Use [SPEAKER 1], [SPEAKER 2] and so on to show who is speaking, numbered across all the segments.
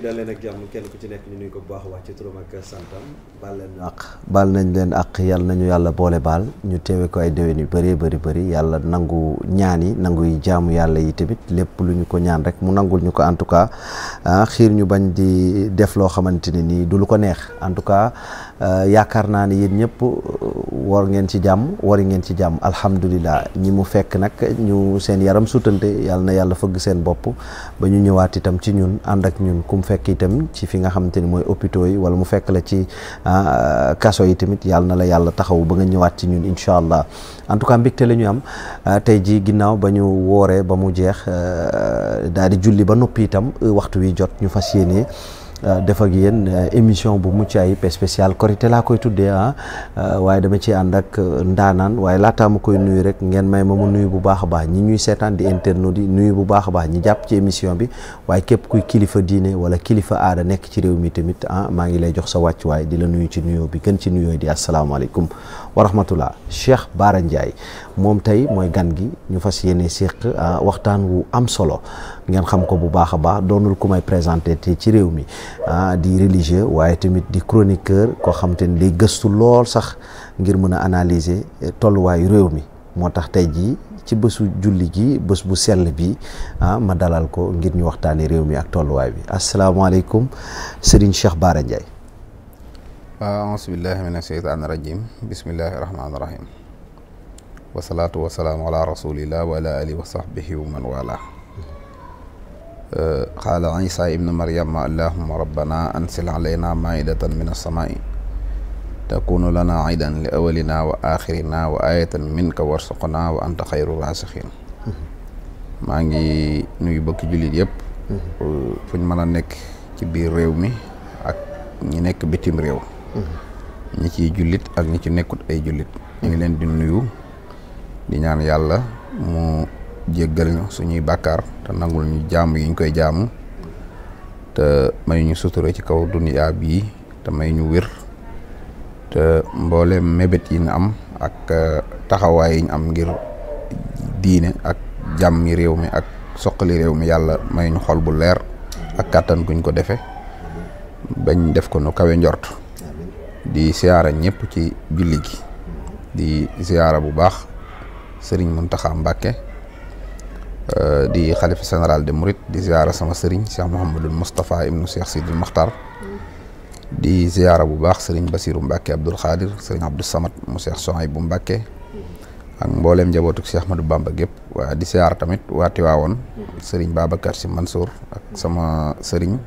[SPEAKER 1] yi daal leen ak jàmm kenn ku ci nekk ñu ko bu baax wax ci turam ak santam baal leen ñu àq baal nañ leen àq yàlla nañu yàlla boole baal ñu teewe ko ay déwén yu bëree bëri bëri yàlla nangu ñaan yi nangu yi jaamu yàlla yi tamit lépp lu ñu ko ñaan rek mu nangul ñu ko en tout cas ah, xiir ñu bañ di def loo xamante ne nii du lu ko neex en tout cas Euh, yaakaar naa ne yéen ñëpp euh, war ngeen ci jàmm wari ngeen ci jàmm alhamdulilah ñi mu fekk nag ñu seen yaram sutante yàlla na yàlla fëgg seen bopp ba ñu ñëwaat itam ci ñun ànd ak ñun ku mu fekk itam ci fi nga xamante ni mooy hôpitaux yi wala mu fekk la ci ah, kaso yi tamit yàlla na la yàlla taxawu ba nga ñëwaat ci ñun incha allah en tout cas mbégte la ñu am ah, tey ji ginnaaw ba ñu wooree ba mu jeex euh, daal di julli ba noppi itam waxtu wi jot ñu fas yéenee Euh, def ak yéen euh, émission bu mucc ayib spécial korité laa koy tuddee ah euh, waaye dama ci ànd ak ndaanaan waaye laataa ma koy nuyu rek ngeen may ma mu nuyu bu baax a baax ñi ñuy seetaan di internautes yi nuyu bu baax a baax ñi jàpp ci émission bi waaye képp kuy kilifa diine wala kilifa aada nekk ci réew mi tamit ah maa ngi lay jox sa waaye di la nuyu ci nuyoo bi gën ci nuyoo di asalaamaaleykum wa rahmatullah Cheikh Bara Ndiaye moom tey mooy gan gi ñu fas yéene séq euh, waxtaan wu am solo ngeen xam ko bu baax a baax doonul ku may présenté te ci réew mi euh, di religieux waaye tamit di chroniqueur koo xam te ni day gëstu lool sax ngir mën a analyser tolluwaayu réew mi moo tax tey jii ci bësu julli gi bës bu sell bi ah ma dalal ko ngir ñu waxtaanee réew mi ak tolluwaay bi asalaamaaleykum Serigne Cheikh Bara Ndiaye.
[SPEAKER 2] aousubillahi min asheytaan irajim bismillahi irahmani irahim wasalaatu wasalaamu ala rasulillah wa ala alihi wa sahbihi wa man wala eh, qaala isa ibnu maryama allahuma rabbana ansil alayna maidatan min alsamaai takunu lana aidan li awalina wa axirina wa ayatan minka warsuqna wa anta xayru raasiqin maa ngi nuyu bokki jullit yëpp mhm. fuñ mën a nekk ci biir réew mi ak ñi nekk bitim réew ñi ciy jullit ak ñi ci nekkut ay jullit ñu ngi leen di nuyu di ñaan yàlla mu jéggal suñuy bàkkaar te nangul ñu jaamu yi ñu koy jaamu te may ñu sutura ci kaw duniyaa bii te may ñu wér te mboole mébét yi ñu am ak eh, taxawaay yi am ngir diine ak jàmm yi réew mi ak soqali réew mi yàlla may ñu xol bu leer ak kàttan guñ ko defe bañ def ko nu kawe njort di siyaara ñëpp ci julli gi di siyaara bu baax sëriñ Muntaxa Mbàkke euh, di xalifa seneral de Mouride di siyaara sama sëriñ Cheikh Mouhamadul Moustapha ibnu Cheikh Sidil Mokhtar di siyaara bu baax sëriñ Basiru Mbàkke Abdul Xaadir sëriñ Abdou Samad mu Cheikh Sohaybu Mbàkke ak mbooleem njabootuk Cheikh Ahmadou Bamba gépp waa di siyaar tamit waa Tiwaawoon sëriñ Babacar si Mansour ak sama sëriñ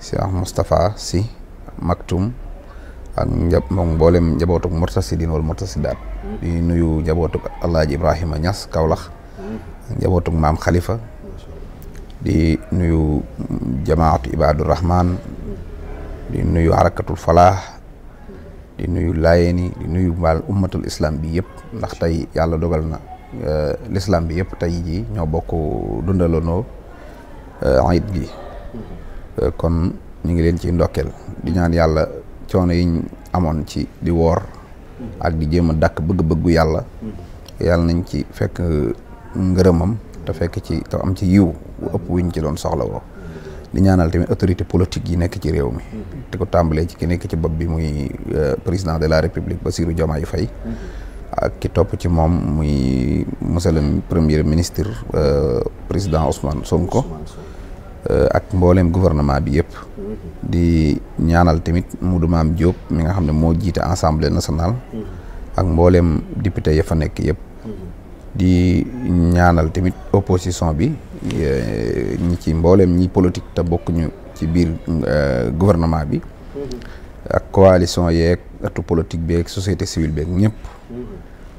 [SPEAKER 2] Cheikh Moustapha si maktum ak njab moom mboolem njabootuk murtasidin wal murtasidaat mm-hmm. di nuyu njabootuk alaaji Ibrahima Niass Kaolack mm-hmm. njabootuk maam Khalifa di nuyu jamaatu Ibaadu Rahman mm-hmm. di nuyu harakatul falaax di nuyu laayeen di nuyu mbaal ummatul islam bi yëpp ndax tey yàlla dogal na eh, l'islam bi yëpp tey ji ñoo bokk dundalanoo ayit eh, gi eh, kon ñu ngi leen ci ndokkeel di ñaan yàlla coono yiñ amoon ci di woor ak di jéem a dàkk bëgg-bëggu yàlla yàlla nañ ci fekk uh, ngërëmam te fekk ci te am ci yiw bu ëpp wiñ ci doon soxla woo di ñaanal tamit autorité politique yi nekk ci réew mi te ko tàmbalee ci ki nekk ci bopp bi muy uh, président de la république ba Bassirou Diomaye fay ak ki topp ci moom muy monsieur le premier ministre uh, président Ousmane Sonko ak mbooleem gouvernement bi yëpp di ñaanal tamit mu Modou Mame Diop mi nga xam ne moo jiite assemblée national ak mbooleem député ya fa nekk yëpp. di ñaanal tamit opposition bi eh, ñi ci mbooleem ñi politique te bokkuñu ci biir eh, gouvernement bi. ak coalition yeeg atu politique beeg société civile beeg ñëpp.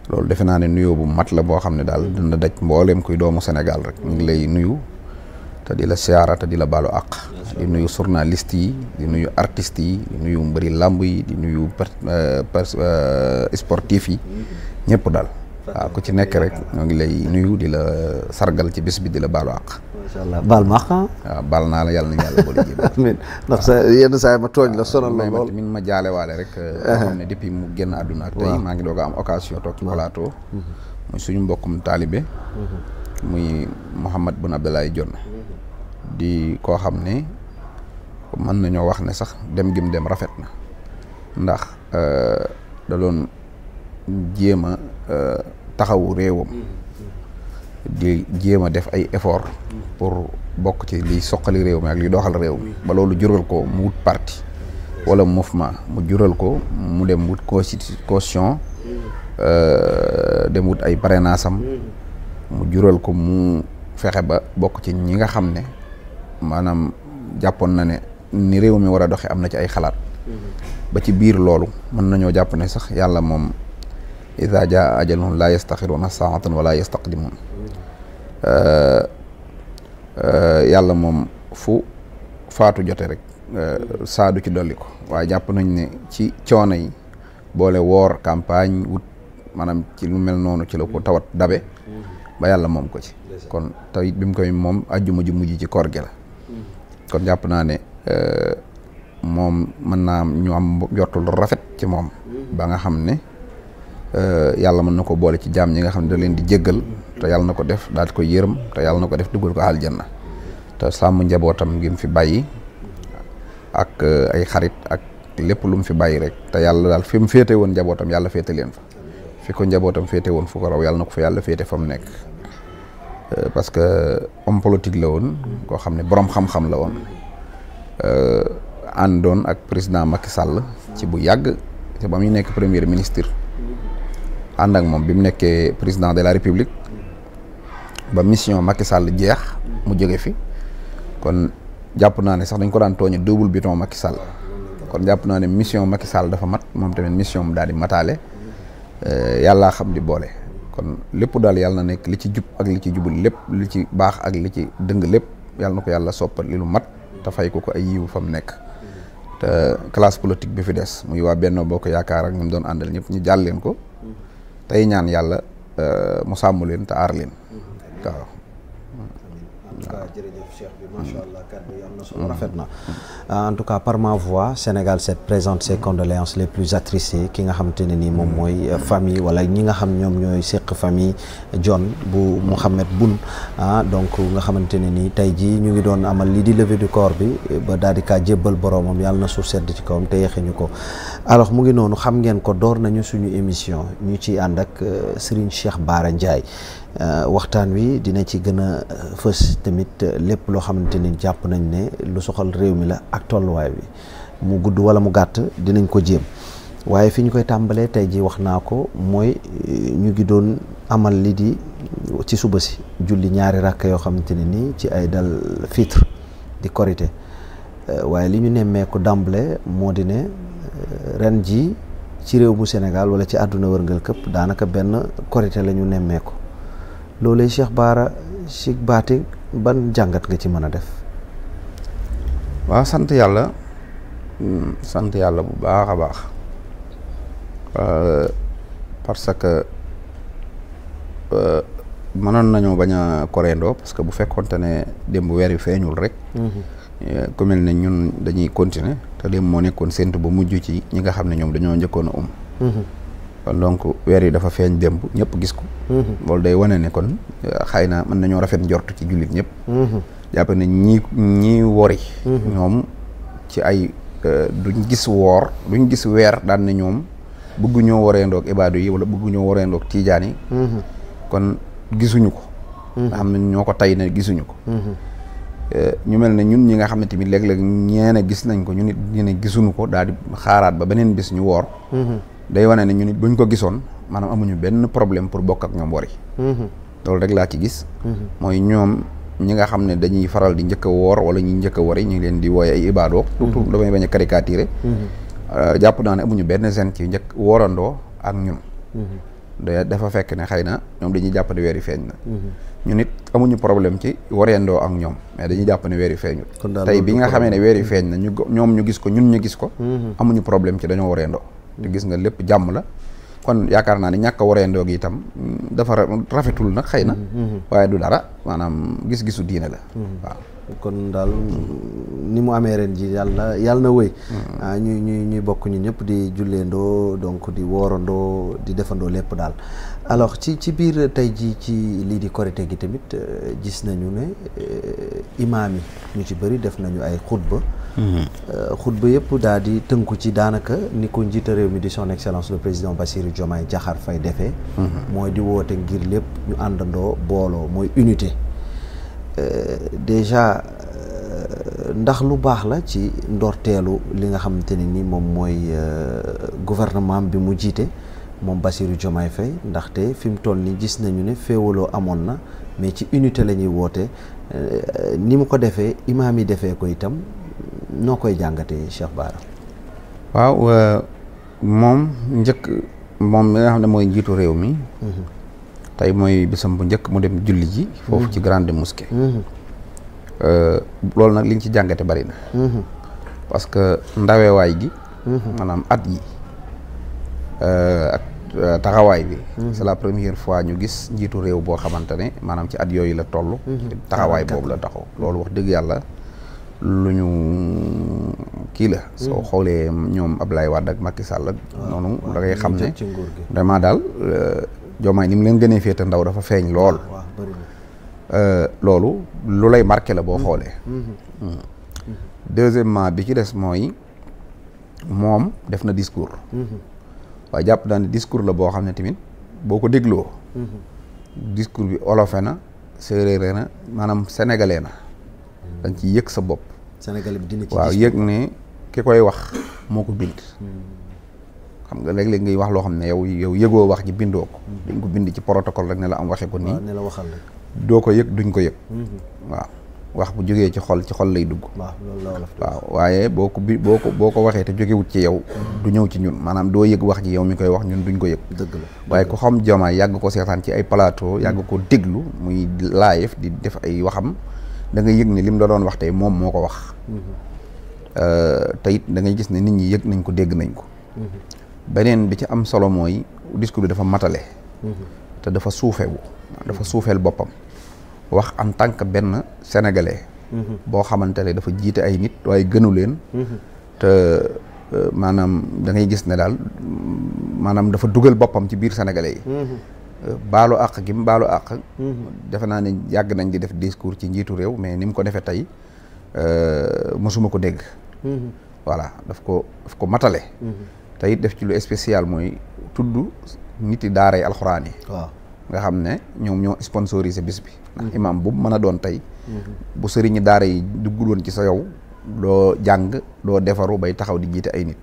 [SPEAKER 2] loolu defe naa ne nuyoo bu mat la boo xam ne daal dina daj mbooleem kuy doomu Sénégal rek ñu ngi lay nuyu. te di la siyaara te di la baalu àq di nuyu journaliste yi di nuyu artist yi di nuyu mbëri làmb yi di nuyu euh, euh, sportif yi ñëpp daal waaw ku ci nekk rek ñoo ngi lay nuyu di la sargal ci bis bi di la baalu àq macha baal ma ah. waaw naa la yàlla na yàlla boole jéem.
[SPEAKER 1] amiin ndax yenn saa yi ma tooñ la
[SPEAKER 2] ma jaale waale rek. Euh, xam ne mu génn àdduna ak tey maa ngi doog a am occasion toog ci plateau. Mhm. muy suñu mbokkum taalibe. Mhm. muy Mouhamad Boun Abdallah Dionne. di koo xam ne mën nañoo wax ne sax dem gim dem rafet na ndax euh, da doon jéem a euh, taxawu réewam di jéem a def ay effort pour bokk ci liy soqali réew mi ak liy doxal réew mi ba loolu jural ko mu wut parti wala mouvement mu jural ko mu dem wut constitution euh, dem wut ay parrainage am mu jural ko mu fexe ba bokk ci ñi nga xam ne maanaam jàppoon na ne ni réew mi war a doxe am na ci ay xalaat ba ci biir loolu mën nañoo jàpp ne sax yàlla moom ida jaa ajaluhum laa yastaxiruuna saatan wala yastaqdimuun euh, euh, yàlla moom fu faatu jote rek euh, saadu ci dolli ko waa jàpp nañ ne ci coono yi boole woor campagne wut maanaam ci lu mel noonu ci la ko tawat dabe ba yàlla moom ko ci kon tey bi mu koy moom ajjuma ju mujj ci koor kon jàpp naa ne euh, moom mën naa ñu am jortul rafet ci moom ba nga xam ne euh, yàlla mën na ko boole ci jaam ñi nga xam ne da leen di jéggal te yàlla na ko def daal ko yërëm te yàlla na ko def dugal ko na te sàmm njabootam ngi fi bàyyi ak euh, ay xarit ak lépp lu mu fi bàyyi rek te yàlla daal fi mu féete woon njabootam yàlla féete leen fa fi ko njabootam féete woon fu ko raw yàlla na ko fa yàlla féete fa mu nekk Euh, parce que homme politique la woon. koo xam ne borom xam-xam la woon. Euh, àndoon ak président Macky Sall. ci bu yàgg te ba muy nekk premier ministre. ànd ak moom bi mu nekkee président de la république. ba mission Macky Sall jeex. mu jóge fi kon jàpp naa ne sax dañ ko daan tooñe double biton Macky Sall. kon jàpp naa ne mission Macky Sall dafa mat moom tamit mission mu daal di mataale. Euh, yàllaa xam di boole. kon lépp daal yàlla na nekk li ci jub ak li ci jubul lépp li ci baax ak li ci dëng lépp yàlla na ko yàlla soppal li lu mat te fay ko ko ay yiwu fa mu nekk te classe politique bi fi des muy waa Benno Bokk Yaakaar ak ñu mu doon àndal ñëpp ñu jàll leen ko tey ñaan yàlla euh, mu sàmm leen
[SPEAKER 1] te aar leen mm-hmm. waaw tout cas jërëjëf Cheikh bi macha mm. allah kàddu yi am na solo mm. rafet na. Mm. Euh, en tout cas par ma voix Sénégal 7 présente ses condoléances les plus attristées ki nga xamante ne nii moom mooy euh, famille wala ñi nga xam ñoom ñooy séq famille John bu Mouhamed Boun ah donc nga xamante ne nii tey jii ñu ngi doon amal lii di levée du corps bi ba daal di kaa jébbal boroomam yàlla na su sedd ci kawam te yeexe ñu ko. alors mu ngi noonu xam ngeen ko door nañu suñu émission ñu ciy ànd ak euh, Serigne Cheikh Bara Ndiaye. Euh, waxtaan wi dina ci gën a euh, fës tamit euh, lépp loo xamante ni jàpp nañ ne lu soxal réew mi la ak tolluwaay bi mu gudd wala mu gàtt dinañ ko jéem waaye fi ñu koy tàmbalee tey ji wax naa ko mooy ñu ngi doon amal li di ci suba si julli ñaari rakk yoo xamante ne nii ci ay dal fitre di korité waaye li ñu nemmeeku dàmbale moo di ne ren ji ci réew mu Sénégal wala ci àdduna wërngal këpp daanaka benn korité la ñu nemmeeku loolee Cheikh Baara Cheikh Baati ban jàngat nga ci mën a def.
[SPEAKER 2] waa sant yàlla hmm, sant yàlla bu baax a baax euh, parce que euh, mënoon nañoo bañ a koreendoo parce que bu fekkonte ne démb weer yu feeñul rek. Mhm. Euh, ku mel ne ñun dañuy continuer te démb moo nekkoon séntu ba mujj ci ñi nga xam ne ñoom dañoo njëkkoon a um. Mhm. kon donc weer yi dafa feeñ démb ñëpp gis ko. Mhm. loolu day wane ne kon xëy na mën nañoo rafet njort ci jullit ñëpp. Mhm. jàpp ne ñi ñi mhm. ñoom ci ay euh, duñ gis woor duñ gis weer daan na ñoom bëgg ñoo waree ndoog ibaadu yi wala bëgg ñoo waree ndoog tiijaan yi. kon gisuñu ko. nga xam ne ñoo ko tay ne gisuñu ko. Euh, ñu mel ne ñun ñi nga xam ne tamit léeg-léeg ñeene gis nañ ko ñu nit ñeene gisuñu ko daal di xaaraat ba beneen bis ñu woor. day wane ne ñun ñu ko gisoon maanaam amuñu benn problème pour bokk ak ñoom wari mhm. loolu rek laa ci gis mhm. mooy ñoom ñi nga xam ne dañuy faral di njëkk a woor wala ñuy njëkk a ñu ngi leen di wooye ay ibaadoo mhm. surtout damay bañ a caricaturer euh, jàpp naa ne amuñu benn gene ci njëkk woorandoo ak ñun dafa fekk ne xëy na ñoom dañuy jàpp weer yi feeñ na ñun it amuñu problème ci wareendoo ak ñoom mais dañuy jàpp ne weer yi feeñul tey bi nga xamee ne weer yi feeñ na ñu ñoom ñu gis ko ñun ñu gis ko amuñu problème ci dañoo wareendoo te gis nga lépp jàmm la kon yaakaar naa ni ñàkk a wareendoo gi itam dafa rafetul nag
[SPEAKER 1] xëy na mm-hmm. waaye du dara maanaam gis-gisu diine la mm-hmm. waaw kon daal ni mu amee ren ji yàlla yàlla na wëy hmm. ah, ñuy ñuy ñuy bokk ñu ñëpp di julleendoo donc di woorandoo di defandoo lépp daal alors ci ci biir tey ji ci lii di korite gi tamit euh, gis nañu ne euh, imaam yi ñu ci bëri def nañu ay xutba hmm. euh, xutba yëpp daal di tënku ci daanaka ni ko njiita réew mi di son excellence le président Bassirou Diomaye Diakhar fay defee hmm. mooy di woote ngir lépp ñu àndandoo booloo mooy unité Euh, déjà euh, ndax lu baax la ci ndorteelu li nga xamante ne ni moom mooy euh, gouvernement bi mu jiite moom Bassirou Diomaye Faye ndaxte fi mu toll nii gis nañu ne féewaloo amoon na mais ci unité la ñuy woote ni mu ko defee imaam yi defee ko itam noo koy jàngatee Cheikh Bara.
[SPEAKER 2] waaw moom njëkk moom mi nga xam ne mooy njiitu réew mi. Mhm. tey mooy bisam bu njëkk mu dem julli ji foofu ci mhm. grande mosquée mhm. euh, loolu nag liñ ci jàngate bari na mhm. que ndawewaay gi maanaam at yi euh, ak euh, taxawaay bi c'est la première fois ñu gis njiitu réew boo xamante ne maanaam ci at yooyu la toll taxawaay boobu la taxaw loolu wax dëgg yàlla lu ñu kii la soo xoolee ñoom Ablaye Wade ak Macky sàll ah, noonu da xam ne vraiment daal jomaay ni mu leen gënee féete ndaw dafa feeñ lool. Ah, euh, loolu lu lay marqué la boo mm-hmm. xoolee. Mm-hmm. Mm. Mm-hmm. deuxièmement bi ci des mooy moom def na discours. waaye jàpp naa ne discours la boo xam ne tamit boo ko dégloo. discours bi olofe na séeréer na maanaam sénégalais na. da nga ciy yëg sa bopp.
[SPEAKER 1] sénégalais bi dina ci waaw yëg
[SPEAKER 2] ne ki koy wax moo ko bind. xam nga léeg-léeg ngay wax loo xam ne yow yow yëgoo wax ji bindoo ko mm-hmm. dañ ko bind ci protocole rek ne la am waxee ko nii ne la waxal doo ko yëg duñ ko yëg mm-hmm. wax bu jógee ci xol ci xol lay dugg waaw waaye boo ko bi boo ko boo ko waxee te jógewut ci yow mm-hmm. du ñëw ci ñun maanaam doo yëg wax ji yow mi koy wax ñun duñ ko yëg dëgg la waaye ku xam Diomaye yàgg ko seetaan ci ay palaato yàgg ko déglu muy live di def ay waxam da nga yëg ne lim la doon wax tey moom moo ko wax euh, te it gis ne nit ñi yëg nañ ko dégg nañ ko beneen bi ci am solo mooy discours bi dafa matale. Mm-hmm. te dafa suufewu dafa suufeel boppam. wax en tant que benn sénégalais. Mm-hmm. boo xamante ne dafa jiite ay nit waaye gënu leen. Mm-hmm. te euh, maanaam da ngay gis ne daal maanaam dafa dugal boppam ci biir sénégalais yi. Euh, baalu àq gi mu baalu àq. defe naa ne yàgg nañ di def discours ci njiitu réew mais ni mu ko defee tey euh, mosuma ko dégg. voilà daf ko daf ko matale. tey def ci lu spécial mooy tudd nit niti daaray alxuraan yi nga xam ne ñoom ñoo sponsorisé bis bi ndax mhm. imaam bu mën a doon tey mhm. bu sëriñi daara yi duggul ci sa yow doo jàng doo defaru bay taxaw di jiite ay nit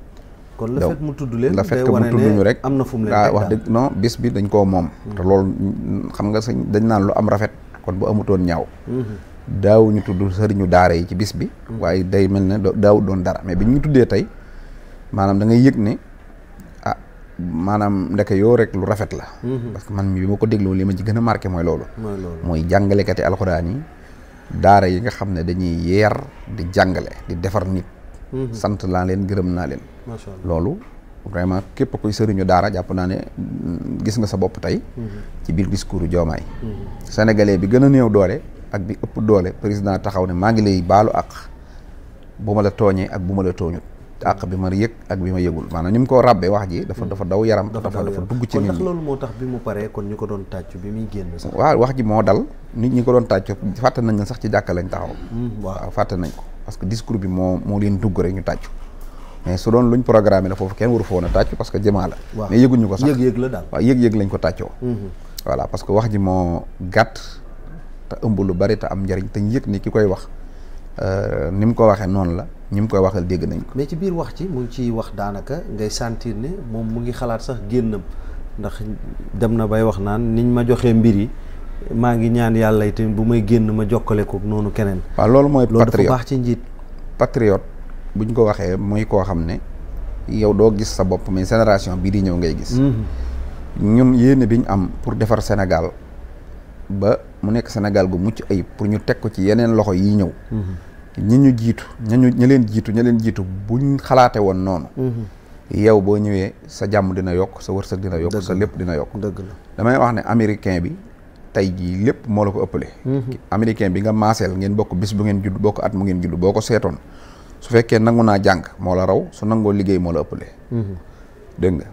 [SPEAKER 2] kon la mu tudd leen la fekk mu rek am na fu mu leen ah, wax dëgg non bis bi dañ koo moom mhm. te loolu xam nga sañ dañ naan lu am rafet kon bu amutoon ñaaw daaw ñu tudd sëriñu daara yi ci bis bi waaye day mel ne daaw doon dara mais bi ñu tuddee tey maanaam da ngay yëg ne maanaam ndeke yoo rek lu rafet la. Mhm. parce que man bi ma ko dégloo li ma ci gën a marqué mooy loolu. mooy jàngalekati alxuraan yi daara yi nga xam ne dañuy yeer di jàngale di defar nit. Mhm. sant naa leen gërëm naa leen. macha allah loolu vraiment képp kuy sëriñu daara jàpp naa ne mm, gis nga sa bopp tey. Mhm. ci biir discours joomaay. sénégalais bi gën a néew doole ak bi ëpp doole président taxaw ne maa ngi lay baalu ak bu ma la tooñee ak bu ma la tooñut. àq bi ma yëg ak bi ma yëgul maanaam ni mu ko ràbbee wax ji dafa hmm. dafa daw yaram dafa dugg ci nit ñi loolu
[SPEAKER 1] moo tax bi mu paree kon ko doon tàcc bi waaw
[SPEAKER 2] wax ji moo dal nit ñi ko doon tàcc fàtte nañ na sax ci jàkka lañ taxaw hmm, waaw fàtte nañ ko parce que discours bi moo moo leen dugg rek ñu tàccu mais su doon luñ programme la foofu kenn waru fa woon a tàccu parce que jëmaa la mais yëguñu ko sax yëg-yëg la daal waaw yëg-yëg lañ ko tàccoo hmm, voilà parce que wax ji moo gàtt te ëmb lu bari te am njariñ te ñu yëg ni ki koy wax euh, ni mu ko
[SPEAKER 1] waxee noonu la ñu mu koy waxal dégg nañ ko. mais ci biir wax ci mu ngi ciy wax daanaka ngay sentir ne moom mu ngi xalaat sax génnam ndax dem na bay wax naan niñ ma joxee mbir yi maa ngi ñaan yàlla itam bu may génn ma jokkale ko noonu keneen. waaw loolu mooy. patriote loolu ci njiit.
[SPEAKER 2] patriote buñ ko waxee muy koo xam ne yow doo gis sa bopp mais génération bii di ñëw ngay gis. Mhm. ñun yéene bi ñu am pour defar Sénégal ba mu nekk Sénégal gu mucc ayib pour ñu teg ko ci yeneen loxo yi ñëw. Mhm. ñi ñu jiitu ñañu ña leen jiitu ña leen jiitu ñu xalaate woon noonu mhm. yow boo ñëwee sa jàmm dina yokk sa wërsëg dina yokk sa lépp dina yokk dëgg la damay wax ne américain bi tey jii lépp moo la ko ëppale mhm. américain bi nga maaseel ngeen bokk bis bu ngeen judd bokk at mu ngeen judd boo ko seetoon su fekkee nangu naa jàng moo la raw su nangoo liggéey moo la ëppale mhm. dégg nga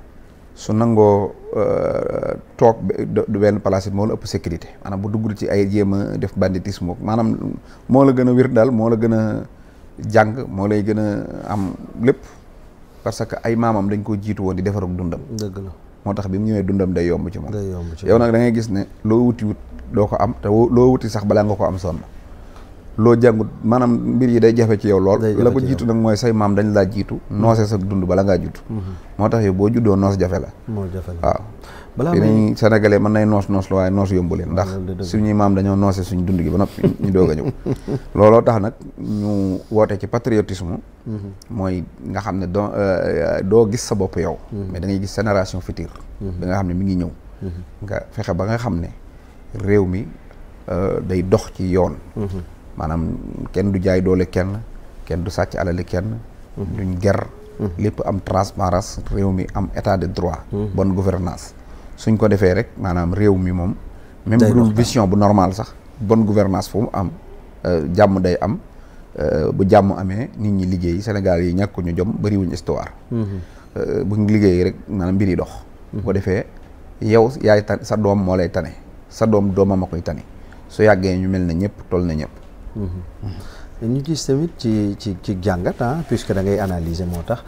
[SPEAKER 2] su nangoo euh, toog du benn place moo la ëpp sécurité maanaam bu duggul ci ay jéem a def banditisme maanaam moo la gën a wér daal moo la gën a jàng moo lay gën a am lépp parce que ay maamam dañ koo jiitu woon di defarug dundam. dëgg la moo tax bi mu ñëwee dundam day yomb ci moom. day yomb ci yow nag da ngay gis ne loo wuti wut doo ko am te loo wuti sax balaa nga ko am sonn. loo jàngut maanaam mbir yi day jafe ci yow lool la ko jiitu nag mooy say maam dañ laa jiitu mm-hmm. noosee sa dund bala ngaa jiitu mm-hmm. moo tax yow boo juddoo noos jafe la waaw balaa may sénégalais mën nay noos noos la waaye noos yombu leen ndax suñuy maam dañoo noose suñ dund gi ba noppi ñu doog a ñëw looloo tax nag ñu woote ci patriotisme mm-hmm. mooy nga xam ne doo euh, doo gis sa bopp yow mais da gis sénération future bi nga xam ne mu ngi ñëw nga fexe ba nga xam ne réew mi euh, day dox ci yoon maanaam kenn du jaay doole kenn kenn du sàcc alali kenn mhm. duñ ger mhm. lépp am transparence réew mi am état de droit mhm. bon gouvernance suñ ko defee rek maanaam réew mi moom même bu vision bu normal sax bon gouvernance fu mu am euh, jàmm day am euh, bu jàmm amee nit ñi liggéey Sénégal yi ñàkkuñu jom bariwuñ histoire euh, ñu liggéey rek maanaam mbir yi dox bu ko defee yow yaay tan sa doom moo lay tane sa doom doomam a koy tane su yàggee ñu mel na ñëpp toll na ñëpp
[SPEAKER 1] Mm-hmm. ñu gis tamit ci ci ci jàngat ah puisque ngay analyser moo tax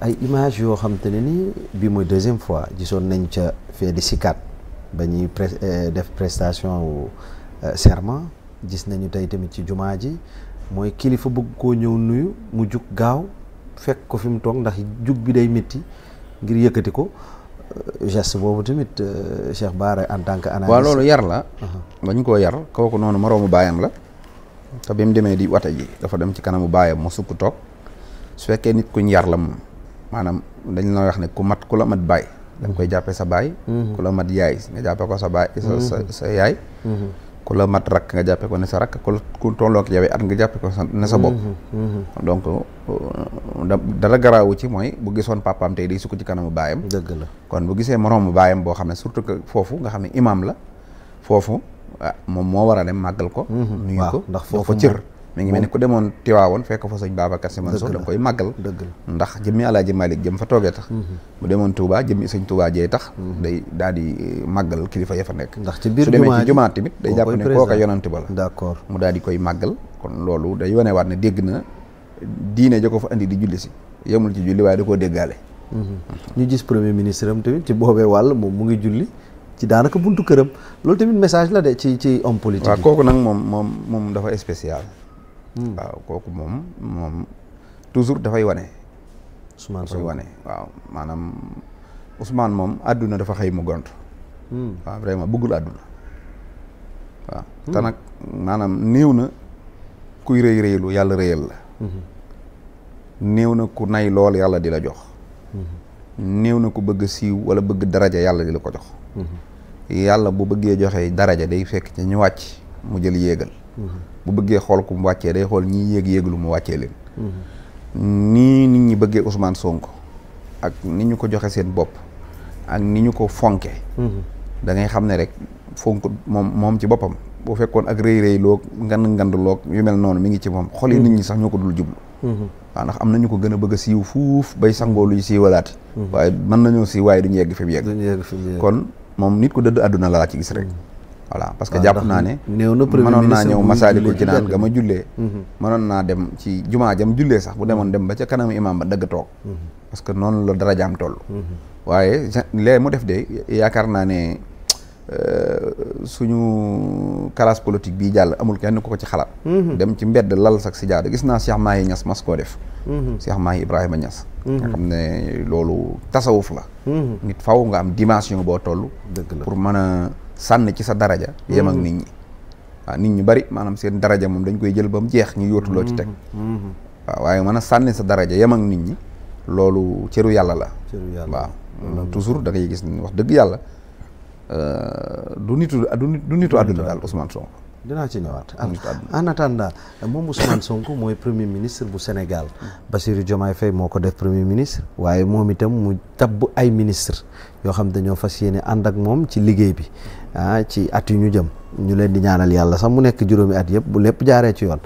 [SPEAKER 1] ay image yoo xam te ne ni bii mooy deuxième fois gisoon nañ ca fee di sikat ba ñuy euh, def prestation euh, serment gis nañu tey tamit ci jumaa ji mooy kilifa bëgg koo ñëw nuyu mu jug gaaw fekk ko fi mu toog ndax jug bi day métti ngir yëkkati ko euh, geste boobu tamit Cheikh Bara en tant que. analyste waaw loolu yar la.
[SPEAKER 2] Uh-huh. dañ koo yar kooku noonu moroomu baayam la. te bi mu demee di wate ji dafa dem ci kanamu baayam mu sukk toog su fekkee nit kuñ yar la moom maanaam dañ la wax ne ku mat ku la mat baay da koy jàppee sa baay mm-hmm. ku la mat yaay nga jàppee ko sa baay sa mm-hmm. sa yaay mm-hmm. ku la mat rakk nga jàppee ko ne sa rakk ku ku tolloog yow at nga jàppee ko ne sa bopp donc euh, dara garaawu ci mooy bu gisoon papaam tey day sukk ci kanamu baayam dëgg la kon bu gisee moroomu baayam boo xam ne surtout que foofu nga xam ne imaam la foofu Ah, moom moo war a dem màggal ko mhm. nuyu ko ndax foofa cër mi ngi mel ni ku demoon Tiwaawoon fekk fa sëñ Babacar Si Mansour da nga koy màggal ndax jëmmi Alaaji Malick jëm fa toogee tax bu mhm. demoon Touba jëmmi sëñ Touba jee tax mhm. day daal di eh, màggal kilifa ya fa nekk ndax ci biir su demee ci jumaa tamit day jàpp ne kooka yonante mu daal di koy màggal kon loolu day wanewaat ne dégg na diine ja ko fa andi di julli si yemul ci julli waaye da koo déggaale
[SPEAKER 1] ñu gis premier ministre am tamit ci boobee wàll moom mu ngi julli ci daanaka buntu këram loolu tamit message la de ci ci homme politique kooku nag moom moom moom dafa spécial.
[SPEAKER 2] Hmm. waaw kooku moom moom toujours dafay wane. Ousmane dafay wane waaw maanaam Ousmane moom àdduna dafa xëy mu gont hmm. waaw vraiment bëggul àdduna. waaw hmm. te nag maanaam néew na kuy rëy rëylu yàlla rëyal la. néew na ku nay lool yàlla di la jox. néew na ku bëgg siiw wala bëgg daraja yàlla di la ko jox. yàlla bu bëggee joxe daraja day fekk ci ñu wàcc mu jël yéegal mm-hmm. bu bëggee xool ku mu wàccee day xool ñiy yéeg yéeglu mu wàccee leen mm-hmm. nii nit ñi bëggee Ousmane Sonko ak ni ñu ko joxe seen bopp ak ni ñu ko fonke mm-hmm. da xam ne rek fonk moom moom ci boppam boo fekkoon ak rëy rëy loog ngand ngand loog yu mel noonu mi ngi ci moom xol yi nit ñi sax ñoo ko dul jublu waaw ndax am na ñu ko gën a bëgg a siiw fuuf bay sangoo luy siiwalaati waaye mën nañoo siiw waaye duñu moom nit ko dëdd àdduna laa ci gis rek mm. voilà parce que jàpp naa ne mënoon naa ñëw masaalikul ci naan ga ma jullee mm-hmm. mënoon naa dem ci jumaa jam jullee sax bu demoon mm-hmm. dem ba ca kanamu imaam ba dëgg toog mm-hmm. parce que noonu la darajaam toll waaye lee mu def de yaakaar naa ne euh, suñu classe politique bii jàll amul kenn ko ko ci xalaat dem ci mbedd lal sax si jaadu gis naa Cheikh Mahi Niass mas koo def Cheikh Mahi Ibrahima Niass nga xam ne loolu tasawuf la mm-hmm. nit faw nga am dimension boo toll pour mën a sànn ci sa daraja yem ak mm-hmm. nit ñi waaw nit ñu bari maanaam seen daraja moom dañ koy jël ba mu jeex ñu yóotuloo ci teg mm-hmm. waaw waaye mën a sànni sa daraja yem ak nit ñi loolu cëru yàlla la waaw
[SPEAKER 1] toujours gis ngay gis wax dëgg yàlla euh, du nitu du nitu àdduna daal Ousmane Sonko dinaa ci ñëwaat. en attendant moom Ousmane Sonko mooy premier ministre bu Sénégal. Bassirou Diomaye Faye moo ko def premier ministre. waaye moom itam mu tabb ay ministre yoo xam dañoo fas yéene ànd ak moom ci liggéey bi ah ci at yu ñu jëm ñu leen di ñaanal yàlla sax mu nekk juróomi at yëpp bu lépp jaaree ci yoon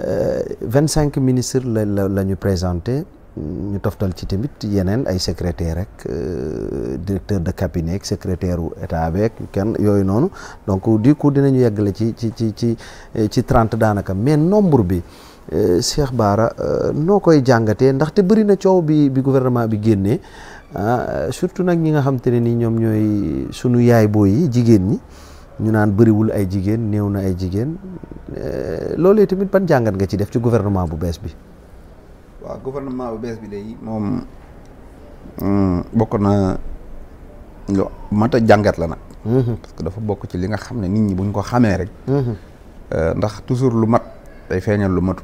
[SPEAKER 1] euh, vingt cinq ministres la la la ñu présenté. ñu toftal ci tamit yeneen ay secrétaire rek euh, directeur de cabinet ak secrétaire u état beeg kenn yooyu noonu donc du coup dinañu yeggale ci ci ci ci euh, ci trente daanaka mais nombre bi euh, Cheikh Bara noo koy jàngatee ndaxte bëri na coow bi bi gouvernement bi génnee ah surtout nag ñi nga xam te ne ni ñoom ñooy sunu yaay booy yi jigéen ñi ñu naan bëriwul ay jigéen néew na ay jigéen loolu tamit ban jàngat nga ci def ci gouvernement bu bees bi.
[SPEAKER 2] waaw gouvernement bu bees bi day moom
[SPEAKER 1] mm, bokk na
[SPEAKER 2] lu mat a jàngat la nag. Mm-hmm. parce que dafa bokk ci li nga xam ne nit ñi buñ ko xamee rek. Mm-hmm. Euh, ndax toujours lu mat day feeñal lu matu.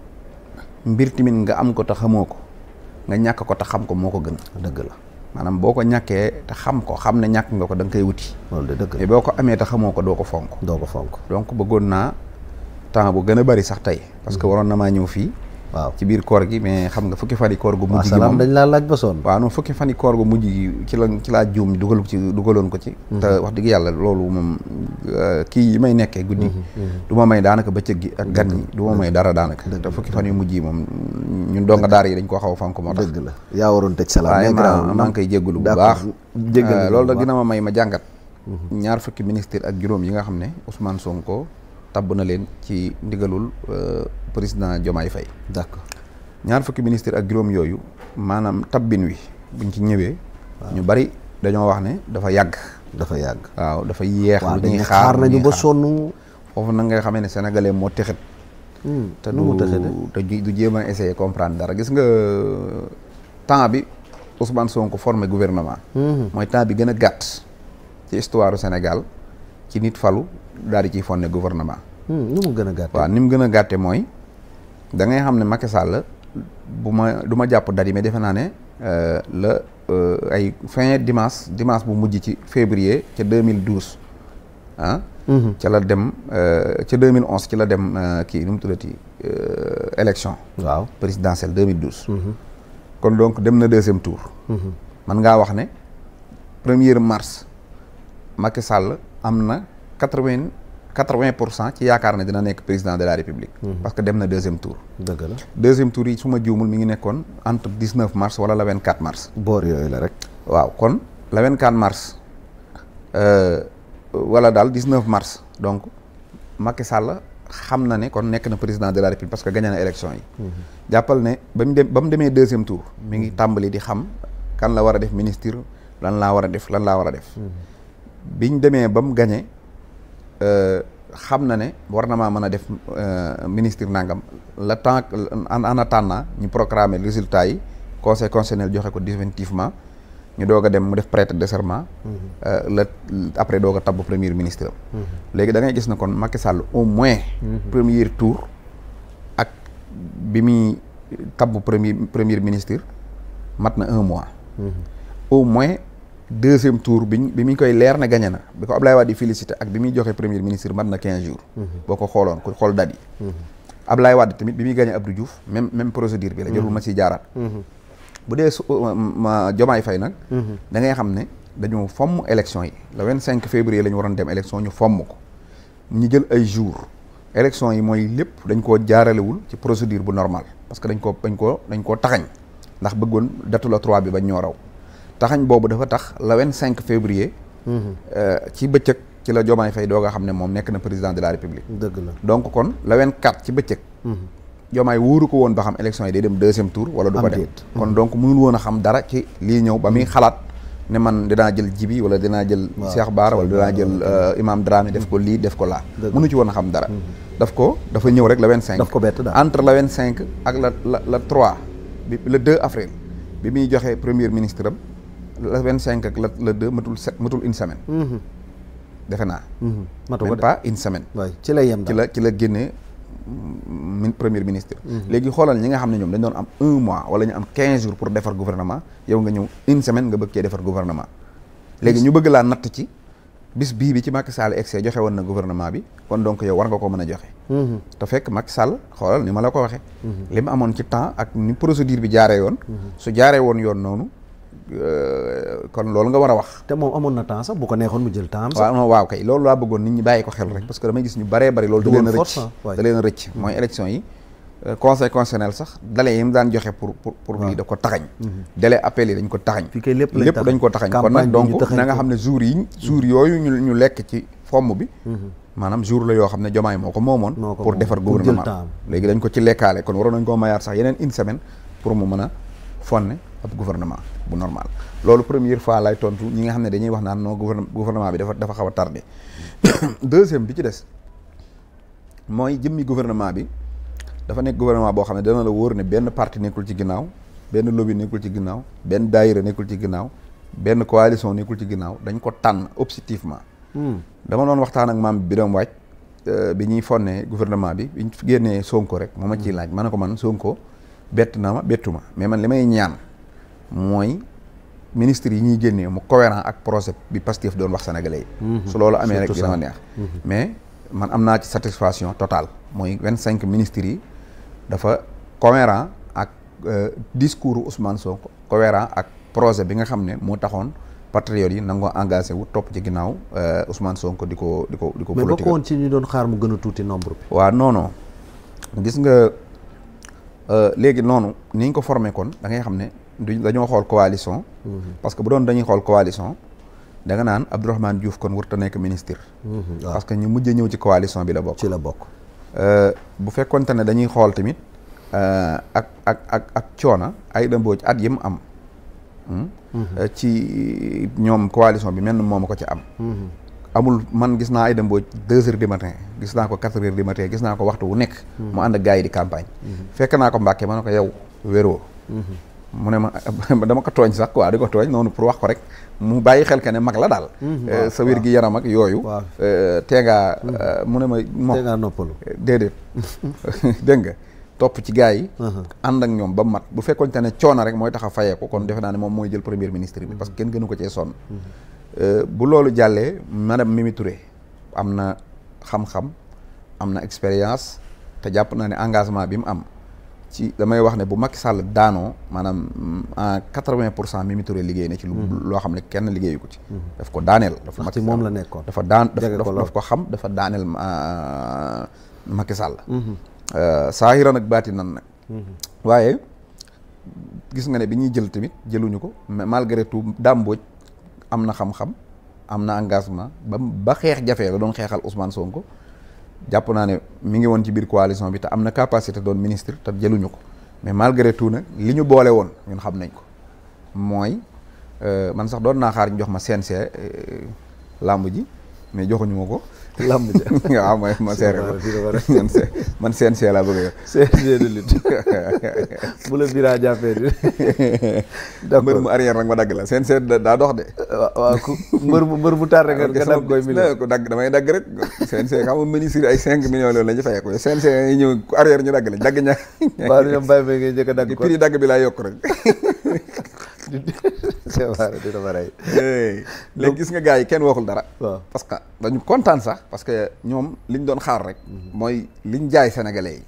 [SPEAKER 2] mbir tamit nga am ko te xamoo ko nga ñàkk ko te xam ko moo ko gën dëgg la. maanaam boo ko ñàkkee te xam ko xam ne ñàkk nga ko da koy wuti. loolu da dëgg mais boo ko amee te xamoo ko doo ko fonk. doo ko fonk donc bëggoon naa temps bu gën a bari sax tey. parce que mm-hmm. waroon na maa ñëw fii. waaw ci biir koor gi mais xam nga fukki fan yi koor gu mujj gi moom dañ laa laaj ba sonn waaw non fukki fan yi koor gu mujj gi ci la ci laa juum dugal ci dugaloon ko ci mhm. te wax dëgg yàlla loolu moom euh, kii yi may nekkee guddi mhm, mhm. du ma may daanaka bëccëg gi ak gan yi du ma may dara daanaka te fukki fan yi mujj yi moom ñun donga daar yi dañ koo xaw a fonk moo tax dëgg la yaa waroon teg salaam maa ngi koy jéggalu bu baax euh, loolu da dina ma may ma jàngat ñaar fukki ministre ak juróom yi nga xam ne Ousmane Sonko tabb na leen ci ndigalul euh, président Diomaye Faye d'accord ñaar fukki ministre ak juróom yooyu maanaam tabbin wi buñ ci ñëwee ñu bari dañoo wax ne dafa yàgg dafa yàgg waaw dafa yeex lu dañuy xaar nañu ba sonn foofu nag nga xamee ne sénégalais moo texet hmm, te du du jéem a essayer dara gis nga euh, temps bi Ousmane Sonko formé gouvernement hmm. mooy temps bi gën a gàtt ci histoire Sénégal ci nit falu daal di ciy fonne gouvernement.
[SPEAKER 1] Hmm, nu mu gën a gàtte
[SPEAKER 2] waaw ni mu gën a gàtte mooy da ngay xam ne Macky Sall bu ma du ma jàpp date yi mais defe naa ne euh, la euh, ay fin dimanche dimanche bu mujj ci février ca 2012 ah. Mhm. ca la dem euh, ca 2011 ci la dem kii nu mu tuddati élection. waaw présidentielle 2012. Mhm. kon donc dem na deuxième tour. Mhm. man ngaa wax ne premier mars Macky Sall am na. quatre vingt quatre vingt pour cent ci yaakaar ne dina nekk président de la république. Mhm. parce que dem na deuxième tour. dëgg la deuxième tour yi su ma juumul mi ngi nekkoon entre dix neuf mars wala le vingt quatre mars. boor yooyu rek. waaw kon le vingt quatre mars euh, wala daal dix neuf mars donc Macky Sall xam na ne kon nekk na président de la république parce que gagné na élection yi. Mhm. jàppal ne ba mu dem ba mu demee deuxième tour. mi ngi mhm. tàmbali di xam kan la war a def ministre lan laa war a def lan laa war a def. biñ demee ba mu gagné. Euh, xam na ne war na maa mën a def euh, ministre nangam le temps en en attendant ñu proclamer résultat yi conseil ne joxe ko définitivement ñu doog a dem mu def prêter de serment. Mm-hmm. Euh, la après doog a tabbu premier ministre am. Mm-hmm. léegi da ngay gis na kon Macky Sall au moins. Mm-hmm. première tour ak bi muy tabbu premier première ministre mat na un mois. au moins deuxième tour biñ bi mu koy leer na gagné na bi ko Ablaye Wade di félicité ak bi muy joxee premier ministre mat na quinze jours mhm. boo ko xooloon ku xool date yi mhm. Ablaye Wade tamit bi muy gagné Abdou Diouf même même procédure bi la jarul mhm. ma ci bu dee euh, ma Jomaay Fay nag da ngay xam ne dañu fomm élection yi la vingt cinq février la ñu waroon dem élection ñu fomm ko ñu jël ay jours élection yi mooy lépp dañ koo jaaralewul ci procédure bu normal parce que dañ ko dañ koo dañ koo taxañ ndax bëggoon datu la trois bañ ñoo raw taxañ boobu dafa tax la 25 février. Mhm. Euh, ci bëccëg ci la Diomaye Faye doog nga xam ne moom nekk na président de la république. dëgg la donc kon la 24 ci bëccëg. Mhm. Diomaye wóoru ko woon ba xam élection yi day dem deuxième tour. wala du ko dem kon mhm. donc mënul woon a xam dara ci lii ñëw ba muy xalaat. ne man dinaa jël jibi wala danaa jël Cheikh Baar wala dinaa jël euh, Imam Dramé def ko lii def ko laa mënu ci woon a xam dara daf ko dafa ñëw rek la vingt cinq daf ko bett daal entre la vingt cinq ak la la la trois bi le deux avril bi muy joxe premier ministre am la vingt cinq ak la la deux matul set matul une semaine mhm. defe naa mhm. matul pas une semaine ci la yem ci la ci la génnee mm, premier ministre mhm. léegi xoolal ñi nga xam ne ñoom dañ doon am un mois wala ñu am quinze jours pour defar gouvernement yow nga ñëw une semaine nga bëgg cee defar gouvernement léegi ñu bëgg laa natt ci bis bii bi ci Macky Sall egsee joxe woon na gouvernement bi kon donc yow war nga ko mën a joxe te fekk Macky Sall xoolal ni ma la ko waxee li mu amoon ci temps ak ni procédure bi jaaree yoon su jaaree woon yoon noonu Euh, kon loolu nga war
[SPEAKER 1] a wax. te moom amoon na temps sax bu ko neexoon mu jël temps waaw
[SPEAKER 2] waaw kay loolu laa bëggoon nit ñi bàyyi ko xel rek parce que damay gis ñu baree bari loolu. da leen a rëcc da leen a rëcc mooy élection yi. Euh, conseil constitutionnel sax délai yi mu daan joxe pour pour pour lii ko taxañ mhm. délai ko taxañ fii kay lépp dañ na nga xam ne mhm. jour yooyu ñu ñu lekk ci fomm bi mhm. maanaam yoo xam ne jomaay moo ko moomoon pour defar gouvernement léegi dañ ko ci lekkaale kon waroon nañ koo mayaat sax yeneen une semaine pour mu mën a fonne ab gouvernement bu normal loolu première fois lay tontu ñi nga xam ne dañuy wax naan non gouvernement bi dafa dafa xaw a tardé deuxième bi ci des mooy jëmmi gouvernement bi dafa nekk gouvernement boo xam ne dana la wóor ne benn parti nekkul ci ginnaaw benn lobby nekkul ci ginnaaw benn daayira nekkul ci ginnaaw benn coalition nekkul ci ginnaaw dañ ko tànn objectivement hmm. dama doon waxtaan ak maam bi doon waaj bi ñuy fonne gouvernement bi bi ñu génnee Sonko rek moo ma ciy hmm. laaj ma ne ko man Sonko bett na ma bettu mais man li may ñaan mooy ministre yi ñuy génnee mu cohérent ak projet bi Pastef doon wax sénégalais yi mhm. su loolu amee rek dina ma neex mhm. mais man am naa ci satisfaction totale mooy vingt cinq ministres yi dafa cohérent ak euh, discours Ousmane Sonko cohérent ak projet bi nga xam ne moo taxoon patriotes yi nangoo engagé wu topp ci ginnaaw euh, Ousmane Sonko di ko di ko di ko politique mais
[SPEAKER 1] ci ñu doon xaar mu gën a tuuti nombre bi
[SPEAKER 2] waaw gis nga euh, léegi noonu ni ko formé kon da ngay xam ne du dañoo xool coalition. Mhm. parce que bu doon dañuy xool coalition. da nga naan Abdourahmane Diouf kon warut a nekk ministre. Mhm, parce que ñu mujj ñëw ci coalition bi la bokk. ci la bokk. Euh, bu fekkonte ne dañuy xool tamit euh, ak ak ak ak coona ay dëmbooj at yi am. Hmm? Mhm. Euh, ci ñoom coalition bi mel ni moom ko ci am. amul man gis naa ay dëmbooj deux heures du matin gis naa ko quatre heures du matin gis naa ko waxtu wu nekk. mu ànd ak gars yi di campagne. fekk naa ko Mbàkke ma ne ko yow wéroo. mu ne ma dama ko tooñ sax quoi di ko tooñ noonu pour wax ko rek mu bàyyi xel que ne mag la daal mm-hmm. euh, sa wér gi yaram ak yooyu euh, tee ngaa euh, mu ne ma moom noppalu déedéet dégg nga topp ci gaa yi uh-huh. ànd ak ñoom ba mat bu fekkoon te ne coono rek mooy tax a fayee ko kon defe naa ne moom mooy jël premier ministre bi mm-hmm. parce que kenn gënu ko cee sonn mm-hmm. bu loolu jàllee ma madame Mimi Touré am na xam-xam am na expérience te jàpp naa ne engagement bi mu am ci damay wax ne bu Macky Sall daanoo maanaam en quatre-vingt pour cent Mimi liggéey na ci lu mhm. loo xam ne kenn liggéeyu ko ci mhm. daf ko daaneel dafa Macky moom la nekkoon dafa daan daf ko xam dafa daaneel euh, Macky Sall mhm. euh, saahiran baati baatinan nag waaye gis nga ne bi ñuy jël tamit jëluñu ko mais malgré tout dàmbooj am na xam-xam am na engagement ba ba xeex jafee la doon xeexal Ousmane ko jàpp naa ne mi ngi woon ci biir coalition bi te am na capacité doon ministre te jëluñu ko mais malgré tout nag li ñu boole woon ñun xam nañ ko mooy euh, man sax doon naa xaar ñu jox ma CNG euh, làmb ji mais joxuñu ma ko. lamb ja waaw mooy ma seere man CNG laa bëgg a CNG de lutte bu la bira jàppee di mu arrière nag ma dagg la daa dox de waaw ku mbër mu mbër tar rek nga dagg koy million ku damay dagg rek CNG xam nga ministre ay cinq millions loolu la ñu fayee ko CNG yi ñëw ku arrière ñu dagg lañ dagg ña waaw ñoom bàyyi ba ngay njëkk a dagg ko prix dagg bi laa yokk rek dina ma rey léegi gis nga gars yi kenn waxul dara parce que dañu kontaan sax parce que ñoom ñu doon xaar rek mhm. mooy li ñu jaay sénégalais yi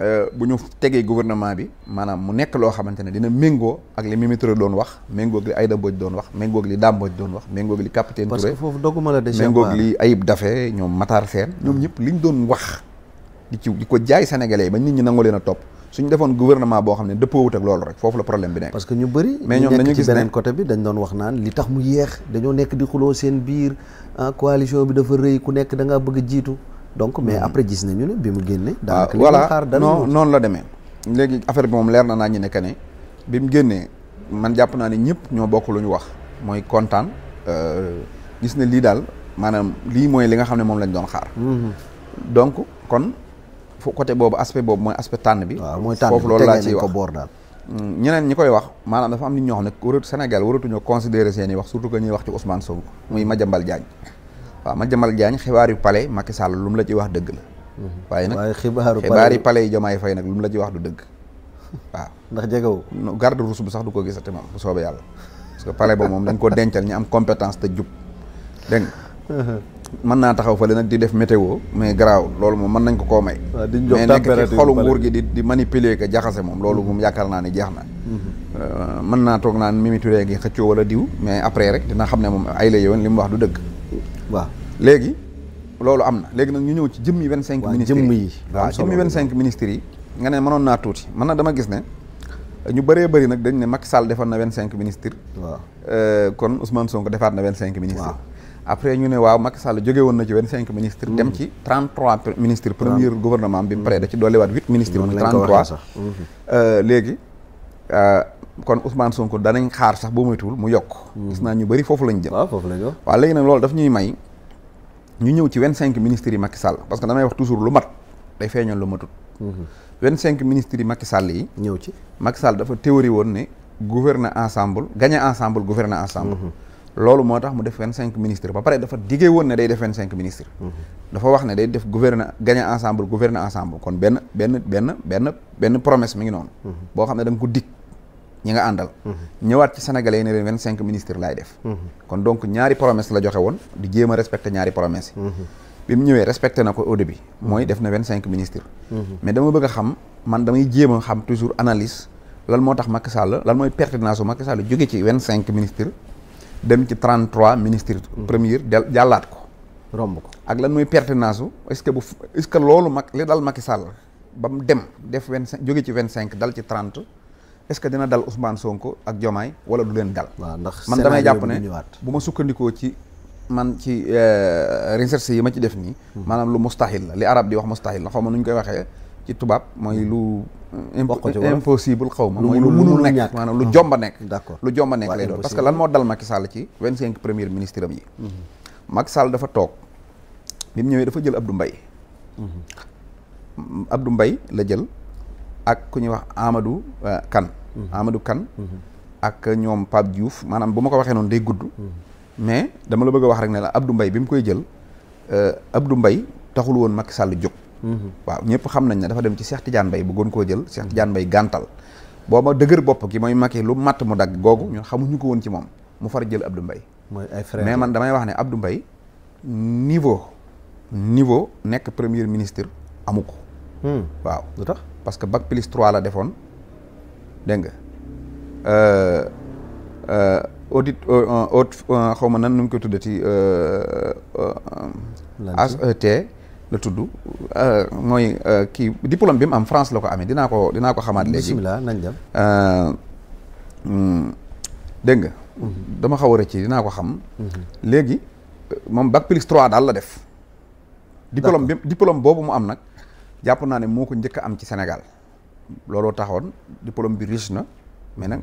[SPEAKER 2] euh, bu ñu tegee gouvernement bi maanaam mu nekk loo xamante ne dina méngoo ak li Mimi doon wax méngoo ak li Aïda Mbodj doon wax méngoo ak li Dame Mbodj doon wax méngoo ak li capitaine Touré parce que foofu
[SPEAKER 1] dogguma la de méngoo ak li
[SPEAKER 2] Ayib Daffé ñoom Matar Sène ñoom ñëpp ñu doon wax di ci di ko jaay sénégalais yi ba nit ñi nangu leen a topp suñ defoon gouvernement
[SPEAKER 1] boo xam ne dëppoowut ak loolu rek foofu la problème bi nekk. parce que ñu bëri. mais ñoom dañu beneen côté bi dañ doon wax naan li tax mu yéex dañoo nekk di xuloo seen biir ah, coalition bi dafa rëy ku nekk da bëgg a jiitu donc mais hmm. après gis nañu ne bi mu génne. Ah, daanaka li ñu xaar noonu
[SPEAKER 2] la demee. léegi affaire bi moom leer na naa ñu ne que bi mu génnee man jàpp naa ne ñëpp ñoo bokk lu ñu wax mooy kontaan euh, gis ne lii daal maanaam lii mooy li nga xam ne moom lañ doon xaar. Hmm. donc kon côté boobu aspect boobu mooy aspect tànn bi. waaw mooy tànn bi foofu loolu laa ciy wax mm, ñeneen ñi koy wax maanaam dafa am nit ñoo xam ne waratu Sénégal waratuñoo considérer seen i wax surtout que ñuy wax ci Ousmane Sonko muy Madiambal Diagne mm-hmm. waaw Madiambal Diagne xibaaru palais Macky Sall lu mu la ci wax dëgg la. Mm-hmm. waaye nag xibaaru palais yi Diomaye Faye nag lu mu la ci wax du dëgg waaw. ndax jegewu garde rousse bu sax du ko gisati moom bu soobee yàlla parce que palais ba moom dañ ko dencal ñu am compétence te jub dégg mën naa taxaw fële nag di def météo mais garaaw loolu moom mën nañ ko koo may mais nekk ci xolu nguur gi di di manipuler jaxase moom loolu moom yaakaar naa ni jeex na mhm. euh, mën naa toog naan Mimi Touré gi xëccoo wala diw mais après rek dina xam ne moom ay la yoon li mu wax du dëgg waaw léegi loolu am na léegi nag ñu ñëw ci jëmmi vingt cinq ministres yi jëmm yi waaw cinq ministres yi nga ne mënoon naa tuuti mën na dama gis ne ñu bëree bëri nag dañ ne mag Sall defoon na vingt cinq ministres euh, kon Ousmane Sonko defaat na vingt cinq ministres après ñu ne waaw Macky Sall jóge na ci vingt cinq ministres mm. dem ci trente trois ministres premier gouvernement bi pare da ci dolliwaat huit ministres mu trente trois mm-hmm. euh, léegi euh, kon Ousmane Sonko danañ xaar sax boo moytuwul mu yokk mm. gis naa ñu bëri foofu lañ jëm
[SPEAKER 1] waaw
[SPEAKER 2] léegi nag loolu daf ñuy may ñu ñëw ci vingt cinq ministres yi Macky Sall parce que damay wax toujours lu mat day feeñoon lu matut mm-hmm. vingt cinq ministres yi Macky Sall yi ñëw ci Macky Sall dafa théorie woon ne gouverner ensemble gagner ensemble gouverner ensemble mm-hmm. loolu moo tax mu def vint cinq ministres ba pare dafa diggee woon ne day def vingt cinq ministres mhm. dafa wax ne day def gouverner gagner ensemble gouverner ensemble kon benn benn benn benn benn promesse mi ngi noonu mhm. boo xam ne da ko dig ñi nga àndal mhm. ñëwaat ci sénégalais yi ne leen vingt cinq ministres laay def kon donc ñaari promesse la joxe woon di jéem a ñaari promesse yi bi mu ñëwee respecté na ko au bi mooy def na vingt cinq ministres mais dama bëgg a xam man damay jéem a xam toujours lan moo tax Macky Sall lan mooy pertinence su Macky Sall jóge ci vingt cinq ministres dem ci 33 ministres. Hmm. premier del jàllaat ko. romb ko ak lan mooy pertinence su est que bu est-ce que loolu mag li dal Macky Sall ba mu dem def vingt cinq jóge ci vingt cinq dal ci trente est-ce que dina dal Ousmane Sonko ak Diomaye wala du leen dal. waaw ndax man damay jàpp ne bu ma sukkandikoo ci man ci euh, recherche yi ma ci def nii. Hmm. maanaam lu mustahil la li arab di wax mustahil la xaw ma nu ñu koy waxee ci tubaab mooy hmm. lu. impossible xaw ma mooy lu mënul nekk maanaam lu jomba nekk d'accord lu jomba nekk lay doon parce que lan moo dal Macky Sall ci vingt cinq premier ministre yi mhm. Macky Sall dafa toog bi mu ñëwee dafa jël Abdou Mbaye mhm. Abdou mbay la jël ak ku ñuy wax amadu euh, kan mhm. Amadou Kane ak ñoom Pape Diouf maanaam bu ma ko waxee noonu day gudd mais dama la bëgg wax rek ne la Abdou mbay bi mu koy jël euh, Abdou mbay taxul woon Macky Sall jóg waaw ñëpp xam nañ ne dafa dem ci Cheikh Tidiane Mbaye bëggoon koo jël Cheikh Tidiane bay gàntal booba dëgër bopp gi mooy Macky lu matt mu dagg googu ñun xamuñu ko woon ci moom mu far jël Abdou
[SPEAKER 1] Mbaye mooy ay frère mais man
[SPEAKER 2] damay wax ne Abdou Mbaye niveau niveau nekk premier ministre amu ko hmm. waaw lu tax parce que bac plus la defoon dégg nga euh, euh, audit euh, aut xaw ma nan nu mu ko tuddati ASET la tudd euh, mooy euh, kii diplôme bi mu am France la ko amee dinaa ko dinaa ko xamaat léegi. bisimilah nañ dem. Euh, hmm, dégg nga. Mhm. dama xaw a dinaa ko xam. Mhm. léegi moom bac plus 3 daal la def. diplôme bi boobu mu am nag jàpp naa ne moo ko njëkk am ci senegal looloo taxoon diplôme bi riche na mais nag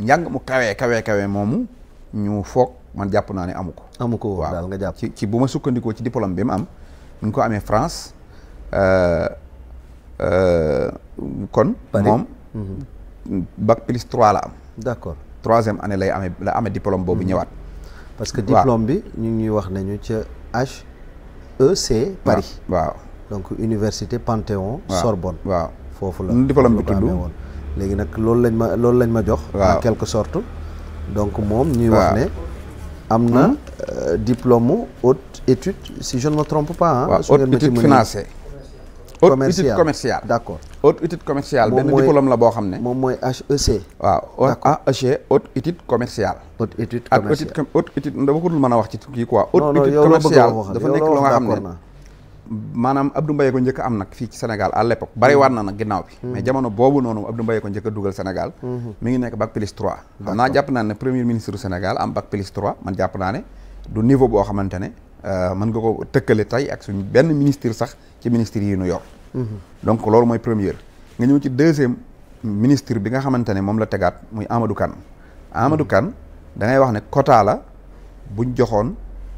[SPEAKER 2] njàng mu kawee kawee kawee moomu ñu foog man jàpp naa ne amu ko. amu ko waaw nga jàpp ci ci bu ma sukkandikoo ci diplôme bi mu am. ñu ko amee France euh, euh, kon. moom mm-hmm. bac plus trois la am. d'accord troisième année lay amee la amee diplôme boobu mm-hmm. ñëwaat. parce que diplôme
[SPEAKER 1] bi ñu ngi ñuy wax nañu ca HEC. Paris waaw donc université Panthéon. Sorbonne waaw foofu la. diplôme bi tudd léegi nag loolu lañ ma loolu lañ ma jox. waaw quelque sorte donc moom ñuy wax ne. am na hmm? euh, diplôme mu haute étude si je ne me trompe pas. ah su haute étude financée. commerciale haute étude
[SPEAKER 2] commerciale. d' accord étude commerciale. benn diplôme la boo xam ne. moom mooy HEC. waaw HEC e haute étude commerciale. haute étude commerciale étude haute étude dama a wax ci kii quoi. haute étude commerciale dafa nekk loo nga xam ne. maanaam Abdou Mbaye ko njëkk am nag fii ci Sénégal à l'époque bari na nag ginnaaw bi mm-hmm. mais jamono boobu noonu Abdou Mbaye ko njëkk a dugal Sénégal mm-hmm. mi ngi nekk bac plus 3 xam naa jàpp naa ne premier ministre du am bac plus 3 man jàpp naa ne du niveau boo xamante ne euh, mën nga ko tëkkale tey ak suñ benn ministre sax ci ministre yi nu yor mm-hmm. donc loolu mooy première nga ñëw ci deuxième ministre bi nga xamante ne moom la tegaat muy Amadou Kane Amadou kan da wax ne quota la buñ joxoon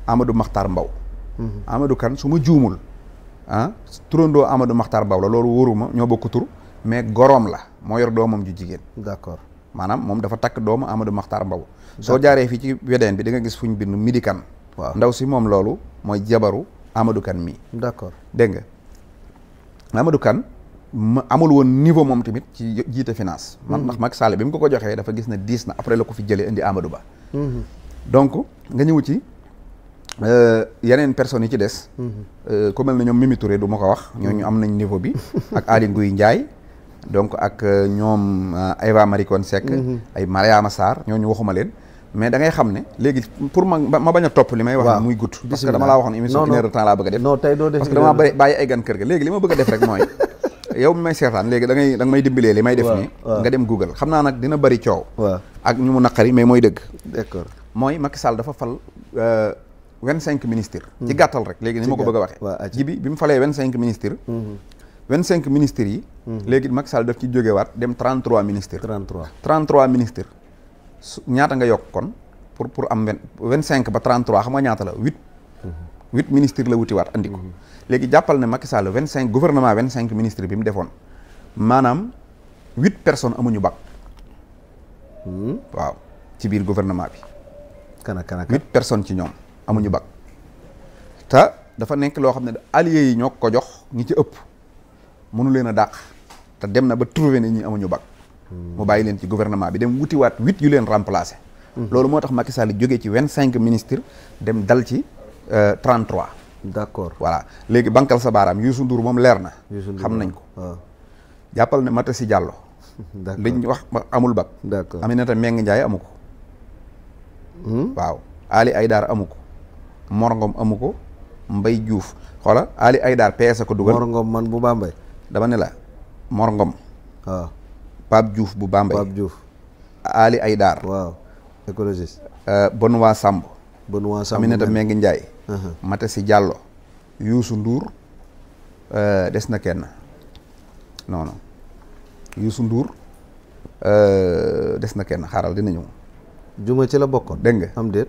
[SPEAKER 2] Amadou Makhtar Mbow Amadou Kane su ma juumul ah turandoo amadu Makhtar Ba la loolu wóoruma ñoo bokk tur mais goroom la moo yor doomam ju jigéen d'accord maanaam moom dafa takk doomu amadu Makhtar Mbow soo jaaree fii ci wedeen bi di nga gis fu bind midi kan waaw ndaw si moom loolu mooy jabaru amadu Kan mii d'accord dégg nga Amadou Kan ma amul woon niveau moom tamit ci jiite finance man mhm. ndax mag Sall bi mu ko ko joxee dafa gis na diis na après la ko fi jëlee indi amadu Ba mhm. donc nga ñëw ci Euh, yeneen personnes yi ci des. Euh, ku mel na ñoom Mimi Touré du ma ko wax ñooñu am nañ niveau bi ak Aly Ngouille Ndiaye. donc ak euh, ñoom Aïva Marie Coll Seck. Mm-hmm. ay Mariama Sarr ñooñu waxuma leen. mais da xam ne léegi pour ma ma bañ a topp li may wax muy gudd parce laa waxoon émission une heure de temps laa a def
[SPEAKER 1] non tey doo def parce que dama bari
[SPEAKER 2] bàyyi ay gan kër ma bëgg a def rek mooy yow may seetaan léegi da ngay da nga may li may def nii nga dem Google xam naa nag dina bari coow ak ñu mu naqari mais mooy dëgg d'accord mooy Macky Sall dafa fal vingt cinq ministres hmm. ci gàttal rek léegi ni ma ko bëgg a waxee ji bi bi mu falee vingt cinq ministres hmm. vingt cinq ministres yi hmm. léegi Macky Sall daf ci waat dem trente trois ministres trente trois ministres ñaata nga yokk kon pour pour am vingt cinq ba trente trois xam nga ñaata la huit huit la wuti waat andi ko léegi jàppal ne Macky Sall vingt cinq gouvernement vingt cinq ministres bi mu defoon maanaam huit personnes amuñu bac waaw ci biir gouvernement bi kana kana huit personnes ci ñoom amuñu bac te dafa nekk loo xam ne alliés yi ñoo ko jox ñi ci ëpp mënu leen a dàq te dem na ba trouvé ne ñi amuñu bac mu bàyyi leen ci gouvernement bi dem wutiwaat huit yu leen remplacé hmm. loolu moo tax Macky Sall jógee ci vingt cinq ministres dem dal ci euh, trente trois d'accord voilà léegi bankal sa baaraam yu Youssou Ndour moom leer na xam nañ ko jàppal ne Mata Si Diallo liñ wax amul bac d'accord Aminata Mbengue Ndiaye amu ko hmm? waaw Ali Aïdara amu ko morngom amu ko mbay juuf xoola Ali Aydar PS a ko dugal morngom man bu Bambey dama ne la morngom waaw ah. Pape Diouf bu Bambey Pape Diouf Ali Aydar waaw écologiste euh, Benoît Samb Benoît Samb Aminata Mbengue Ndiaye uh-huh. Matasi Diallo Youssou Ndour euh, des na kenn noonu non nduur Ndour euh, des na kenn xaaral dina ñëw juma ci la bokk dégg nga am déet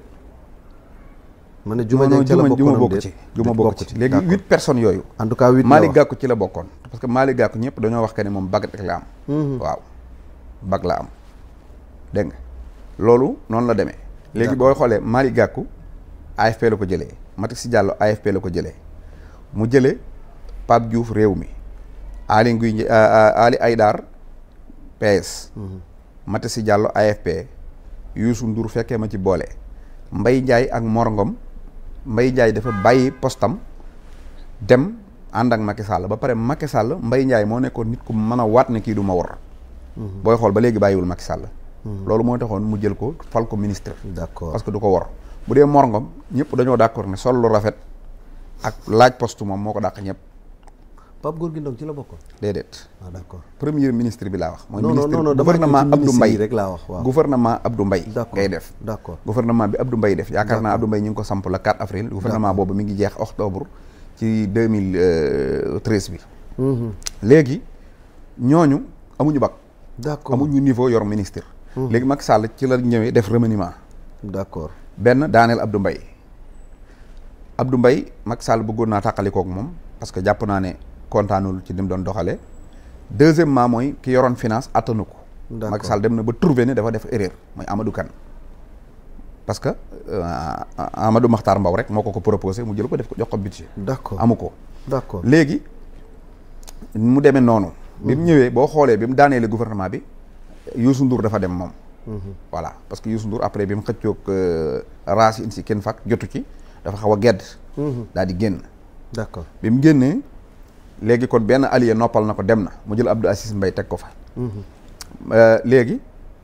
[SPEAKER 2] ma ne Juma Dieng ca la bokkoon ci Juma bokk ci léegi huit personnes yooyu en
[SPEAKER 1] tout cas huit Malick
[SPEAKER 2] Gakou ci la bokkoon parce que Malick Gakou ñëpp dañoo wax que ne moom bag rek la am mhm. waaw bag la am dégg nga loolu noonu la demee léegi booy xoolee Malick Gakou AFP la ko jëlee Matic Diallo AFP la ko jële mu jële Pape Diouf réew mi Ali Nguy euh, euh, Ali Aydar PS mhm. Matic Diallo AFP Youssou Ndour fekkee ma ci boole mbay Ndiaye ak morongom mbay Ndiaye dafa bàyyi postam dem ànd ak Macky Sall ba pare Macky Sall mbay Ndiaye moo nekkoon nit ku mën a waat ne kii du ma war. Mhm. booy xool ba léegi bàyyiwul Macky Sall. Mhm. loolu moo taxoon mu jël ko fal ko ministre. d'accord parce que du ko war bu dee Mor Ngom ñëpp dañoo d'accord ne sol lu rafet ak laaj poste moom moo ko dàq ñëpp.
[SPEAKER 1] Pape Gorgui Ndong ci la bokkoon.
[SPEAKER 2] déedéet. ah d'accord premier ministre bi laa wax. mooy ministre gouvernement Abdou Mbaye rek laa wax waaw. gouvernement Abdou Mbaye. d'accord ngay def. d'accord gouvernement bi Abdou Mbaye def. yaakaar naa Abdou Mbaye ñu ngi ko samp la 4 avril. gouvernement boobu mi ngi jeex octobre ci euh, bi. Mm-hmm. léegi ñooñu amuñu bac. d'accord amuñu niveau yor ministre. Mm-hmm. léegi Macky Sall ci la ñëwee def remaniement. d'accord benn daaneel Abdou Mbaye. Abdou Mbaye Macky Sall bëggoon naa tàqalikook moom parce que jàpp naa ne. kontaanul ci ni mu doon doxalee deuxièmement mooy ki yoroon finance attanu ko. d'accord Macky dem na ba trouvé ne dafa def erreur mooy Amadou kan parce que euh, Amadou Makhtar Mbow rek moo ko ko proposé mu jël ko def ko jox ko budget. d'accord amu ko. d'accord léegi mu demee noonu. bi mu mhm. ñëwee boo xoolee bi mu daaneele gouvernement bi Youssou Ndour dafa dem moom. Mhm. voilà parce que Youssou Ndour après bi mu xëccoog euh, raas in si kenn fak jotu ci dafa xaw a gedd. Mhm. daal di génn. d'accord bi mu génnee. léegi kon benn allié noppal na ko dem na mu jël Abdou Aziz mbay teg ko fa. Euh, léegi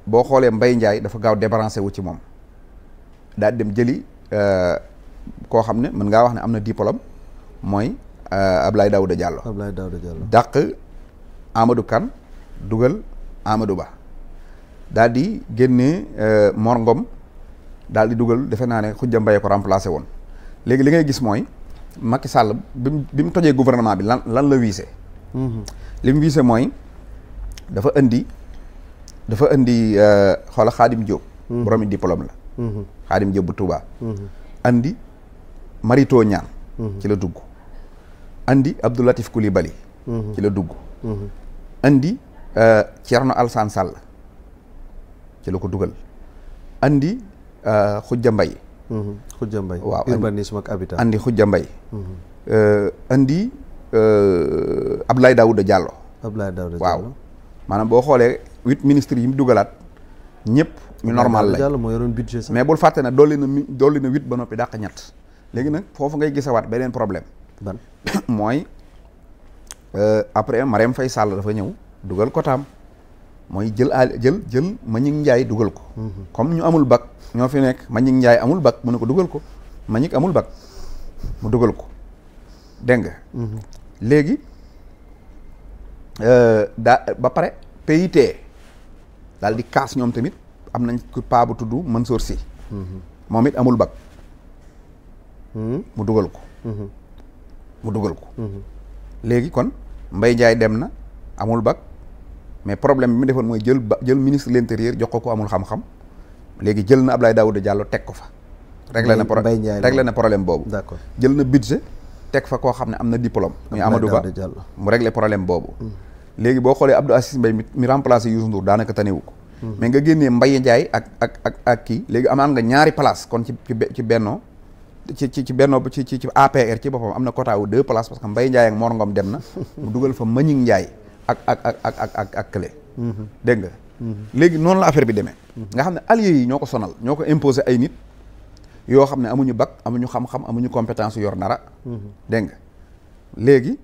[SPEAKER 2] boo xoolee Mbaye njaay dafa gaaw débranché wu ci moom daal dem jëli euh, koo xam ne mën ngaa wax ne am na diplôme mooy euh, Ablaye Daouda Diallo. Ablaye Daouda Diallo dàq Amadou Kane dugal Amadou Ba daal di génne Mor Ngom daal di dugal defe naa ne Khoudia Mbaye ko remplacé woon léegi li ngay gis mooy. Macky sàll bi mu bi mu tojee gouvernement bi lan la wiise mhm. li wiise mooy dafa indi dafa indi euh, xoola Xaadim Diop. Mhm. boroomi diplôme la. Xaadim mhm. Diop bu Touba. andi Marito Niane. ci la dugg. indi Abdou Latif Coulibaly. ci la dugg. andi euh, Thierno Alassane Sall ci la ko dugal. andi euh, Khoudia mbay xujja mhm. mbay waaw urbanisme ak habitat andi xujja mbay mhm. euh, andi euh, Abdoulaye Daouda Diallo Abdoulaye Daouda Diallo waaw maanaam boo xoolee huit ministres yi mu dugalaat ñëpp ñu normal la moo yoroon budget mais bul fàtte na dolli na dolli na huit ba noppi dàq ñett léegi nag foofu ngay gisawaat beneen problème ban mooy euh, après Marème Faye sàll dafa ñëw dugal ko taam mooy jël a jël jël Mbagnick Ndiaye dugal ko mhm. comme ñu amul bac ñoo fi nekk Mbagnick njaay amul bac mu ne ko dugal ko Mbagnick amul bag mu dugal ko dégg nga. Mhm. léegi euh, daa pare PIT daal di ñoom tamit am nañ ko paa tudd Mansour Sy. Mhm. moom it amul bac. Mhm. mu dugal ko. mu dugal ko. léegi kon Mbaye Ndiaye dem na amul bac mais problème bi mu defoon mooy jël ba jël ministre de l'intérieur jox ko ko amul xam-xam. léegi jël na Abdoulaye Daouda Diallo teg ko fa réglé na réglé na problème boobu d'accord jël na budget teg fa koo xam ne am na diplôme muy Amadou Ba mu réglé problème boobu hmm. léegi boo xoolee Abdou Aziz Mbaye mi remplacé Youssou Ndour daanaka tanewu ko hmm. mais nga génnee mbay njaay ak ak ak kii léegi amaan nga ñaari place kon ci ci bennoo ci ci ci bennoo ci ci ci APR ci boppam am na quota wu deux places parce que mbay Ndiaye ak Mor Ngom dem na mu dugal fa Manick Ndiaye ak ak ak ak ak ak ak clé hmm. dégg nga léegi noonu la affaire bi demee nga xam ne alliés yi ñoo ko sonal ñoo ko imposé ay nit yoo xam ne amuñu bag amuñu xam-xam amuñu compétence yor dara dégg nga léegi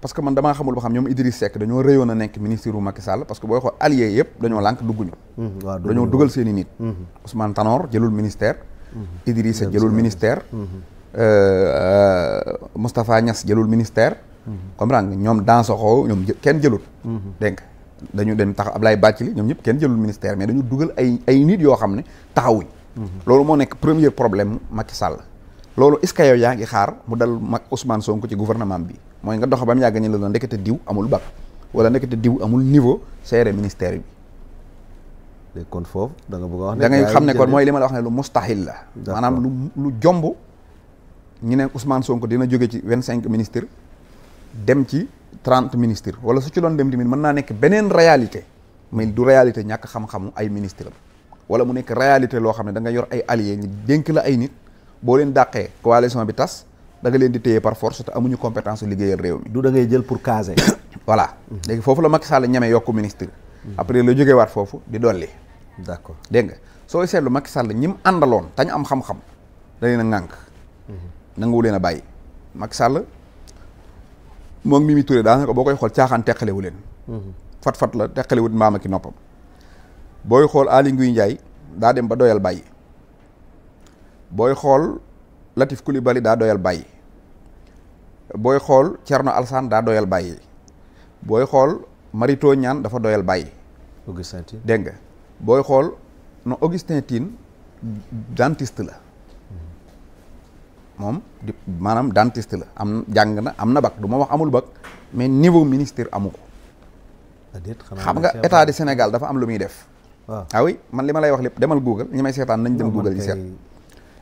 [SPEAKER 2] parce que man damaa xamul ba xam ñoom Idriss Seck dañoo réyoon a nekk ministre wu Macky Sall parce que booy xool alliés yëpp dañoo lànk dugguñu waaw dañoo dugal seeni nit Ousmane Tanor jëlul ministère Idriss Seck jëlul ministère euh, euh, Moustapha Niass jëlul ministère comprendre nga ñoom Dansokho ñoom kenn jëlul dégg nga dañu dem taxaw Ablaye Bathily ñoom ñëpp kenn jëlul ministère mais dañu dugal ay ay nit yoo xam ne taxawuñ mhm. loolu moo nekk premier problème Macky Sall loolu est-ce que yow yaa ngi xaar mu dal mag Ousmane sonk ci gouvernement bi mooy nga dox ba mu yàgg ñu la la ndekete diw amul bac wala ndekete diw amul niveau seere
[SPEAKER 1] ministère bi léegi kon foofu da nga bëgg wax da ngay xam ne kon mooy li
[SPEAKER 2] ma la wax ne lu mustahil la maanaam lu lu jomb ñu ne Ousmane Sonko dina jóge ci vingt cinq ministres dem ci trente ministres wala su ci loon dem tamit mën naa nekk beneen réalité mais du réalité ñàkk xam-xamu ay ministres la wala mu nekk réalité loo xam ne da nga yor ay alliés ñi dénk la ay nit boo leen dàqee coalition bi tas da nga leen di téye par force te amuñu compétence liggéeyal réew mi. du da ngay jël pour caser. voilà léegi foofu la Macky Sall ñeme yokk ministre. après la jógewaat foofu di dolli. d'accord dégg nga soo seetlu Macky Sall ñi mu àndaloon tañ am xam-xam da leen mhm. nanguwu leen a bàyyi Macky Sall. moom Mimi Touré daanaka boo koy xool caaxaan teqalewu leen mhm. fat-fat la teqalewut maam ak i noppam booy xool Aly Ngouille Ndiaye daa dem ba doyal bàyyi booy xool Latif Coulibaly daa doyal bàyyi booy xool Thierno Alassane daa doyal bàyyi booy xool Marito ñaan dafa doyal bàyyi Augustin dégg nga booy xool non Augustin Tine la moom di maanaam dentiste la am jàng na am na bac du ma wax amul bac mais niveau ministère amu ko.
[SPEAKER 1] xam nga état
[SPEAKER 2] de Sénégal dafa am lu muy def. waaw ah, ah man li ma lay wax lépp demal Google ñi may seetaan nañ dem Google ñu seet.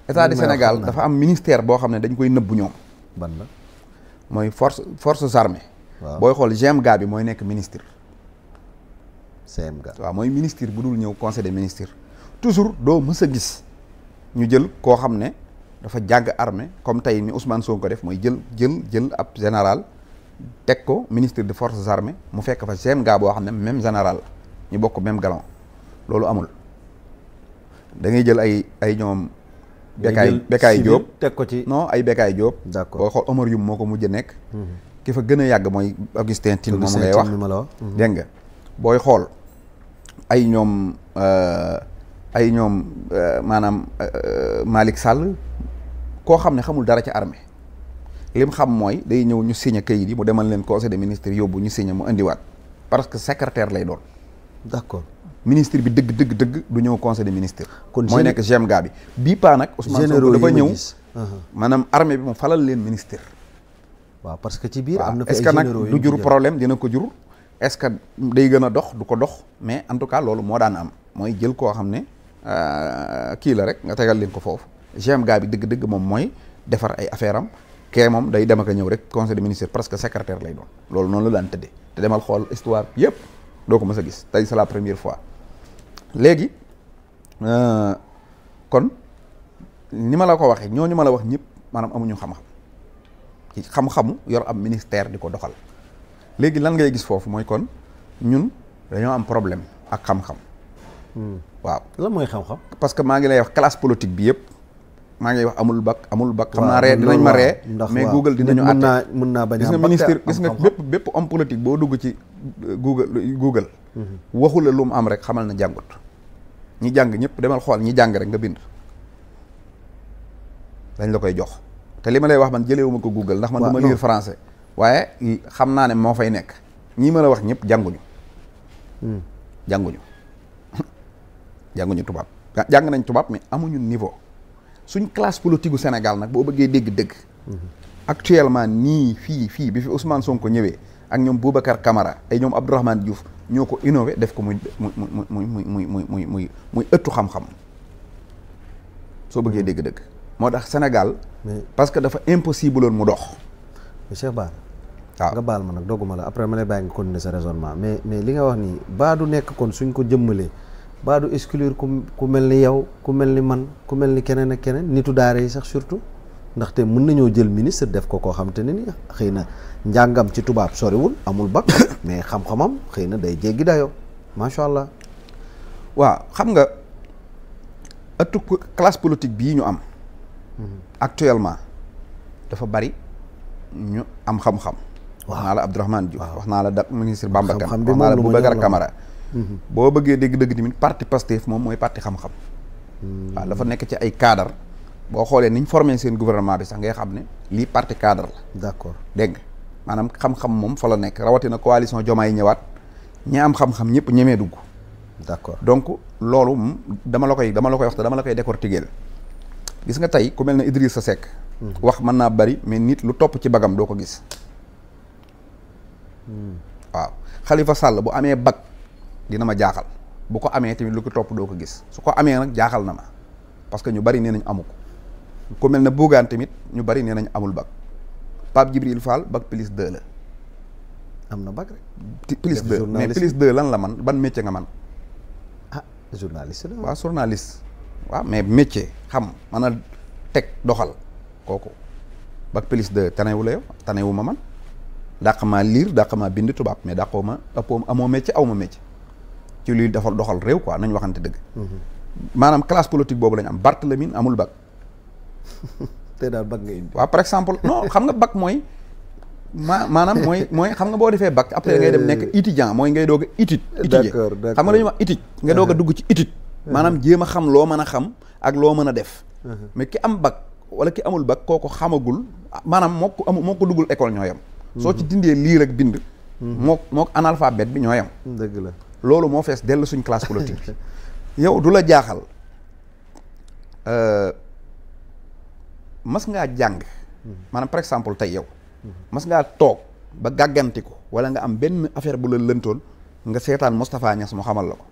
[SPEAKER 1] état du Sénégal dafa
[SPEAKER 2] am ministère boo xam ne dañ koy nëbbu ñoom. ban la mooy force forces armées. waaw booy xool GMGA bi mooy nekk ministre. CMGA waaw mooy ministre bu dul ñëw conseil de ministres toujours doo mës a gis ñu jël koo xam ne. dafa jàng armée comme tey ni usman Sonko ko def mooy jël jël jël ab général teg ko ministre de forces armées mu fekk fa seen gaa boo xam ne même général la ñu bokk même galon loolu amul da ngay jël ay ay ñoom bekaay bekaay Jóob teg ko ci non ay bekaay Jóob d'accord boo xool Omar moo ko mujj nekk mhm. ki fa gën a yàgg mooy Augustin Tine moom ngay wax mhm. dégg nga booy xool ay ñoom euh, ay ñoom euh, maanaam euh, Malick Sall koo xam ne xamul dara ci armée lim xam mooy day ñëw ñu signé kayit yi mu demal leen conseil des ministres yóbbu ñu signé mu indiwaat parce que secrétaire lay doon. d'accord ministre bi dëgg dëgg dëgg du ñëw conseil des ministres. mooy nekk GMGA bi. bii paa nag Ousmane Sonko dafa ñëw uh-huh. maanaam armée bi mu falal leen ministre. waaw
[SPEAKER 1] parce que ci biir am na fa ay généraux est-ce
[SPEAKER 2] que dina ko jur. est-ce que day gën a dox du ko dox mais en tout cas loolu moo daan am mooy jël koo xam ne euh, kii la rek nga tegal leen ko foofu. GMGA bi dëgg-dëgg moom mooy defar ay affaire am kee moom day dem ak ñëw rek conseil des ministres presque secrétaire lay doon loolu noonu la daan tëddee te demal xool histoire yëpp doo ko mës a gis tey c'est la première fois léegi euh, kon ni ma la ko waxee ñoo ñooñu ma la wax ñëpp maanaam amuñu xam-xam ci xam-xamu yor am ministère di ko doxal léegi lan ngay gis foofu mooy kon ñun dañoo am problème ak xam-xam hmm. waaw lan mooy xam-xam parce que maa ngi lay wax classe politique bi yëpp maa ngi wax amul bakk amul bakk xam naa ree dinañ ma ree mais google dinañu àtte mën naa bañ gis nga ministre gis nga bépp bépp homme politique boo dugg ci euh, google mhm. waxula lu mu am rek xamal na jàngut ñi jàng ñëpp demal xool ñi jàng rek nga bind dañ la koy jox te li ma lay wax man jëleewuma ko google ndax man du ma lire français waaye xam naa ne moo fay nekk ñii ma la wax ñëpp jànguñu hmm. jànguñu jànguñu tubaab jàng nañ tubaab mi amuñu niveau suñ classe politique gu Sénégal nag boo bëggee dégg-dëgg. actuellement nii fii fii bi fi Ousmane ko ñëwee ak ñoom Boubacar kamara ay ñoom Abdourahmane Diouf ñoo ko innové def ko muy muy muy muy muy muy muy muy ëttu xam-xam soo
[SPEAKER 1] bëggee dégg-dëgg. moo tax Sénégal. parce que dafa impossible woon mu dox. Cheikh Bara. waaw nga baal ma nag dogguma la après ma lay bàyyi nga continuer sa raisonnement mais mais li nga wax nii baa nekk kon suñ ko jëmmalee. baa du exclure ku ku mel ni yow ku mel ni man ku mel ni keneen ak keneen nitu daara yi sax surtout ndaxte mën nañoo jël ministre def ko koo xam te ne ni xëy na njàngam ci tubaab soriwul amul bac mais xam-xamam xëy na day jéggi dayo macha allah. waa xam nga ëttu classe politique
[SPEAKER 2] bii ñu am. Mhm. actuellement dafa bari ñu am xam-xam. wax naa la Abdourahmane Diouf wax naa la da ministre Bamba Kane wax naa la Boubacar Camara boo bëggee dégg-dëgg tamit parti Pastef moom mooy parti xam-xam. waaw la nekk ci ay cadre boo xoolee niñ formé seen gouvernement bi sax ngay xam ne lii parti cadre la. d'accord dégg nga maanaam xam-xam moom fa la nekk rawatina coalition Diomaye ñëwaat ñi am xam-xam ñëpp ñemee dugg. d'accord donc loolu dama la koy dama la koy wax dama la koy décortiquer gis nga tey ku mel ne Idrissa Seck. Mhm. wax mën naa bari mais nit lu topp ci bagam doo ko gis. Hmm. waaw Khalifa Sall amee bag dina ma jaaxal bu ko amee tamit lu ko topp doo ko gis su ko amee nag jaaxal na ma parce que ñu bari nee nañ amu ko ku mel ne Bougane tamit ñu bari nee nañ amul bac Pape Djibril Fall bac plus 2 la. am na bac rek. plus 2 lan la man ban métier nga man ah journaliste la. waaw journaliste. waaw mais métier xam man a teg doxal kooku bac plus de tanewu la yow tanewu ma man dàq maa liir dàq maa bind tubaab mais dàqoo ma ëppoo amoo métier aw ma métier. ci luy defar doxal réew quoi nañ waxante dëgg mhm. maanaam classe politique boobu lañ am Barthélémy amul bac te daal bac nga indi waaw par exemple non xam nga bac mooy maa maanaam mooy mooy xam nga boo defee bac après ngay dem nekk euh, étudiant mooy ngay doog a étude étudier xam nga la ñuy wax étude nga doog a dugg ci étude euh. maanaam jéem a xam loo mën a xam ak loo mën a def euh. mais ki am bac wala ki amul bag kooku xamagul maanaam moo ko amul moo ko duggul école ñoo yam soo ci mhm. dindee lii rek bind mhm. moo moo analphabète bi ñoo yem la loolu moo fees dell suñ classe politique bi yow du la jaaxal euh, mas ngaa jàng maanaam par exemple tey yow mas ngaa toog ba gàgganti ko wala nga am benn affaire bu la lëntoon nga seetaan Moustapha Niass mu xamal la ko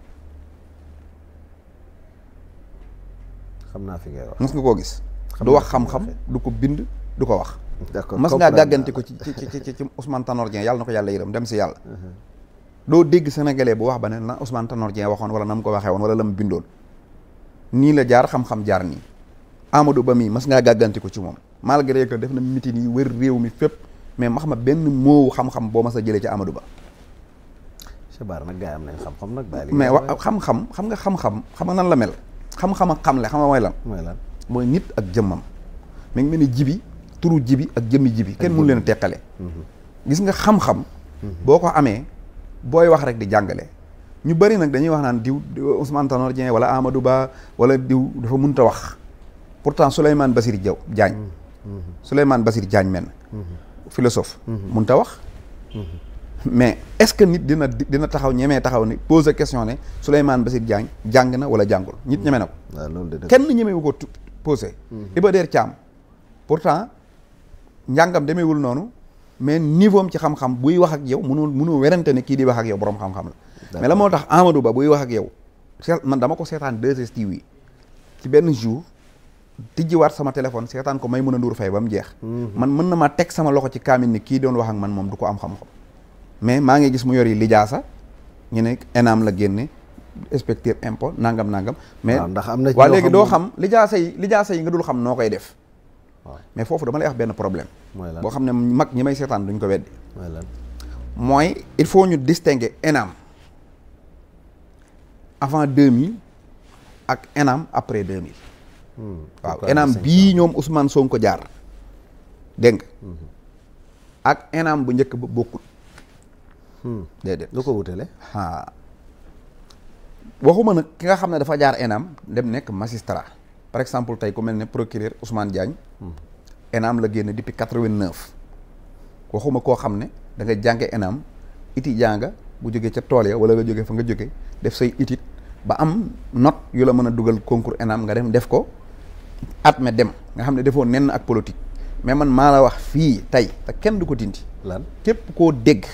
[SPEAKER 1] xam naa fi ngay wax mas nga koo gis du wax xam
[SPEAKER 2] du ko bind du ko wax d'accord mas ngaa gàgganti ko ci ci ci ci Ousmane Tanor Dieng yàlla na ko yàlla yërëm dem si yàlla uh-huh. doo dégg sénégalais bu wax ba ne la Ousmane Tanor Dieng waxoon wala na mu ko waxee woon wala la mu bindoon nii la jaar xam-xam jaar nii Amadou Ba mii mas ngaa gàgganti ko ci moom malgré que def na mitin yi wër réew mi fépp mais max ma benn moowu xam mas a jëlee ci Amadou Ba.
[SPEAKER 1] Cheikh nag gars am nañ xam-xam mais wa
[SPEAKER 2] xam-xam xam nga xam-xam xam nga la mel. xam-xam ak xamle xam nga mooy lan. mooy lan mooy nit ak jëmmam. mi ngi mel ni jibi turu jibi ak jëmmi jibi kenn mënu leen a teqale. Mhm. gis nga xam-xam. Mhm. boo ko amee. booy wax rek di jàngale ñu bëri nag dañuy wax naan diw Ousmane Tanor Dieng wala Amadou Ba wala diw dafa mënta wax pourtant Souleymane Basir Diaw Diagne mm-hmm. Mm-hmm. Souleymane Basir Diagne men mm-hmm. philosophe mënta wax mais est-ce que nit dina dina taxaw ñemee taxaw ni pose question ne Souleymane Basir Diagne jàng na wala jàngul nit ñeme na ko
[SPEAKER 1] ah, kenn
[SPEAKER 2] ñemewu ko posé Iba Der pour pourtant njàngam demewul noonu mais niveau am ci xam-xam buy wax ak yow mënu mënu werante ne kii di wax ak yow boroom xam-xam la mais moo tax Amadou Ba buy wax ak yow seet man dama ko seetaan 2STV yi ci benn jour tijjiwaat sama téléphone seetaan ko may mën a nduur fay ba mu jeex mhm. man mën na ma teg sama loxo ci kaamin ni kii doon wax ak man moom du ko am xam mais maa ngi gis mu yor yi lijaasa ñu ne enaam la génne inspecteur impôt nangam nangam mais ndax am na waa léegi doo xam lijaasa yi lijaasa yi nga dul xam noo koy def mais foofu dama lay wax benn problème. boo xam ne mag ñi may seetaan duñ ko weddi. mooy il faut ñu distinguer ENAM avant 2000 ak ENAM après 2000. Hmm. waaw ENAM bii ñoom Ousmane Sonko jaar dégg nga hmm. ak ENAM bu njëkk ba bokkul. Hmm. déedéet lu ko wutale waxuma nag ki nga xam ne dafa jaar ENAM dem nekk magistrat. par exemple tey ku mel ne procureur Ousmane Diagne. ENAM la génn depuis quatre-vingt-neuf. waxuma koo xam ne da nga jànge ENAM iti jàng bu jógee ca tool ya wala nga jóge fa nga jóge def say itit ba am note yu la mën a dugal concours ENAM nga dem def ko at ma dem nga xam ne defoo nen ak politique mais man maa la wax fii tey te kenn du ko dindi. lan képp koo dégg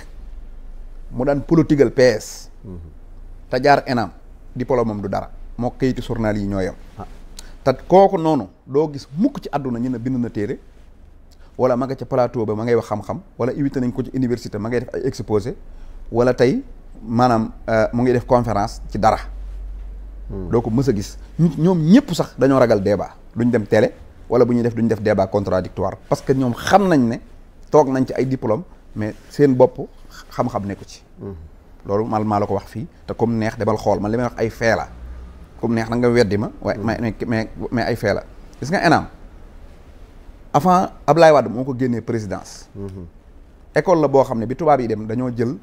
[SPEAKER 2] mu daan politigal PS. Mhm. te jaar di diplôme moom du dara moo kayitu journal yi ñoo yem. Ah. te kooku noonu doo gis mukk ci àdduna ñu ne bind na téere wala ma nga ca plateau ba ma ngay wax xam-xam wala invité nañ ko ci université ma ngay def ay exposé wala tey maanaam euh, mu ngi def conférence ci dara hmm. doo ko mës a gis ñoom ñëpp sax dañoo ragal débat duñ dem télé wala bu ñu def duñ def débat contradictoire parce que ñoom xam nañ ne toog nañ ci ay diplôme mais seen bopp xam-xam nekku ci hmm. loolu mal maa la ko wax fii te comme neex demal xool man li may wax ay fee la ku neex na nga weddi ma waaye mm. mais mais mais ay fee la gis nga ENAM avant Ablaye Wade moo ko génnee présidence mm-hmm. école la boo xam ne bi tubaab yi dem dañoo jël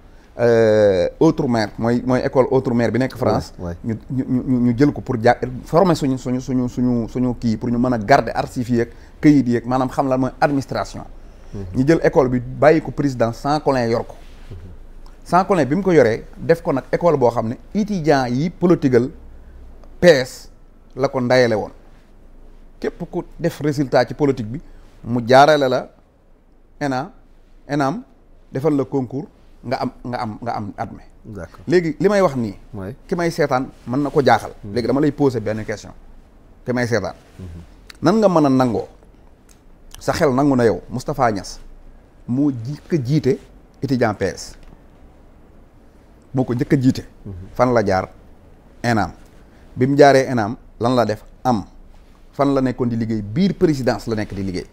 [SPEAKER 2] Outre-mer euh, mooy mooy école Outre-mer bi nekk France ñu ñu ñu jël ko pour jà forme suñu suñu suñu suñu suñu kii pour ñu mën a garder archives yeeg këyit yeeg maanaam xam lan mooy administration mm-hmm. ñu jël école bi bàyyi ko président Sankolin yor ko
[SPEAKER 3] mm-hmm.
[SPEAKER 2] Sankolin bi mu ko yoree def ko nag école boo xam ne étudiants yi politigal PS la ko ndayale woon képp ku def résultat ci politique bi mu jaarale la ENA ENAM defal la concours nga am nga am nga am admis. d'accord léegi li may wax nii. Ouais. ki may seetaan mën na ko jaaxal. Hmm. léegi dama lay poser benn question ki may seetaan. Hmm. nan nga mën a nangoo sa xel nangu na yow Moustapha Niass moo jëkk a jiite étudiant PS moo ko jëkk a jiite. Hmm. fan la jaar ENAM. bi mu jaaree ENAM lan la def am fan la nekkoon di liggéey biir présidence la nekk di liggéey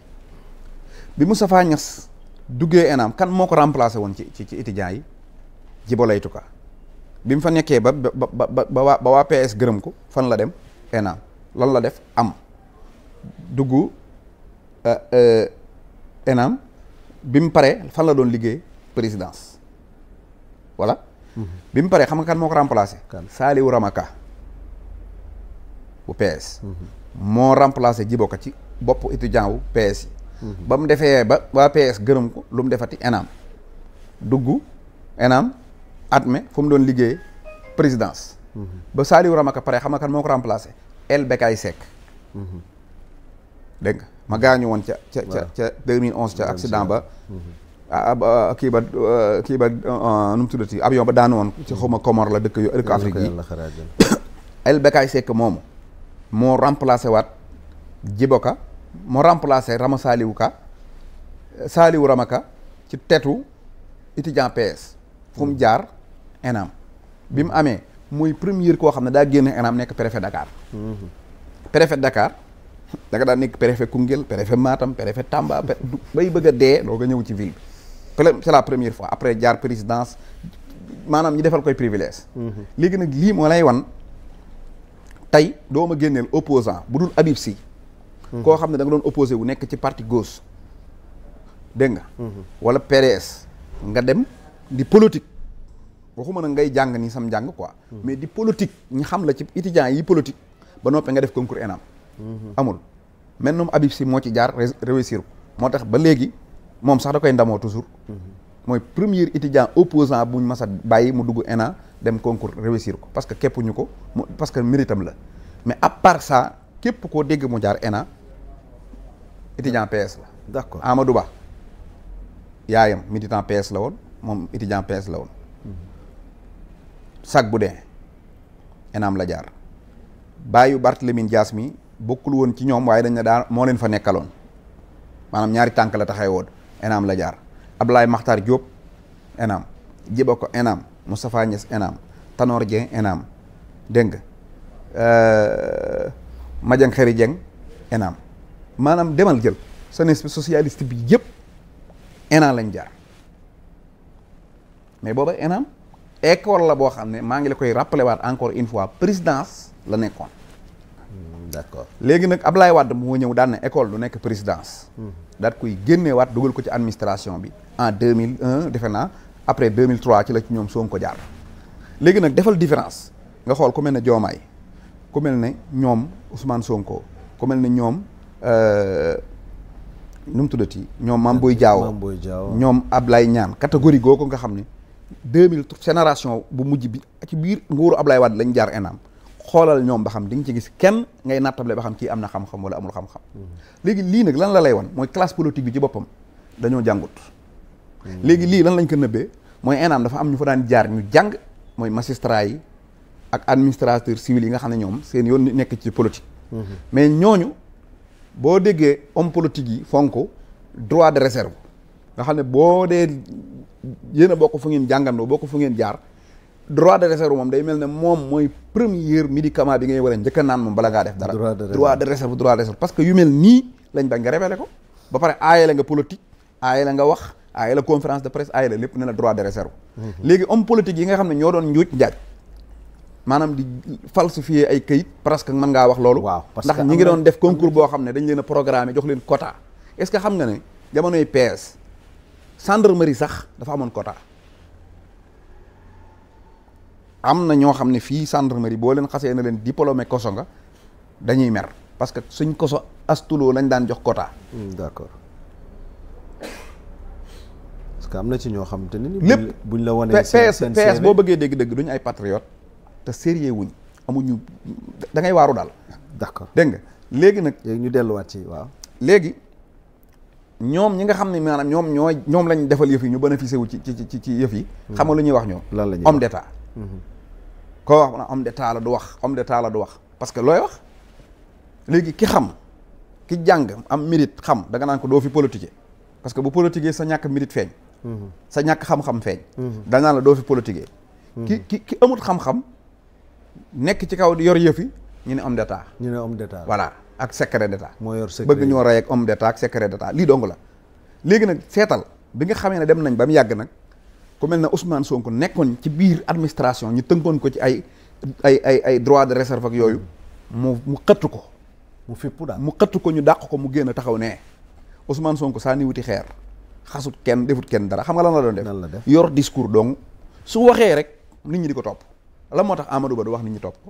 [SPEAKER 2] bi Moustapha Niass duggee ENAM kan moo ko remplacé woon ci ci ci étudiants yi Djibo Leyti Ka bi mu fa nekkee ba ba ba ba ba waa PS gërëm ko fan la dem ENAM lan la def am dugg euh, euh, ENAM bi mu paree fan la doon liggéey présidence walla mm-hmm. bi mu paree xam nga kan moo ko remplacé. Saliou Ramaka. bu PS. moo remplacé Djibo Ka ci bopp étudiant wu PS yi. ba mu defee ba waa PS gërëm ko lu mu defati ENAM. dugg ENAM atme fu mu doon liggéey présidence. ba Saliou Ramaka pare xam nga kan moo ko remplacé. El Bekay Seck. dégg nga ma gaañu woon ca ca ca ca 2011 ca accident ba. Ah, ah, ah kii ba euh, kii ba euh, nu mu tuddati avion ba daanu woon ci xaw ma Comore la dëkk yu dëkk Afrique yi El Bekay Seck moomu. moo remplacé waat jiboka moo remplacé rama saaliwu ka saaliwu ramaka ci tetu étudiant PS fu mu jaar ENAM bi mu amee mooy première koo xam ne daa génn ENAM nekk préfet Dakar préfet Dakar da daa daan nekk préfet Koungheul préfet Matam préfet Tamba bay bëgg a dee doo nga ñëw ci ville bi c'est la première fois après jaar présidence maanaam ñu defal koy privilège mhm. léegi nag lii moo lay wan tey doo ma génneel opposant bu dul Habib si mhm. koo xam ne da doon opposé wu nekk ci parti gos dégg nga mhm. wala PDS nga dem di politique waxuma na ngay jàng ni sam jàng ko mhm. mais di politique ñu xam la ci étudiants yi politique ba noppee nga def concours ENAM amul mel noom Habib Sy moo ci jaar réussir ko moo tax ba léegi moom sax da koy ndamoo toujours mooy premier étudiant opposant bu mas a bàyyi mu dugg ENAM dem concours réussir ko parce que képp ñu ko parce que méritam la mais ab part ça képp koo dégg mu jaar ENA étudiant PS la. d'accord Amadou Ba yaayam militant PS la woon moom étudiant PS la woon. sac bu dee ENAM la jaar bàyyu Barthélémy Dias mi bokkul woon ci ñoom waaye dañ ne daan moo leen fa nekkaloon maanaam ñaari tànk la taxay woon ENAM la jaar Ablaye Makhtar Diop ENAM Djibo ko ENAM. Moustapha Niass ENAM Tanor Dieng ENAM dégg nga euh, Madiang Khary Dieng ENAM maanaam demal jël jeunesse bi socialiste bi yëpp ENAM lañ jaar mais booba ENAM école la boo xam ne maa ngi la koy rappelé waat encore une fois présidence la nekkoon.
[SPEAKER 1] Hmm, d'accord
[SPEAKER 2] léegi nag ab Ablaye Wade moo ñëw daan na école lu nekk présidence. Hmm. daat koy génneewaat dugal ko ci administration bi en deux mille un defe naa. après 2003 ci la ci ñoom Sonko jaar léegi nag defal différence nga xool ku mel ne joomaay ku mel ne ñoom Ousmane Sonko ku mel ne ñoom euh, nu mu tuddati ñoom Mame Boye Diao ñoom ab Ablaye ñaan catégorie googu nga xam ne 2000 génération bu mujj bi ci biir nguuru Ablaye Wade lañ jaar ENAM xoolal ñoom ba xam di ci gis kenn ngay nattable ba xam kii am na xam-xam wala amul xam-xam mm-hmm. léegi lii nag lan la lay wan mooy classe politique bi ci boppam dañoo jàngut léegi lii lan lañ ko nëbbee mooy ENAM dafa am ñu fa daan jaar ñu jàng mooy magistrat yi ak administrateur civil yi nga xam ne ñoom seen yoon nekk ci politique. Mhm. mais ñooñu boo déggee homme politique yi fonk droit de réserve nga xam ne boo dee yéen a bokk fu ngeen jàngandoo bokk fu ngeen jaar droit de réserve moom day mel ne moom mooy premier médicament bi ngay war a naan moom bala ngaa def dara. droit de réserve droit de réserve parce que yu nii lañ bañ nga révélé ko ba pare aaye nga politique aaye la nga wax. aaye ah, la conférence de presse aaye ah, la lépp ne la droit de réserve léegi homme politique yi nga xam ne ñoo doon njuuj njaaj maanaam di falsifier ay kayit presque mën ngaa wax loolu waaw ndax ñi ngi doon def concours boo xam ne dañ leen a programmé jox leen quota est-ce que xam nga ne jamonoy PS gendarmerie sax dafa amoon quota am na ñoo xam ne fii gendarmerie boo leen xasee na leen diplômé koso nga dañuy mer parce que suñ koso astuloo lañ daan jox quota hmm, d'accord parce que am na ci ñoo xam ni. lépp buñ la wanee PS PS boo bëggee dégg-dégg duñu ay patriote te sérieux wuñ amuñu da ngay waaru daal. d'accord dégg nga léegi nag. léegi ñu delluwaat ci waaw. léegi ñoom ñi nga xam ne maanaam ñoom ñooy ñoom lañ defal yëf yi ñu bénéficié wu ci ci ci ci yëf yi. Hmm. xam nga lu ñuy wax ñoom. lan la ñuy wax homme koo wax maanaam homme d'état la du wax homme d'état la du wax parce que looy wax léegi ki xam ki jàng am mérite xam da nga naan ko doo fi politiquer parce que bu politiquer sa ñàkk mérite feeñ. sa ñàkk xam-xam feeñ mm-hmm. danaa la doo fi politiquer mm-hmm. ki ki amut xam-xam nekk ci kaw di yor yëfi ñu ne homme d'état ñu ne homme d'état voilà ak secret d'état moo yor secret bëgg ñoo rey ak homme d'état ak secret d'état lii dong la léegi nag seetal bi nga xamee ne dem nañ ba mu yàgg nag ku mel ne Ousmane Sonko nekkoon ci biir administration ñu tënkoon ko ci ay ay ay ay droit de réserve ak yooyu mu mu xëttu ko mu fippu daal mu xëttu ko ñu dàq ko mu génn taxaw ne Ousmane sonk saa ni wuti xeer xasut kenn defut kenn dara xam nga lan la doon def yor discours donc su waxee rek nit ñi di ko topp lan moo tax Amadou Ba du wax nit ñi topp ko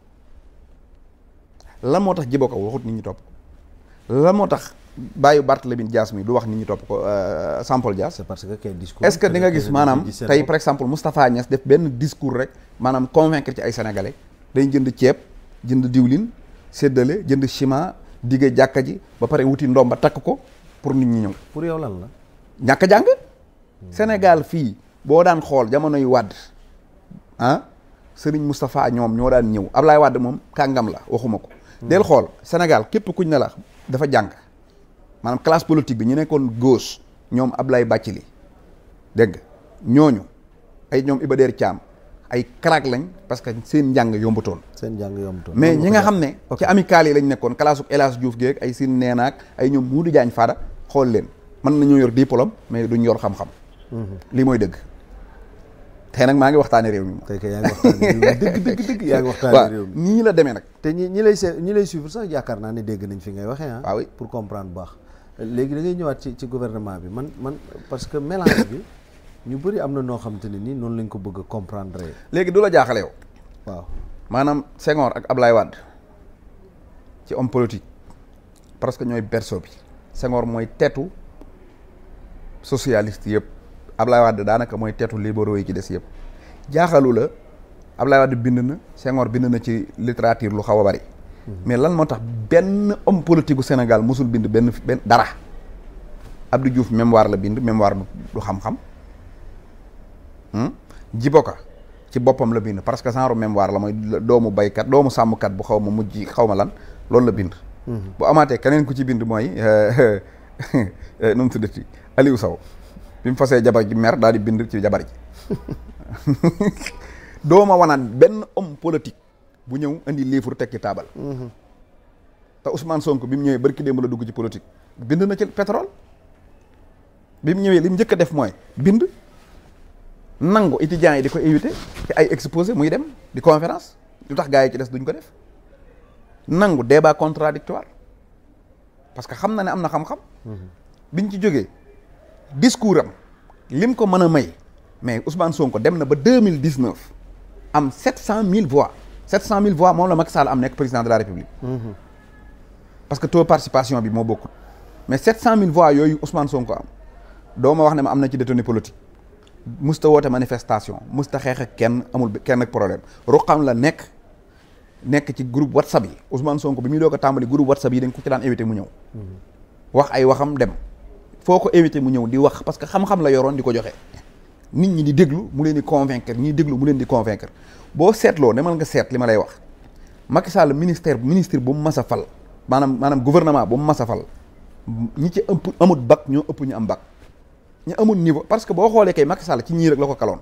[SPEAKER 2] lan moo tax Djibo Ka waxut nit ñi topp ko lan moo tax bàyyi Barthélémy jaas mi du wax nit ñi topp ko euh, Sampol Dias c'est parce que quel discours est-ce que di nga gis maanaam tey par exemple Moustapha Niass def benn discours rek maanaam convaincre ci ay sénégalais dañ jënd ceeb jënd diwlin séddale jënd ciment digge jàkka ji ba pare wuti ndoom ba takk ko pour nit ñi ñëw pour lan la ñàkk a jàng. Sénégal fii boo daan xool jamonoy Wàdd ah Serigne Moustapha ñoom ñoo daan ñëw Ablaye Wàdd moom kàngam la waxuma ko. del xool Sénégal képp kuñ ne la dafa jàng maanaam classe politique bi ñu nekkoon góos ñoom Ablaye Bathily dégg nga ñooñu ay ñoom Iba Der Thiam ay crack lañ parce que seen njàng
[SPEAKER 1] yombutoon. seen njàng yombutoon mais ñi nga
[SPEAKER 2] xam ne. ci amicale yi lañ nekkoon classe su El Hadj Diouf geeg ay seen neenaak ay ñoom Moudou Diagne Fada xool leen. man mën nañoo yor diplôme mais duñ yor xam-xam. Mhm. lii mooy dëgg. tey nag maa ngi
[SPEAKER 1] waxtaanee réew mi. tey kay yaa ngi waxtaanee réew mi dëgg dëgg dëgg yaa ngi waxtaanee réew mi nii la demee nag. te ñi ñi lay ñi lay suivre sax yaakaar naa ne dégg nañ fi ngay waxee ah. waaw ah pour comprendre bu baax. léegi da ñëwaat ci ci gouvernement bi man man parce que mélange bi ñu bëri am na noo xamante ne nii noonu lañ ko bëgg a comprendre. léegi du la jaaxale yow. waaw
[SPEAKER 2] maanaam Senghor ak Ablaye Wade ci homme parce que ñooy berceau bi Senghor mooy teetu. socialiste yëpp Ablaye Wade daanaka mooy teetu libéraux yi ci des yëpp jaaxalu la Ablaye Wade bind na Senghor bind na ci littérature lu xaw a bari. Hmm. mais lan moo tax benn homme politique Sénégal mosul bind benn benn dara Abdou Diouf mémoire la bind mémoire du xam-xam hmm? Djiboka ci boppam la bind parce que genre mémoire la mooy doomu baykat doomu sàmmkat bu xaw ma mujj xaw ma lan loolu la bind hmm. bu amaatee keneen ku ci bind mooy euh, euh, nu mu tuddati Aliou Sow bi mu fasee jabar ji mer daal di bind ci jabar ji doo ma wanaat benn homme politique bu ñëw indi livre tekki taabal. Mhm. te Ousmane Sonko bi mu ñëwee barki démb la dugg ci politique bind na ci pétrole bi mu ñëwee li mu njëkk a def mooy bind nangu étudiants yi di ko invité ci ay exposé muy dem di conférence lu tax gars yi ci des duñ ko def nangu débat contradictoire parce que xam na ne am na xam-xam mhm. biñ ci jógee discours am lim ko mën a may mais Ousmane Sonko dem na ba deux mille dix neuf am sept cent mille voix sept cent mille voix moom la Macky Sall am nekk président de la République. Mhm. parce que taux participation bi moo bokkut. mais sept cent mille voix yooyu Ousmane Sonko am doo wax ne ma am na ci détenu politique musta woote manifestation musta xeex kenn amul kenn problème problème ruqam la nekk nekk ci groupe WhatsApp yi Ousmane Sonko bi muy doog a tàmbali groupe WhatsApp yi dañ ko ci daan éviter mu ñëw. Mhm. wax ay waxam dem. foo ko invité mu ñëw di wax parce que xam-xam la yoroon di ko joxe nit ñi di déglu mu leen di convaincre ñi déglu mu leen di convaincre boo seetloo demal nga seet li ma lay wax Macky Sall ministère ministre bu mu mas fal maanaam maanaam gouvernement bu mu mas a fal ñi ci ëpp amut bac ñoo ëpp ñu am bac ñu amul niveau parce que boo xoolee kay Macky Sall ci ñii rek la ko kaloon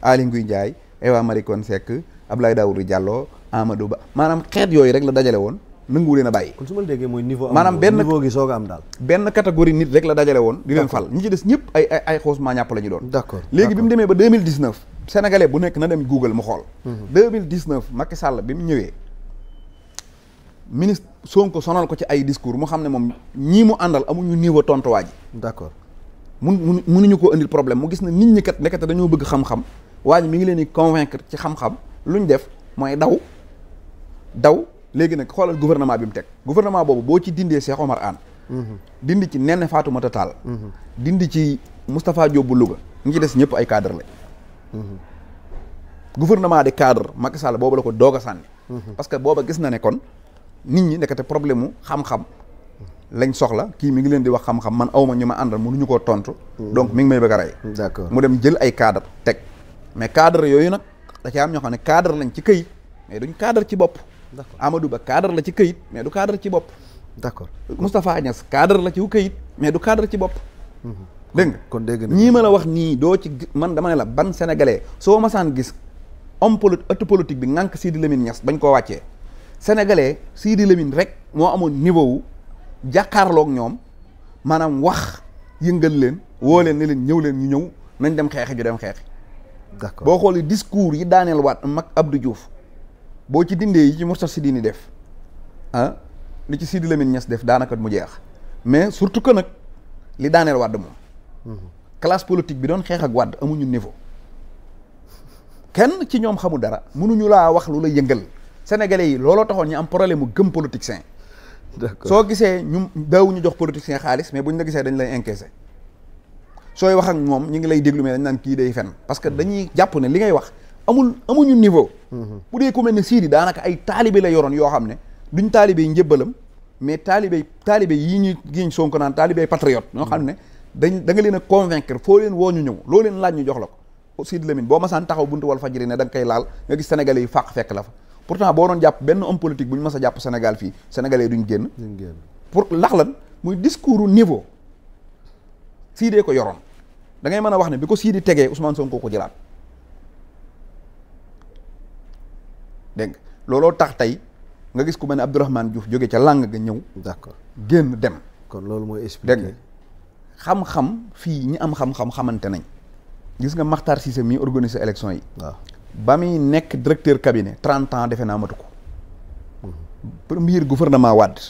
[SPEAKER 2] Aly Ngouille Ndiaye marikon Marie ab lay Abdoulaye Daouda Diallo Amadou Ba maanaam xeet yooyu rek la dajale woon nanguwu leen a bàyyi.
[SPEAKER 1] kon su ma la déggee mooy niveau. maanaam benn niveau
[SPEAKER 2] gi soog a am daal. benn catégorie nit rek la dajale woon. di leen fal ñi des ñëpp ay ay ay xoos ñàpp la ñu doon. d'accord léegi bi mu demee ba 2019. sénégalais bu nekk na dem Google mu xool. 2019 mhm. Macky Sall bi mu ñëwee. ministre Sonko sonal ko ci ay discours mu xam ne moom ñii mu àndal amuñu niveau tontuwaay ji. d'accord mun mun munuñu koo indil problème mu gis ne nit ñi kat nekkate dañoo bëgg xam-xam waa ji mi ngi leen di convaincre ci xam-xam lu ñu def mooy daw léegi nag xoolal gouvernement bi mu teg gouvernement boobu boo ci dindee Cheikh Omar Anne dindi ci Néné Fatoumata Tall dindi ci Moustapha Diop bu Louga ñi ci des ñëpp ay cadre la gouvernement de cadre Macky Sall boobu la ko doog a sànni parce que booba gis na ne kon nit ñi nekkate problème mu xam-xam lañ soxla kii mi ngi leen di wax xam-xam man awma ñu ma àndal mënuñu koo tontu donc mi ngi may bëgg a rey d'accord mu dem jël ay cadre teg mais cadre yooyu nag da am ñoo xam ne cadre lañ ci këy mais duñ cadre ci bopp d'accord Amadou Ba cadre la ci kayit mais du cadre ci bopp. d'accord Moustapha Niass cadre la ci wu këyit mais du cadre ci bopp. Mhm. dégg kon dégg nga ñii ma la wax nii doo ci man dama ne la ban sénégalais soo masaan gis homme poli ëtt politique bi ngànk Sidi Lamine ñas bañ koo wàccee. sénégalais Sidi Lamine rek moo amoon niveau wu jàkkaarloog ñoom maanaam wax yëngal leen woo leen ne leen ñëw leen ñu ñëw nañ dem xeexi ju dem xeexi. d'accord boo xoolee discours yi daaneel waat mag Abdou Diouf. boo ci dindee yi ci Moustarchidine yi def ah li ci Sidi Lamine Niass def daanaka mu jeex mais surtout que nag li daaneel Wade moom. classe politique bi doon xeex ak Wade amuñu niveau. kenn ci ñoom xamu dara mënuñu laa wax lu la yëngal sénégalais yi looloo taxoon ñu am problème mu gëm politicien. d'accord soo gisee ñu daawuñu jox politicien xaalis mais bu ñu la gisee dañ lay encaissé. sooy wax ak moom ñu ngi lay déglu mais dañ naan kii day fen parce que dañuy jàpp ne li ngay wax. amul amuñu niveau mhm. bu dee ku mel ne daanaka ay taalibe la yoroon yoo xam ne duñ taalibe yi njëbbalam mais taalibe taalibe yii ñuy giñ Sonko naan taalibe patriote ñoo xam ne dañ da leen a convaincre foo leen woo ñu ñëw loo leen laaj ñu jox la ko Sidi Lamine boo masaan taxaw buntu wal fajiri ne da nga koy laal nga gis sénégalais yi fàq fekk la fa pourtant boo doon jàpp benn homme politique bu ñu mas jàpp Sénégal fii sénégalais yi duñ génn pour lax lan muy discours niveau Sidi ko yoroon da ngay mën a wax ne bi ko Sidi tegee Ousmane Sonko ko jëlaat dégg nga looloo tax tey nga gis ku ma ne Abdourahmane Diouf jóge ca làng ga ñëw. d'accord génn dem. kon loolu mooy dégg xam-xam fii ñi am xam-xam xamante nañ. gis nga maxtar Cissé mii organiser élection yi. waaw ba muy nekk directeur cabinet trente ans defe naa matu ko. Mm-hmm. premier gouvernement Wade.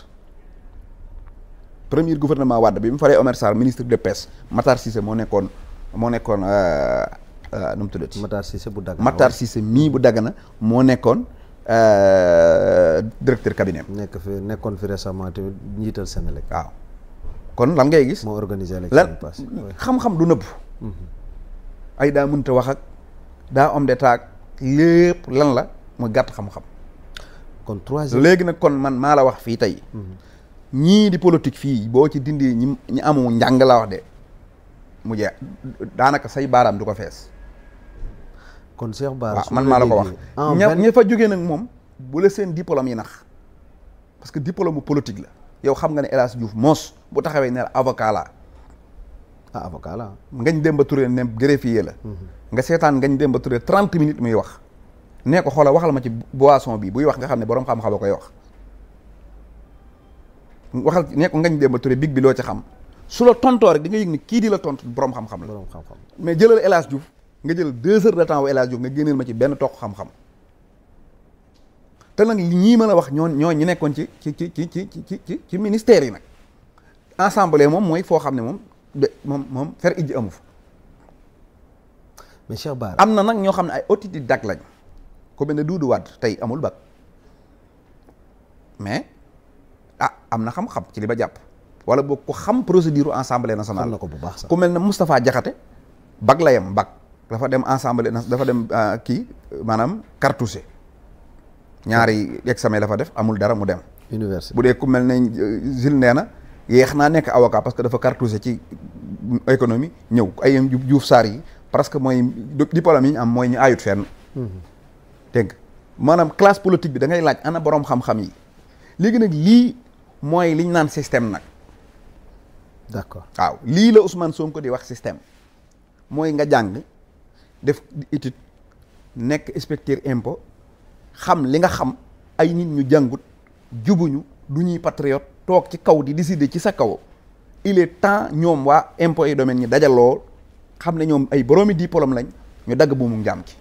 [SPEAKER 2] premier gouvernement Wade bi mu faree Omer Sarr ministre de pêche Makhtar moo nekkoon moo nekkoon euh,
[SPEAKER 1] euh, nu mu tuddati. Makhtar Cissé bu Dagana Makhtar Cissé mii bu Dagana moo nekkoon. Euh, directeur cabinet nekk fi nekkoon fi récemment tamit njiital Sénélec waaw kon lan ngay gis. moo organisé élection pass
[SPEAKER 2] xam-xam du nëbb mhm. ay daa mënta wax ak daa am d'état ak lépp lan la mu gàtt xam-xam. kon troisième léegi nag kon man maa la wax fii tey. Mhm. ñii di politique fii boo ci dindi ñi ñi amu njàng la wax de mu jeex daanaka say baaraam du ko fees.
[SPEAKER 1] kon Cheikh Bara waaw man maa la ko wax ña ña fa jógee nag moom
[SPEAKER 2] bu la seen diplôme yi nax parce que diplôme bu politique la yow xam nga ne El Hadj moos bu taxawee ne la avocat la ah avocat la ngañ Demba Touré ne la mhm. nga seetaan ngañ Demba Touré trente minutes muy wax nee ko xoolal waxal ma ci boisson bi buy wax nga xam ne boroom xam-xam a koy wax waxal nee ko ngañ Demba Touré big bi loo ci xam su la tontoo rek di nga yëg ni kii di la tontu boroom xam-xam la mais jëlal El Hadj nga jël deux heures de temps wu El nga génneel ma ci benn toq xam-xam te nag ñii ma la wax ñoo ñoo ñu nekkoon ci ci ci ci ci ci ci ci ministère yi nag ensemble moom mooy foo xam ne moom moom moom fer ijji amu fa mais Cheikh am na nag ñoo xam ne ay autodidacte lañ ko mel ne Doudou Wade tey amul bag mais a ah, am na xam-xam ci li ba jàpp wala boog ku xam procédure assemblée nationale. xam na ko bu baax sax ku mel ne Moustapha jaxate bag la yam bac. dafa dem ensemble dafa dem ah, kii maanaam cartouché ñaari examen la fa def amul dara mu dem. université bu dee ku mel ne euh, Jules nee na yeex naa nekk avocat parce que dafa cartouché ci économie ñëw ay Diouf saar yi parce que mooy diplôme yi ñu am mooy ñu aayut feen mm-hmm. dégg maanaam classe politique bi da ngay laaj ana borom xam-xam yi léegi nag lii mooy liñ naan système nag. d'accord waaw lii la Ousmane Sonko di wax système mooy nga jàng. def étude nekk inspecteur impôt xam li nga xam ay nit ñu jàngut jubuñu du ñuy patriote toog ci kaw di décider ci sa kaw il est temps ñoom waa impôt et domaine ñi dajaloo xam ne ñoom ay boroomi diplôme lañ ñu dagg bu mu njaam ci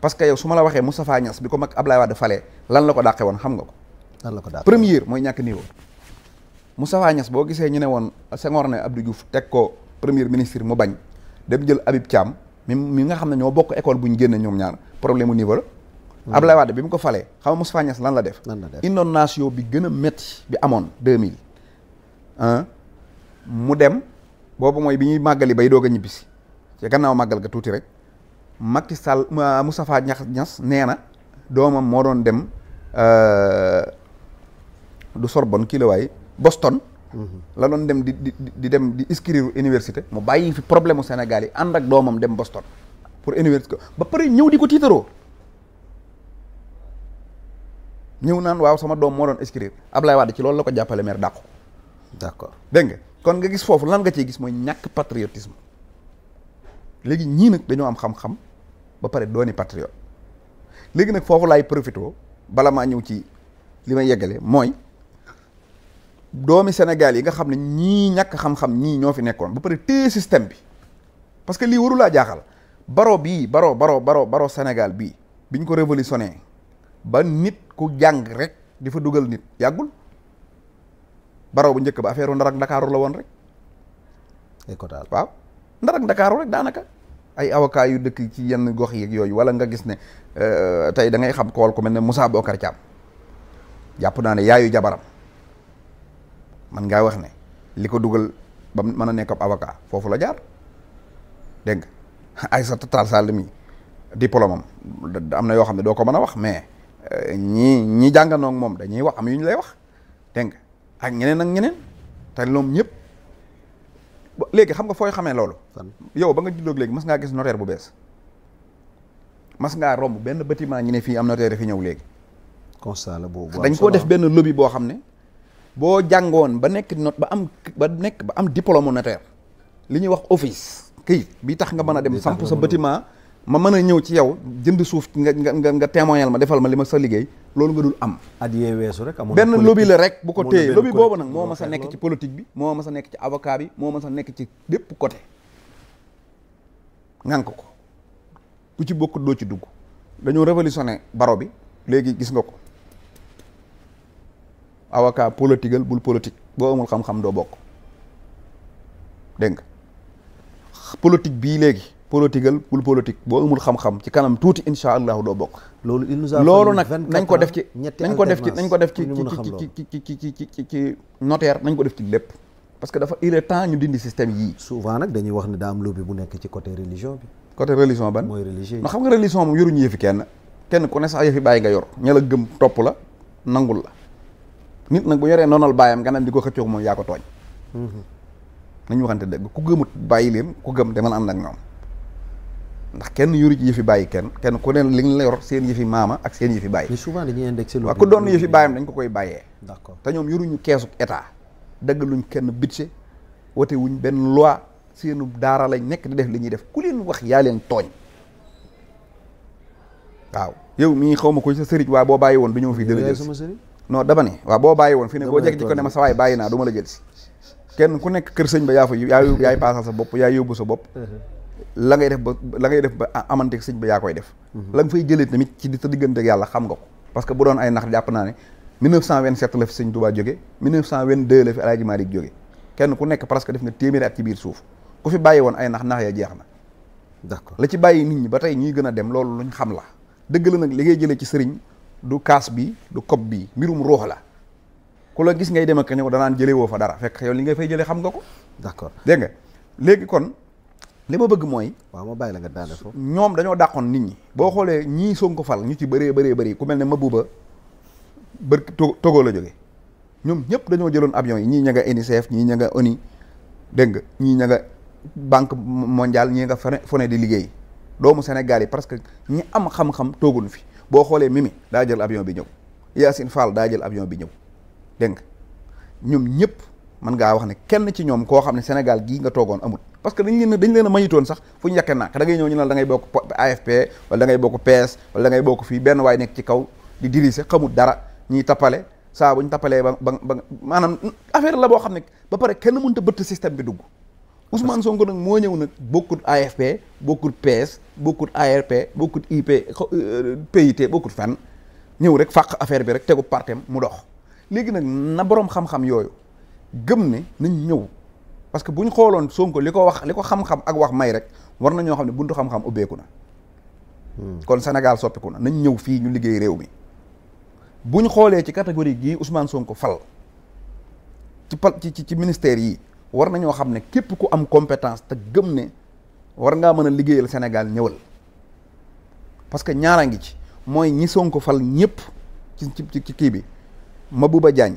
[SPEAKER 2] parce que yow su ma la waxee Moustapha Niass bi ko mag Ablaye Wade falee lan la ko dàqe woon xam nga ko. lan la ko dàqe première mooy ñàkk niveau. Moustapha Niass boo gisee ñu ne woon Senghor ne Abdou juf teg ko première ministre mu bañ. dem jël Habib Thiam mi mi nga xam ne ñoo bokk école bu ñu génne ñoom ñaar problème mu niveau la. Mmh. Abdoulaye Wade bi mu ko falee xam nga Moustapha Niasse lan la def. lan la def inondation bi gën a métti bi amoon 2000. mu dem boobu mooy bi ñuy màggali bay doog a ñibbisi ci gannaaw màggal ga tuuti rek Macky Sall Moustapha ñas nee na doomam moo doon dem euh, du Sorbonne kii la waaye Boston. la doon dem di di di dem di inscrire université mu bàyyi fi problème mu Sénégal yi ànd ak doomam dem Boston pour université ba pare ñëw di ko tiitaroo ñëw naan waaw sama doom moo doon inscrire Ablaye Wade ci loolu la ko jàppale maire dàqu d'accord dégg nga kon nga gis foofu lan nga ciy gis mooy ñàkk patriotisme léegi ñii nag dañoo am xam-xam ba pare dooni patriote léegi nag foofu laay profité bala maa ñëw ci li may yeggale mooy doomi Sénégal yi nga xam ne ñii ñàkk xam-xam ñii ñoo fi nekkoon ba pare téye système bi parce que lii warulaa jaaxal baro bii baro baro baro baro Sénégal bii biñ ko révolutionné ba nit ku jàng rek di fa dugal nit yàggul baro bu njëkk ba affaire ndar ak ndakaaru la woon rek. écotal waaw ndar ndakaaru rek daanaka. ay avocat dëkk ci yenn gox yeeg yooyu wala nga gis ne euh, tey da ngay xam kool ku mel ni Moussa Bokar Thiam jàpp naa ne yaayu jabaram man ngaa wax ne li ko dugal ba mën a nekk ab avocat foofu la jaar dégg ay Aïssata Tall Sall mi diplôme am am na yoo xam ne doo ko mën a wax mais ñii euh, ñi jàngandoo ak moom dañuy wax am yu ñu lay wax dégg ak ñeneen ak ñeneen te loom ñëpp léegi xam nga fooy xamee loolu. yow ba nga juddoog léegi mas ngaa gis notaire bu bees mas ngaa romb benn bâtiment ñi ne fii am notaire fi ñëw léegi.
[SPEAKER 1] constat la boobu
[SPEAKER 2] dañ koo def benn lobby boo xam ne. boo jàngoon ba nekk note ba am ba nekk ba am diplôme notaire li ñuy wax office këyit bi tax nga mën a dem samp sa bâtiment ma mën a ñëw ci yow jënd suuf nga nga nga témoignal ma defal ma li ma sa liggéey loolu nga dul am
[SPEAKER 1] at yee weesu rek amoon benn lobby la rek bu ko téye lobby boobu nag moo ma sa nekk
[SPEAKER 2] ci politique bi moo ma sa nekk ci avocat bi moo ma sa nekk ci bépp côté ngànk ko ku ci bokk doo ci dugg dañoo révolutionné baro bi léegi gis nga ko avocat politigal bul politique boo amul xam-xam doo bokk dégg nga politique bii léegi politigal bul politique boo amul xam-xam ci kanam tuuti incha allahu doo bokk. loolu il nous a loolu nag nañ ko def ci nañ ko def ci nañ ko def ci ci ci ci ci ci ci notaire nañ ko def ci lépp. parce que dafa il temps ñu dindi système yii. souvent nag dañuy wax ne daa am lobby bu nekk ci côté religion bi. coté religion ban mooy religieux xam nga religion moom yoruñu yëfi kenn kenn ku ne sax yëfi bàyyi nga yor ña la gëm topp la nangul la. nit nag bu ñoree noonal baayam nga naan di ko xëccoo moom yaa ko tooñ mhm. nañu waxante dëgg ku gëmut bàyyi leen ku gëm demal ànd ak ñoom ndax kenn yoru ci yëfi bàyyi kenn kenn ku ne li la yor seen yëfi maama ak seen yëfi bàyyi mais souvent dañuy indexé waaw ku doon yëfi bàyyam dañ ko koy bàyyee d'accord te ñoom yoruñu keesu état luñ kenn budget wote wuñ benn loi seenu daara lañ nekk di def li ñuy def ku leen wax yaa leen tooñ waaw yow mii xaw ma ko sa sëriñ waa boo bàyyi woon du ñëw fii dëna jël non dama ne waaw boo bàyyi woon fi ne boo jekk jikko ne ma sa bàyyi naa du ma la jël si kenn ku nekk kër sëñ ba yaa fa yaay paasal sa bopp yaa yóbbu sa bopp uh-huh. la ngay def ba la ngay def ba amanteeg sëñ ba yaa koy def uh-huh. la nga fay jëlee tamit ci di sa digganteeg yàlla xam nga ko parce que bu doon ay nax jàpp naa ne 1927 la fi sëñ Touba jóge 1922 la fi Alaaji Maalik jóge kenn ku nekk presque def nga téeméeri at ci biir suuf ku fi bàyyi woon ay nax nax jeex na d'accord la ci bàyyi nit ñi ba tey ñuy gën a dem loolu luñ xam la dëgg la nag li ngay jëlee ci sëriñ du kaas bi du kob bi mbirum ruux la ku la gis ngay dem ak ñëw danaan jëlee woo fa dara fekk yow li nga fay jëlee xam nga ko. d'accord dégg nga léegi kon li ma bëgg mooy.
[SPEAKER 1] waaw ma bàyyi la nga daane soo
[SPEAKER 2] ñoom dañoo dàqoon nit ñi. boo xoolee ñii Sonko fal ñu ci bëree bëree bëri ku mel ne Mabouba bër Togo la jógee ñoom ñëpp dañoo jëloon avion yi ñii ña nga UNICEF ñii ña nga ONU dégg nga ñii ña nga banque mondiale ñii nga fone fone di liggéey doomu Sénégal yi parce que ñi am xam-xam tooguñ fi. boo xoolee Mimi daa jël avion bi ñëw Yacine faal daa jël abion bi ñëw dégg nga ñoom ñëpp man ngaa wax ne kenn ci ñoom koo xam ne Sénégal gii nga toogoon amul parce que dañ leen dañ leen a sax fu ñu yàqee naak da ngay ñëw ñu ne da ngay bokk AFP wala da ngay bokk PS wala ngay bokk fii benn waay nekk ci kaw di diriger xamul dara ñiy tappale saa bu ñu tappalee ba ba ba maanaam affaire la boo xam ne ba pare kenn mënut a bëtt système bi dugg Ousmane Sonko nag moo ñëw nag bokkut AFP bokkut PS bokkut ARP bokkut IP euh, PIT bokkut fenn ñëw rek fàq affaire bi rek tegu partem mu dox léegi nag na boroom xam-xam yooyu gëm ne nañ ñëw parce que bu xooloon Sonko li ko wax li ko xam-xam ak wax may rek war na ñoo xam ne buntu xam-xam ubbeeku na. Hmm. kon Sénégal soppiku na nañ ñëw fii ñu liggéey réew mi. bu ñu xoolee ci catégorie gii Ousmane Sonko fal ci ci ci ministère yi. war nañoo xam ne képp ku am compétence te gëm ne war ngaa mën a liggéeyal Sénégal ñëwal parce que ñaara ngi ci mooy ñi Sonko fal ñëpp ci ci ci kii bi ma Mabouba Diagne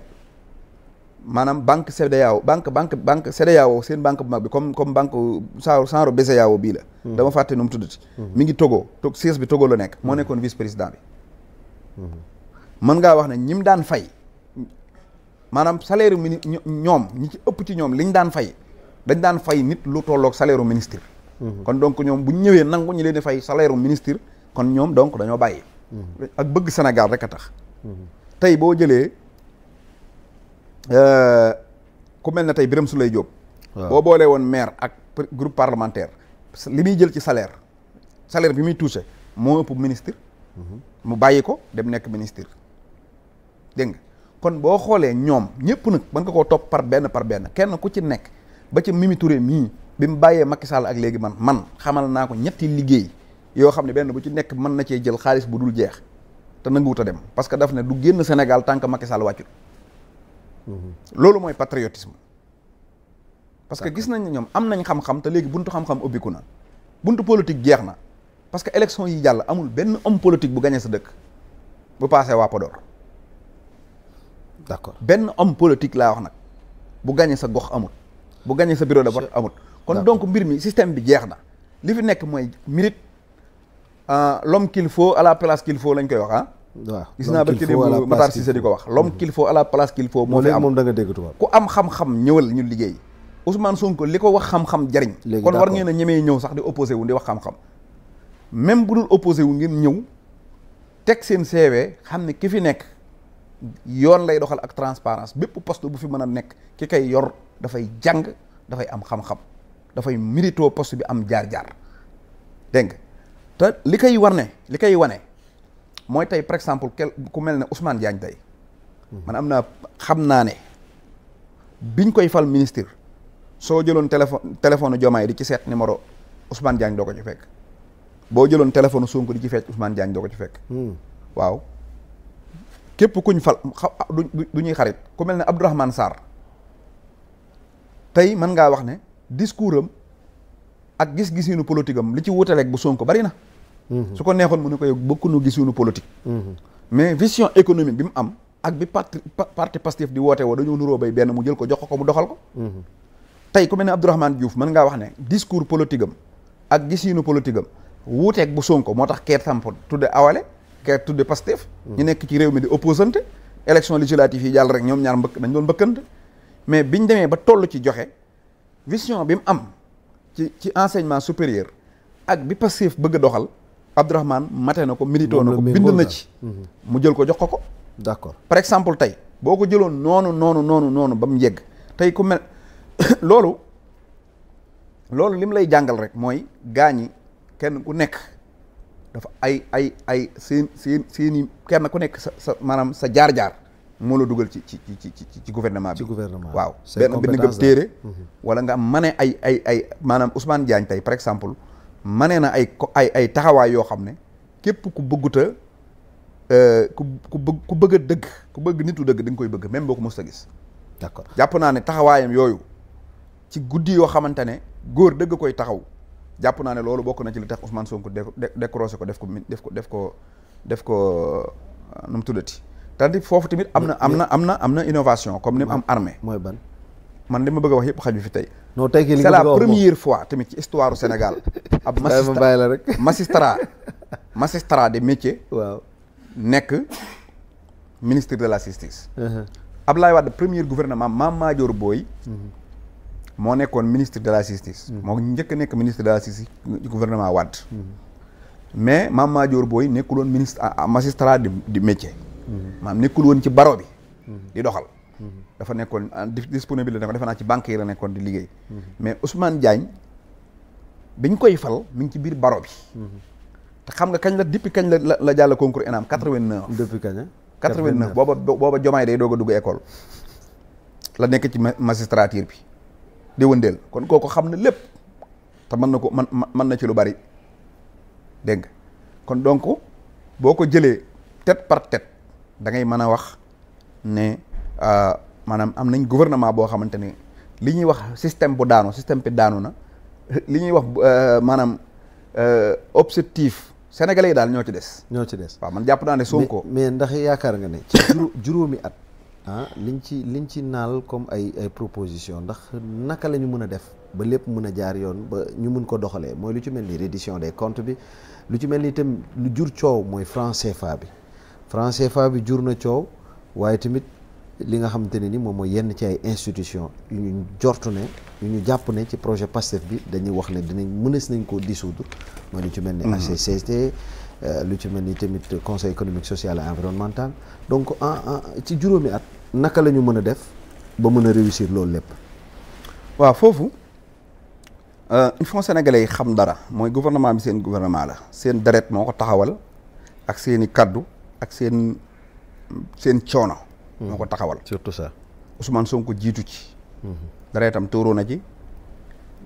[SPEAKER 2] maanaam banque CEDEAO banque banque banque CEDEAO seen banque bu mag bi comme comme banque saa genre BCEAO bii la. Hmm. dama fàtte nu mu tudd tuddati. Hmm. mi ngi Togo toog siège bi Togo la nekk. moo hmm. nekkoon vice président bi. mën ngaa wax ne ñim daan fay. maanaam salaire mini ñoom ñi ci ëpp ci ñoom liñ daan fay dañ daan fay nit lu tolloog salaire ministre. Mhm. kon donc ñoom bu ñu ñëwee nangu ñu leen di fay salaire ministre kon ñoom donc dañoo bàyyi. Mhm. ak bëgg senegal rek a tax. Mhm. tey boo jëlee euh, ku mel ne tey Birame Souleye Diop. boo boolee woon maire ak groupe parlementaire li muy jël ci salaire salaire bi muy touché moo ëpp ministre. mu bàyyi ko dem nekk ministre dégg nga kon boo xoolee ñoom ñëpp nag ba nga koo topp par benn par benn kenn ku ci nekk ba ci Mimi Touré mii bi mu bàyyee Macky Sall ak léegi man man xamal naa ko ñetti liggéey yoo xam ne benn bu ci nekk mën na cee jël xaalis bu dul jeex te nanguwut a dem parce que daf ne du génn Sénégal tant que Macky mm-hmm. loolu mooy patriotisme parce que gis nañ ne ñoom am nañ xam-xam te léegi buntu xam-xam ubbiku na buntu politique jeex na parce que élection yi jàll amul benn homme bu gañe sa dëkk bu paasee waa Podor d'accord benn homme politique laa wax nag bu gagné sa gox amut bu gagné sa bureau de vote amut kon donc mbir mi système bi jeex na li fi nekk mooy mérite euh, l'homme qu'il faut à la place qu'il lañ koy wax a ah.
[SPEAKER 1] waaw gis naa ba ci démb Matar Cissé di ko wax l'homme qu'il
[SPEAKER 2] faut la place qu'il
[SPEAKER 1] moo fi am moom da nga dégg tubaab
[SPEAKER 2] ku am xam-xam ñëwal ñu liggéey Ousmane Sonko li ko wax xam-xam jariñ kon war ngeen a ñemee ñëw sax di opposé wu di wax xam-xam même bu dul opposé wu ngeen ñëw teg seen CV xam ne ki fi nekk yoon lay doxal ak transparence bépp poste bu fi mën a nekk ki kay yor dafay jàng dafay am xam-xam dafay mirito post bi am jaar-jaar dégg nga te li koy war ne li koy wane mooy tey par exemple ku mel ne Ousmane Diagne tey hmm. man am naa xam naa ne biñ koy fal ministre soo jëloon téléphone téléphone Diomaye di ci seet numéro Ousmane Diagne doo ko ci fekk boo jëloon téléphone Sonko di ci fekk Ousmane Diagne doo ko ci fekk hmm. waaw képp kuñ fal ah, du ñuy xarit ku mel ne Abdourahmane saar tey mën ngaa wax ne discours am ak gis-gisinu politique am li ci wutaleeg bu Sonko bari na. Mhm. su ko neexoon mu ne ko yow bokkunu gisunu politique. Mhm. mais vision économique bi mu am ak bi parti parti Pastef di woote woo dañoo nuroo bay benn mu jël ko jox ko mu doxal ko. Mhm. tey ku mel ne Abdourahmane Diouf mën ngaa wax ne discours politique am ak gisinu politique am wuuteeg bu Sonko moo tax keer samp tudde awale. kay tudde Pastef ñu nekk ci réew mi di opposante élection législative yi jàll rek ñoom ñaar mbëkk dañ doon mbëkkante mais ñu demee ba toll ci joxe vision bi mu am ci ci enseignement supérieur ak bi Pastef bëgg a doxal Abdourahmane mate na ko militoo na ko bind na ci mhm. mu jël ko jox ko ko d'accord par exemple tey boo ko jëloon noonu noonu noonu noonu ba mu yegg tey ku mel loolu loolu lim lay jàngal rek mooy gaañi kenn ku nekk dafa ay ay ay seen seen seen kenn ku nekk sa sa maanaam sa jaar-jaar moo la dugal ci ci ci ci ci gouvernement bi. ci gouvernement waaw. benn benn nga téere. Mhm. wala nga am mane ay ay ay maanaam Ousmane Diagne tey par exemple mane na ay ay ay taxawaay yoo xam ne képp ku bëgguta euh, ku ku bëgg ku bëgg dëgg ku bëgg nit nitu dëgg da koy bëgg même boo ko mos gis. d'accord jàpp naa ne taxawaayam yooyu ci guddi yoo xamante ne góor dëgg koy taxaw. jàpp naa ne loolu bokk na ci li tax Ousmane Sonko décroché ko def ko def ko def ko def euh, ko nu mu tuddati c'est-à-dire foofu tamit am na am na am na am na innovation comme ni mu am armee mooy ban man li ma bëgg a wax yëpp xaj bi fi tey non tey kii li c'est la première fois tamit ci histoire Sénégal ab magistrat la rek magistrat magistrat de métier nekk ministre de la justice uh-huh. Abdoulaye Wade premier gouvernement maam Madior Boye mm-hmm. moo nekkoon ministre de la justice. Mm-hmm. moo njëkk nekk ministre de la justice ci gouvernement mm-hmm. mais maam Madior booy nekkuloon woon ministre ah, ah, magistrat di di métier. Mm-hmm. maam nekkul woon ci baro bi. di doxal. dafa nekkoon ah, disponible na ko defe naa ci banque yi la nekkoon di liggéey. mais Ousmane Diagne biñ koy fal mi ngi ci biir baro bi. te xam nga kañ la depuis kañ la la jàll concours ENAM 89. depuis kañ 89 booba booba Jomaay day doog a dugg école. la nekk ci magistrature bi. di wëndeel kon kooku xam na lépp te mën na ko man mën na ci lu bari dégg nga kon donc boo ko jëlee tête par tête da ngay mën a wax ne euh, maanaam am nañ gouvernement boo xamante ni li ñuy wax système bu daanu système bi daanu na li ñuy wax euh, maanaam euh, objectif sénégalais yi daal ñoo ci des. ñoo ci des waaw man jàpp naa ne Sonko. mais
[SPEAKER 1] juróomi at. ah liñ ci liñ ci naal comme ay ay proposition ndax naka la ñu mën a def ba lépp mën a jaar yoon ba ñu mën ko doxalee mooy lu ci mel ni reddition des comptes bi lu ci mel ni lu jur coow mooy franc CFA bi franc CFA bi jur na coow waaye tamit li nga xamante ne ni moom mooy yenn ci ay institution yu ñu jortu ne yu ñu jàpp ne ci projet PASTEF bi dañuy wax ne dinañ si nañ koo dissoudre mooy lu ci mel ni HCCT mhm. Euh, lu ci mel ni tamit conseil économique social et environnemental donc en ci juróomi at naka lañu mën a def ba mën a réussir loolu lépp. waaw foofu euh, il faut sénégalais xam dara mooy
[SPEAKER 2] gouvernement bi seen gouvernement la seen deret moo ko taxawal ak seen i kaddu ak seen seen coono. moo ko hmm. taxawal surtout ça. Ousmane Sonko jiitu ci. Hmm. dara itam tóoroo na ci.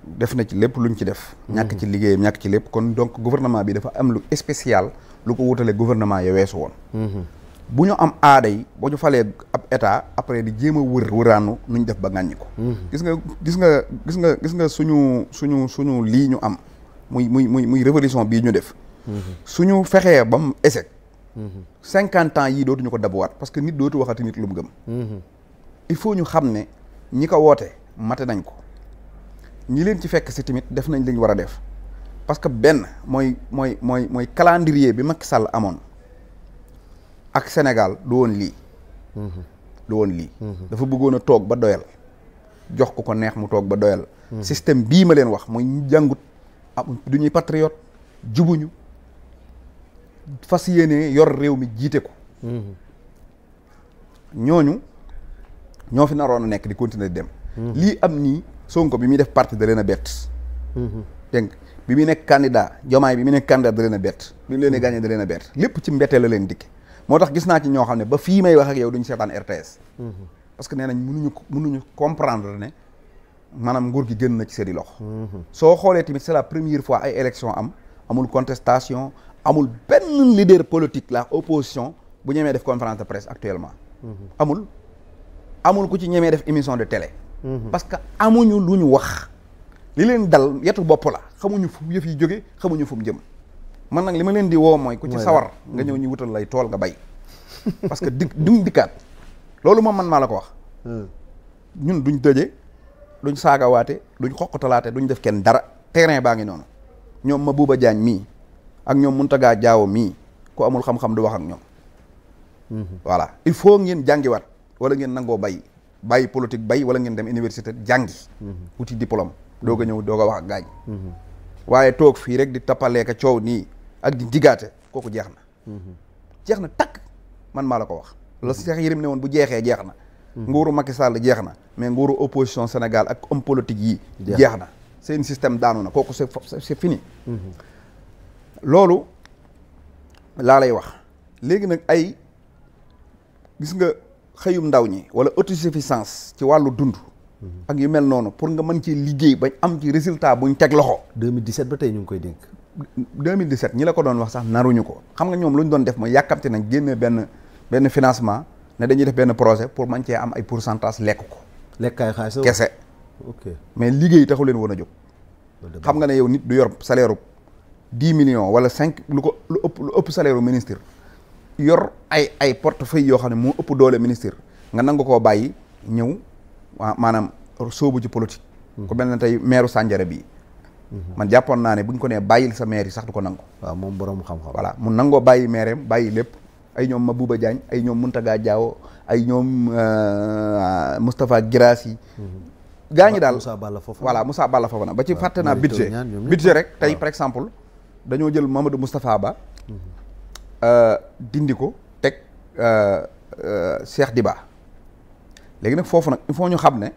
[SPEAKER 2] def na ci lépp lu ñu ci def. ñàkk ci liggéeyam ñàkk ci lépp kon donc gouvernement bi dafa am lu spécial lu ko wutale gouvernement ya weesu woon. Mhm. bu ñu am aada yi boo ñu falee ab état après di jéem a wër wëraanu ñu def ba ŋàññi ko. Mhm. gis nga gis nga gis nga gis nga suñu suñu suñu lii ñu am muy muy muy muy révolution bii ñu def. Mhm. suñu fexee ba mu échec. cinquante ans yii dootuñu ko dabuwaat parce que nit dootu waxati nit lu mu gëm. il faut ñu xam ne ñi ko woote mate nañ ko. ñi leen ci fekk si tamit def nañ li war a def parce que benn mooy mooy mooy mooy calendrier bi Macky Sall amoon ak Sénégal du woon lii. Mhm. du woon lii. Mhm. dafa bëggoon a toog ba doyal jox ko ko neex mu toog ba doyal. Mhm. système bii ma leen wax muy jàngut am ah, du ñuy patriote jubuñu fas yéene yor réew mi jiite ko. ñooñu ñoo fi naroon a nekk di continuer dem. lii am nii. Sonko bi muy def parti da leen a bett. Mhm. dégg bi muy nekk candidat jomaay bi mu nekk candidat da leen a bett bi mu leen di gagné da leen a bett lépp ci mbettee la leen dikk moo tax gis naa ci ñoo xam ne ba fii may wax ak yow duñu seetaan RTS. Mhm. parce que nee nañ mënuñu mënuñu comprendre ne maanaam nguur gi gën na ci seen i loxo. Mhm. soo xoolee tamit c'est la première fois ay élection am amul contestation amul benn leader politique la opposition bu ñemee def conférence de actuellement. amul amul ku ci ñemee def émission de télé. Mhm. parce que amuñu lu ñu wax li leen dal yetu bopp la xamuñu fu yëf yi jóge xamuñu fu jëm man nag li ma leen di woo mooy ku ci sawar nga mhm. ñëw ñi wutal lay tool nga bay parce que di duñ dikkaat loolu moom man maa la ko wax hmm. ñun duñ tëje duñ saagawaate duñ talaate duñ def kenn dara terrain baa ngi noonu ñoom ma buuba jaañ mii ak ñoom muntagaa jaawo mii ku amul xam-xam du wax ak ñoom hmm. voilà il faut ngeen jàngiwaat wala ngeen nangoo bay bàyyi politique bay wala ngeen dem université jàngi wuti mm-hmm. diplôme doog a mm-hmm. ñëw doog a wax ak mm-hmm. waaye toog fii rek di tappaleeka coow nii ak di jigaate kooku jeex na jeex na takk man maa la ko wax la seex Yérim ne woon bu jeexee jeex na nguuru Macky Sall jeex na mais nguuru opposition Sénégal ak homme politique yi jeex na seen système daanu na kooku c'est c'est fini loolu laa lay wax léegi nag ay gis nga xëyum ndaw ñi wala autosuffisance ci wàllu dund mhm. ak yu mel noonu pour nga mën ci liggéey ba am ci résultat buñ teg loxo 2017 ba tey ñu ngi koy dénk 2017 ñi la ko doon wax sax naruñu ko xam nga ñoom lu ñu doon def mooy yàkkamte nañ génne benn benn financement ne dañuy def benn projet pour mañ cee am ay pour pourcentage lekk ko
[SPEAKER 1] lekkaay xaalis
[SPEAKER 2] kese mais liggéey taxu leen woon a jóg xam nga ne yow nit du yor salaire dix millions wala cinq lu ko lu ëpp lu ëpp salaire ministre yor ay ay portefeuille yoo xam ne moo ëpp doole ministre nga nangu koo bàyyi ñëw waa maanaam soobu ci politique. ku mel ne tey maire Sandiara bii. Mhm. man jàppoon naa ne bu ñu ko nee bàyyil sa maire yi sax du ko nangu. waaw moom borom xam-xam. voilà mu nangoo bàyyi maireem bàyyi lépp ay ñoom Mabouba Diagne ay ñoom Mountaga Diawo ay ñoom euh, Moustapha Guirassy. Mhm. gaa ñi daal Moussa Balla Fofana voilà Moussa Balla Fofana ba ci fàtte naa budget budget rek tey par exemple dañoo jël Mamadou Moustapha Ba. Mhm. Euh, dindi ko teg euh, euh, Cheikh Diba léegi nag foofu nag il faut ñu xam ne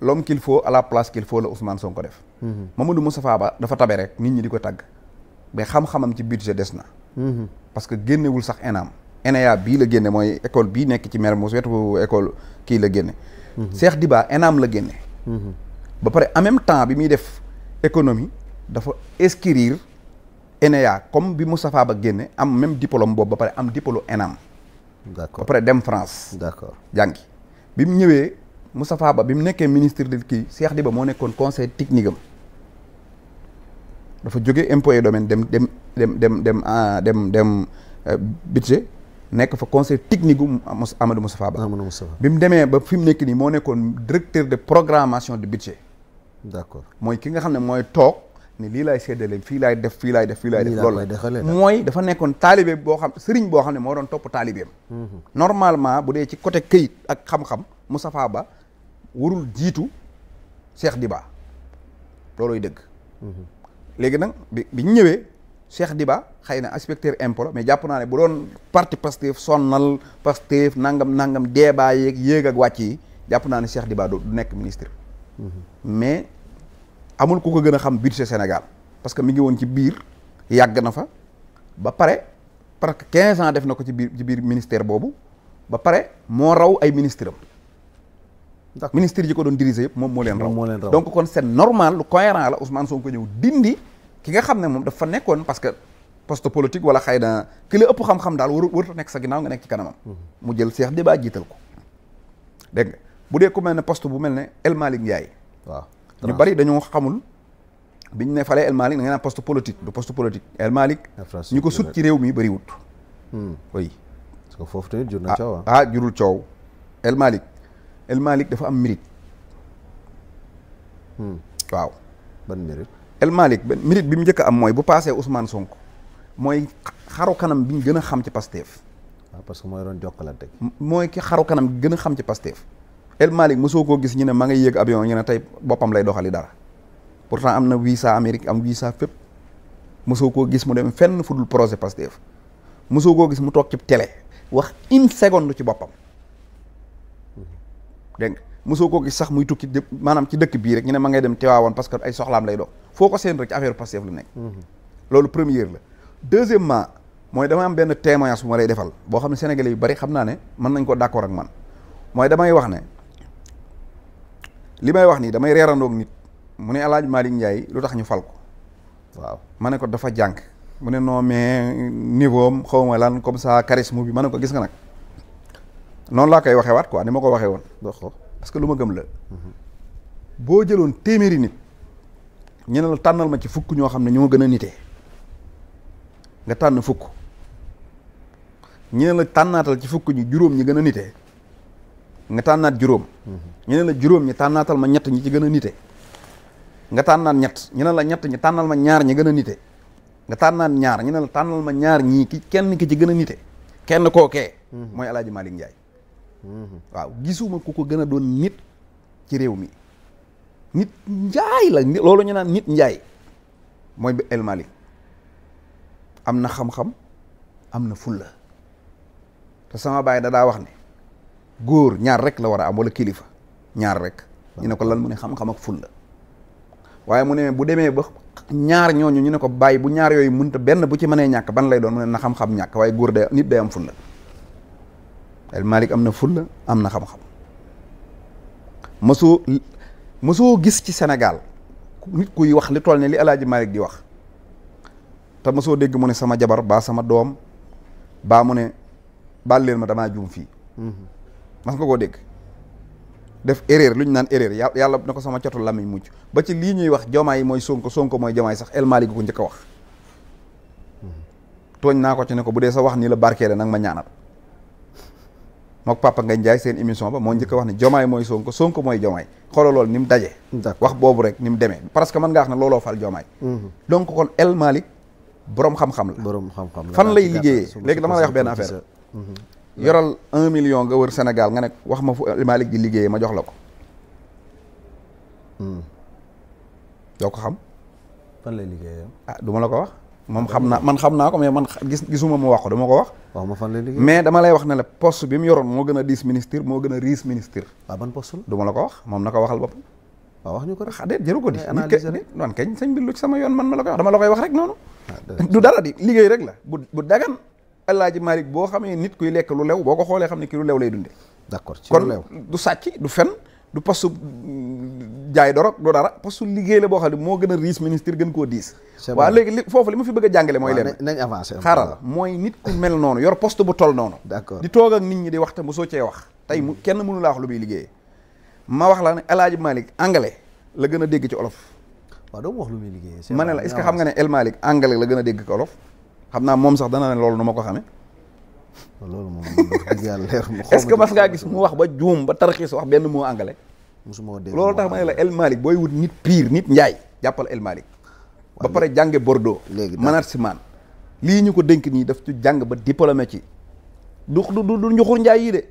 [SPEAKER 2] l'homme qu'il faut à la place qu'il faut la Ousmane Sonko def. Mhm. Mamadou Moustapha Ba dafa tabe rek nit ñi di ko tagg mais xam-xamam ci budget des na. Mhm. parce que génnewul sax ENAM. ENEA bii la génne mooy école bii nekk ci mel Mermoz wetu école kii la génne. Mhm. Cheikh Diba ENAM la génne. ba pare en même temps bi muy def économie dafa inscrire. ENEA comme bi Moustapha Ba génne am même diplôme boobu ba pare am diplôme ENAM. d'accord ba pare dem France. d'accord jàngi bi mu ñëwee Moustapha Ba bi mu nekkee ministre de kii di ba moo nekkoon conseil technique am dafa jógee impôt domaine dem dem dem dem dem ah, dem dem euh, budget nekk fa conseil technique gu Amadou Moustapha Ba. Amadou Moustapha bi mu demee ba fi mu nekk nii moo nekkoon directeur de programmation du budget. d'accord mooy ki nga xam ne mooy toog. ni lii laay séddale fii laay def fii laay def fii laay def loolu mooy dafa nekkoon taalibe boo xam sëriñ boo xam ne moo doon topp taalibeem mhm. normalement bu dee ci côté këyit ak xam-xam Moustapha Ba warul jiitu Cheikh Diba looloy dëgg mhm. léegi nag bi bi ñëwee Cheikh Diba xëy na inspecteur impôt mais jàpp naa ne bu doon parti Pastef sonnal Pastef nangam nangam débat yeeg yéeg ak wàcc yi jàpp naa ne Cheikh Diba du nekk ministre mhm. amul ku ko gën a xam budget Sénégal parce que mi ngi woon ci biir yàgg na fa ba pare parce que 15 ans def na ko ci biir ci biir ministère boobu ba pare moo raw ay ministre am. ndax ministre yi ko doon diriger yëpp moom moo leen raw donc kon c'est normal lu cohérent la Ousmane ko ñëw dindi ki nga xam ne moom dafa nekkoon parce que poste politique wala xëy na ki la ëpp xam-xam daal waru warut nekk sa ginnaaw nga nekk ci kanamam. Mhm. mu jël seex Cheikh Diba jiital ko dégg nga bu dee ku mel ne poste bu mel ne El Malick Ndiaye ñu bari dañoo xamul biñ ne falee El Malick da nga naan poste politique du poste El Malick ñu ko sut ci réew mi bëriwut hmm. oui parce que foofu tamit jur na coow ah. Ah, ah jurul coow El Malick El Malick dafa am mérite hmm. waaw ban mérite El Malick benn mérite bi mu njëkk am mooy bu paasee Ousmane sonk mooy xaru kanam bi ñu gën a xam ci Pastef waaw ah, parce que mooy doon jokkalante mooy ki xaru kanam bi gën a xam ci Pastef El Malick mosoo koo gis ñu ne ma ngay yéeg avion ñu ne tey boppam lay doxali dara pourtant am na visa Amérique am visa fépp mosoo koo gis mu dem fenn fu dul projet Pastef mosoo koo gis mu toog ci télé wax une seconde ci boppam dégg nga mosoo koo gis sax muy tukki maanaam ci dëkk bii rek ñu ne ma ngay dem Tiwaawoon parce que ay soxlaam lay dox foo ko seen rek ci affaire Pastef la nekk. Mhm. loolu première la deuxièmement mooy dama am benn témoignage bu ma lay defal boo xam ne sénégalais yu bari xam naa ne mën nañ ko d'accord ak man mooy damay wax ne. li may wax nii damay reerandoog nit mu ne El Hadj Malick Ndiaye lu tax ñu fal ko. waaw ma ne ko dafa jànk mu ne non mais niveau am xaw ma lan comme ça charisme bi ma ne ko gis nga nag noonu laa koy waxe waat ko ni ma ko waxee woon. parce que lu ma gëm la. Mhm. boo jëloon téeméeri nit. ñu tànnal ma ci fukk ñoo xam ne ñoo gën a nitee nga tànn fukk ñu ne la tànnaatal ci fukk ñu juróom ñi gën a nitee nga tànnaat juróom ñu ne la juróom ñi tànnaatal ma ñett ñi ci gën a nite nga tànnaat ñett ñu la ñett ñi tànnal ma ñaar ñi gën a nite nga tànnaat ñaar ñu ne la tànnal ma ñaar ñii ki kenn ki ci gën a nite kenn kookee mm-hmm. mooy alaaji Malick Ndiaye mm-hmm. waaw gisuma ku ko gën a doon nit ci réew mi nit njaay la loolu ñu naan nit njaay mooy El Malick am na xam-xam am na fulla te sama baay da daa wax ni góor ñaar rek la war a am wala kilifa ñaar rek ñu ne ko lan mu ne xam-xam ak fulla waaye mu ne bu demee ba ñaar ñooñu ñu ne ko bàyyi bu ñaar yooyu mënta benn bu ci mënee ñàkk ban lay doon mu ne na xam-xam ñàkk waaye góor day nit day am na fulla am na xam-xam mosoo gis ci Sénégal nit kuy wax li toll ne li El Hadj Malick di wax te mosoo dégg mu ne sama jabar baa sama doom baa mu ne baal leen ma damaa juum fii mm-hmm. mas nga koo dégg def erreur lu ñu naan erreur yàlla na ko sama cotu làmmiñ mucc ba ci lii ñuy wax jomaay yi mooy sonko sonk mooy jomaay sax El Malick ko hmm. naa ko ci ne ko bu dee sa wax nii la barkeele nag ma ñaanal mook papa nga njaay seen émission ba moo njëkk wax ne jomaay mooy sonko sonko mooy jomaay xolo lool ni mu daje wax boobu rek ni mu demee parce que mën nga wax ne looloo fal jomaay hmm. donc kon El Malick borom xam-xam la borom xam-xam la fan lay liggéeyee léegi dama lay wax benn affaire yoral un million nga wër Sénégal nga ne wax ma fu Malick di liggéeyee ma jox la ko. Hmm. doo ko xam. fan lay liggéeyee. ah du la ko wax. moom xam naa xam naa ko mais man gis gisuma mu wax ko dama ko wax.
[SPEAKER 1] fan mais
[SPEAKER 2] dama lay wax ne la poste bi mu yoroon moo gën a diis ministre moo gën a riis ministre. waaw ah, ban poste la. ko wax moom na ko waxal bopp waaw ah, wax ñu ko rek ah, ko di. Eh, nit ke nit kañ sama yoon man ma la ko wax dama la koy wax rek noonu. du dara di liggéey rek la bu bu dagan. Alaaji Malick boo xamee nit kuy lekk lu lew boo ko xoolee xam ne kii lu lew lay dunde d'accord kon du sàcc du fen du postu jaay dorog du dara postu liggéey la boo xam ne moo gën a riis ministre gën koo diis waaw léegi li foofu li ma fi bëgg a mooy leen nañ avancé xaaral mooy nit ku mel noonu yor poste bu toll noonu d'accord di toog ak nit ñi di wax te mu soo cee wax tey mu kenn mënu laa wax lu muy liggéeyee ma wax la ne Alaaji Malick anglais la gën a dégg ci olof
[SPEAKER 1] waaw doo lu muy liggéeyee ma ne la est-ce nga
[SPEAKER 2] ne El Malick la gën dégg ci xam naa moom sax dana ne loolu nu ma ko xamee.
[SPEAKER 1] loolu moom yàlla leer mu est-ce que mas
[SPEAKER 2] ngaa gis mu wax ba juum ba tarxiis wax benn moo angale.
[SPEAKER 1] mosuma dégg loolu
[SPEAKER 2] tax ma ne la El Malick booy wut nit pire nit njaay jàppal El Malick. ba pare jànge Bordeaux. léegi management lii ñu ko dénk nii daf ci jàng ba diplômé ci. du du du njuxur njaay yi de.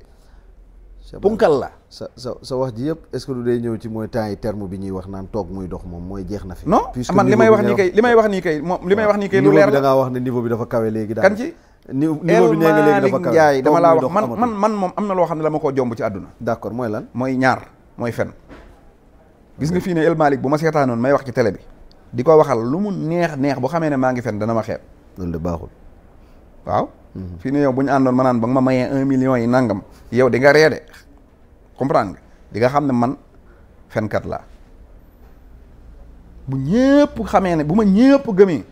[SPEAKER 2] punkal
[SPEAKER 1] la sa sa sa wax ji yëpp est-ce que du day ñëw ci mooy temps yi terme bi ñuy wax naan toog muy dox moom mooy jeex na fi no man li may wax nii kay
[SPEAKER 2] li may wax nii kay wax nii kay lu leer la da
[SPEAKER 1] ngaa wax ne niveau bi dafa kawe léegi kan ci niveau bi nee nga dama laa wax man man
[SPEAKER 2] man moom am na loo xam ne la ma koo jomb ci àdduna d'accord mooy lan mooy ñaar mooy fen gis nga fii ne El Malick bu ma seetaanoon may wax ci télé bi di ko waxal lu mu neex neex bu xamee ne maa ngi fen dana ma xeeb loolu waaw mhm. fii ne yow bu àndo ma naan ba ma mayee million yi nangam yow di nga comprendre nga di nga xam ne man fenkat laa bu ñëpp xamee ne bu ma ñëpp gëmee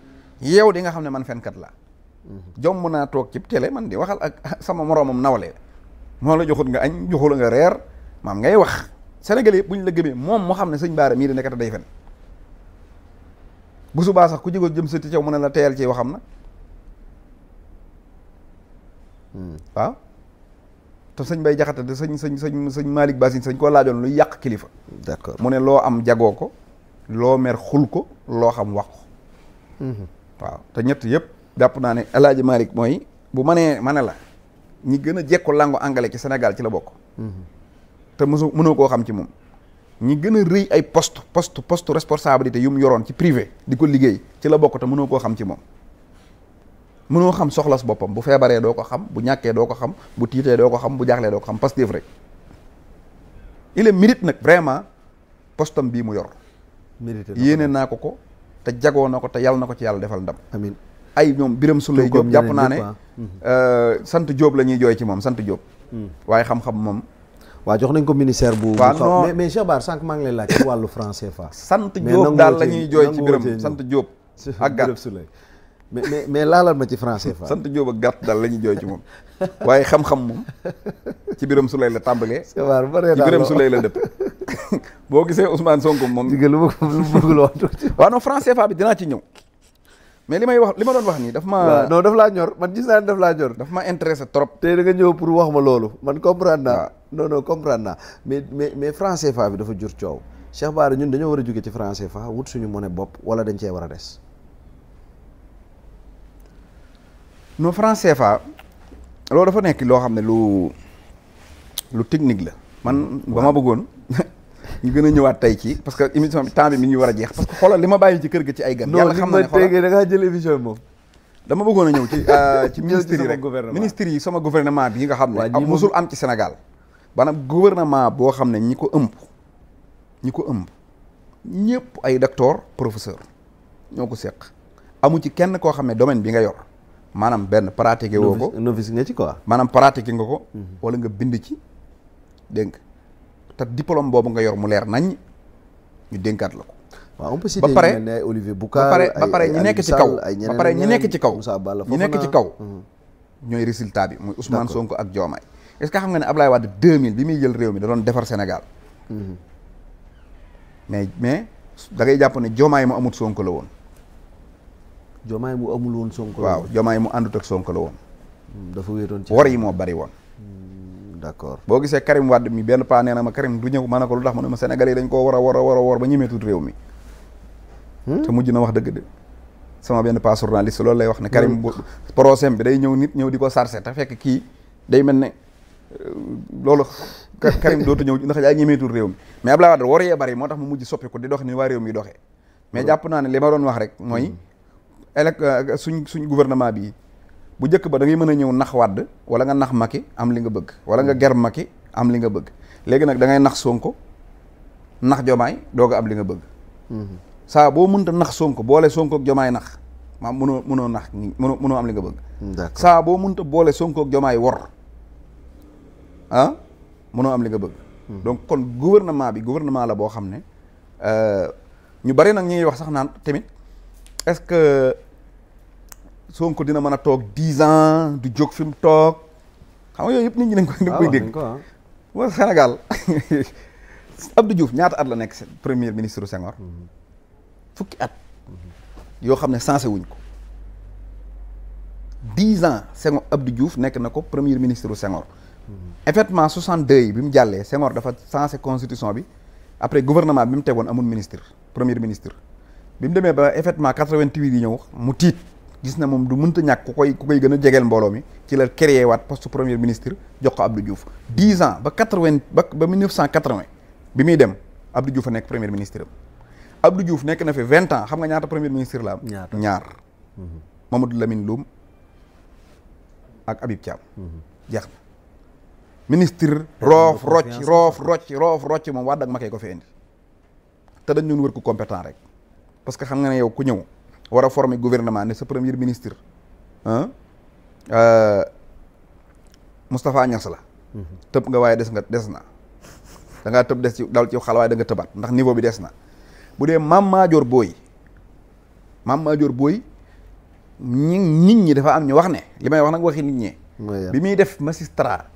[SPEAKER 2] yow di nga xam ne man fenkat laa jomm naa toog ci télé man di waxal ak sama moroomam nawle moo la joxut nga añ joxula nga reer maam ngay wax Sénégalais yëpp bu ñu la gëmee moom mu xam ne sëñ Baara mii di nekkati day fen bu subaa sax ku jigoo jëm sa ti caw mu ne la teyal ci waxam na hmm. waaw sëñ Bay Jaxate te sëñ sëñ sëñ sëñ Malick Basin sëñ koo laajoon luy yàq kilifa d'accord mu ne loo am jagoo ko loo mer xul ko loo xam wax ko mhm. waaw te ñett yëpp dàpp naa ne El Hadj mooy bu ma nee ma ne la ñi gën a jekko lango anglais ci Sénégal ci la bokk mhm. te musu mënoo koo xam ci moom ñi gën a rëy ay poste post poste responsabilité yu mu yoroon ci privé di ko liggéey ci la bokk te mënoo koo xam ci moom mënoo xam soxlas boppam bu feebaree doo ko xam bu ñàkkee doo ko xam bu tiitee doo ko xam bu jaaxlee doo ko xam Pastef rek il est nag vraiment postam bii mu yor mérite yéene naa ko ko te jagoo na ko te yàlla na ko ci yàlla defal ndam amiin ay ñoom biram su lay jóob jàpp naa ne mhm. euh, sant joob la ñuy jooy ci moom sant jóob hmm. waaye xam-xam moom waaw jox nañ ko ministère bu mais
[SPEAKER 1] mais Cheikh sànq maa ngi lay laaj wàllu franc CFA sant jóob daal la ñuy jooy ci biram sant jóob ak gan mais mais mais laalal ma ci français fa sant Jóob ak gàtt daal la ñuy jooy ci moom waaye xam-xam moom
[SPEAKER 2] ci biram su lay la tàmbalee waaw
[SPEAKER 1] bare ci biram su lay la dëpp
[SPEAKER 2] boo gisee Ousmane Sonko moom digg lu bëggul wax waaw non français fa bi dinaa ci ñëw mais li may wax li ma doon wax nii daf ma non daf laa ñor man gis naa ne daf laa ñor daf ma intéressé trop tey da ñëw pour wax
[SPEAKER 1] ma loolu man comprendre naa non non naa mais mais mais français fa bi dafa jur coow Cheikh Bara ñun dañoo war a jóge ci français fa wut suñu monnaie bopp wala dañ cee war a des
[SPEAKER 2] no france CFA loo dafa nekk loo xam ne lu lu technique la man ba ma bëggoon ñu gën a ñëwaat tey ci parce que émission bi temps bi mi ngi war a jeex parce que xoolal li ma bàyyi ci kër gi ci ay gan yàlla xam na ne xoolal da ngaa jël bëggoon a ñëw ci euh, ci ministres yi rek ministres yi sama gouvernement bi nga xam ne mosul am ci Sénégal maanaam gouvernement boo xam ne ñi ko ëmb ñi ko ëmb ñëpp ay docteur professeur ñoo ko seq amu ci kenn koo xam ne domaine bi nga yor maanaam benn pratiqué woo ko novice nga ci quoi. maanaam pratiqué nga ko. Mhm. wala nga bind ci dénk te diplôme boobu nga yor mu leer nañ ñu dénkaat la ko. waaw on peut citer ba pare Olivier Boucar ba pare ba pare ñi nekk ci kaw ba pare ñi nekk ci kaw ñi nekk ci kaw. ñooy résultat bi muy Ousmane Sonko ak Diomaye. est-ce que xam nga ne Ablaye Wade 2000 bi muy jël réew mi da doon defar Sénégal. Mhm. mais mais da ngay jàpp ne Diomaye mu amut Sonko la woon. jomaay mu amul woon sonko waaw jomaay mu àndut ak sonko la woon hmm, dafa wéetoon ci war yi moo bari woon hmm, d'accord boo gisee Karim Wade mi benn paa nee ma Karim du ñëw ma ne ko lu tax ma ne ma Sénégalais yi war war war ba ñemeetut réew mi hmm? te mujj na wax dëgg de sama benn paa journaliste loolu lay wax ne Karim bu procès bi day ñëw nit ñëw di ko sarse te fekk kii day mel ne euh, loolu Karim dootu ñëw ndax daa ñemeetul réew mi mais Abdoulaye Wade war yee bari moo tax ma mujj soppi ko di dox ni waa réew mi doxee mais jàpp naa ne li ma doon wax rek mooy elec euh, suñ suñ gouvernement bii bu njëkk ba dangay mën a ñëw nax Wade wala nga nax Macky am li nga bëgg wala nga mm. ger Macky am li nga bëgg léegi nag da ngay nax Sonko nax Jomaay doog a am li nga bëgg mm-hmm. saa boo mënta nax Sonko boole Sonko ak Jomaay nax maam mënoo mënoo nax mënoo mënoo am li nga bëgg saa boo mënta boole Sonko Jomaay wor ah mënoo am li nga bëgg mm. donc kon gouvernement bi gouvernement la boo xam ne euh, ñu bari nag ñuy wax sax naan tamit est-ce que Sonko dina mën a toog dix ans du jóg fi mu toog xam nga yooyu yëpp nit ñi dañ koy dañ koy ah, dégg ah. wa Sénégal abdu Diouf ñaata at la nekk premier ministre Senghor mhm. fukki at yoo xam ne sensé wuñ ko dix ans Senghor Abdou Diouf nekk na ko premier ministre Senghor mhm. effectivement soixante deux bi mu jàllee Senghor dafa sensé constitution bi après gouvernement bi mu tegoon amul ministre premier ministre bi mu demee ba effectivement 88 yi ñëw mu tiit gis na moom du mënta ñàkk ku koy ku koy gën a jegeel mbooloo mi ci la créé waat poste premier ministre jox ko Abdou Diouf 10 ans ba 80 ba ba 1980 bi muy dem Abdou Diouf a nekk premier ministre am Abdou Diouf nekk na fi vingt ans xam nga ñaata premier ministre la am. ñaar ñaar. Mhm. Mamadou Lamine Loum ak Habib Thiam. Mhm. jeex na ministre. roof rocc roof rocc roof rocc moom Wade ak Macky ko fi indi. te dañ doon wër ku compétent rek. parce que xam nga ne yow ku ñëw war a former gouvernement ni sa premier ministre ah Moustapha Niass la. tëb nga waaye des nga des na. da ngaa tëb des ci dal ci xal waaye tëbaat ndax niveau bi des na bu dee maam maajoor booy maam maajoor booy ñi nit ñi dafa am ñu wax ne li may wax nag waxi nit ñi. bi muy def magistrat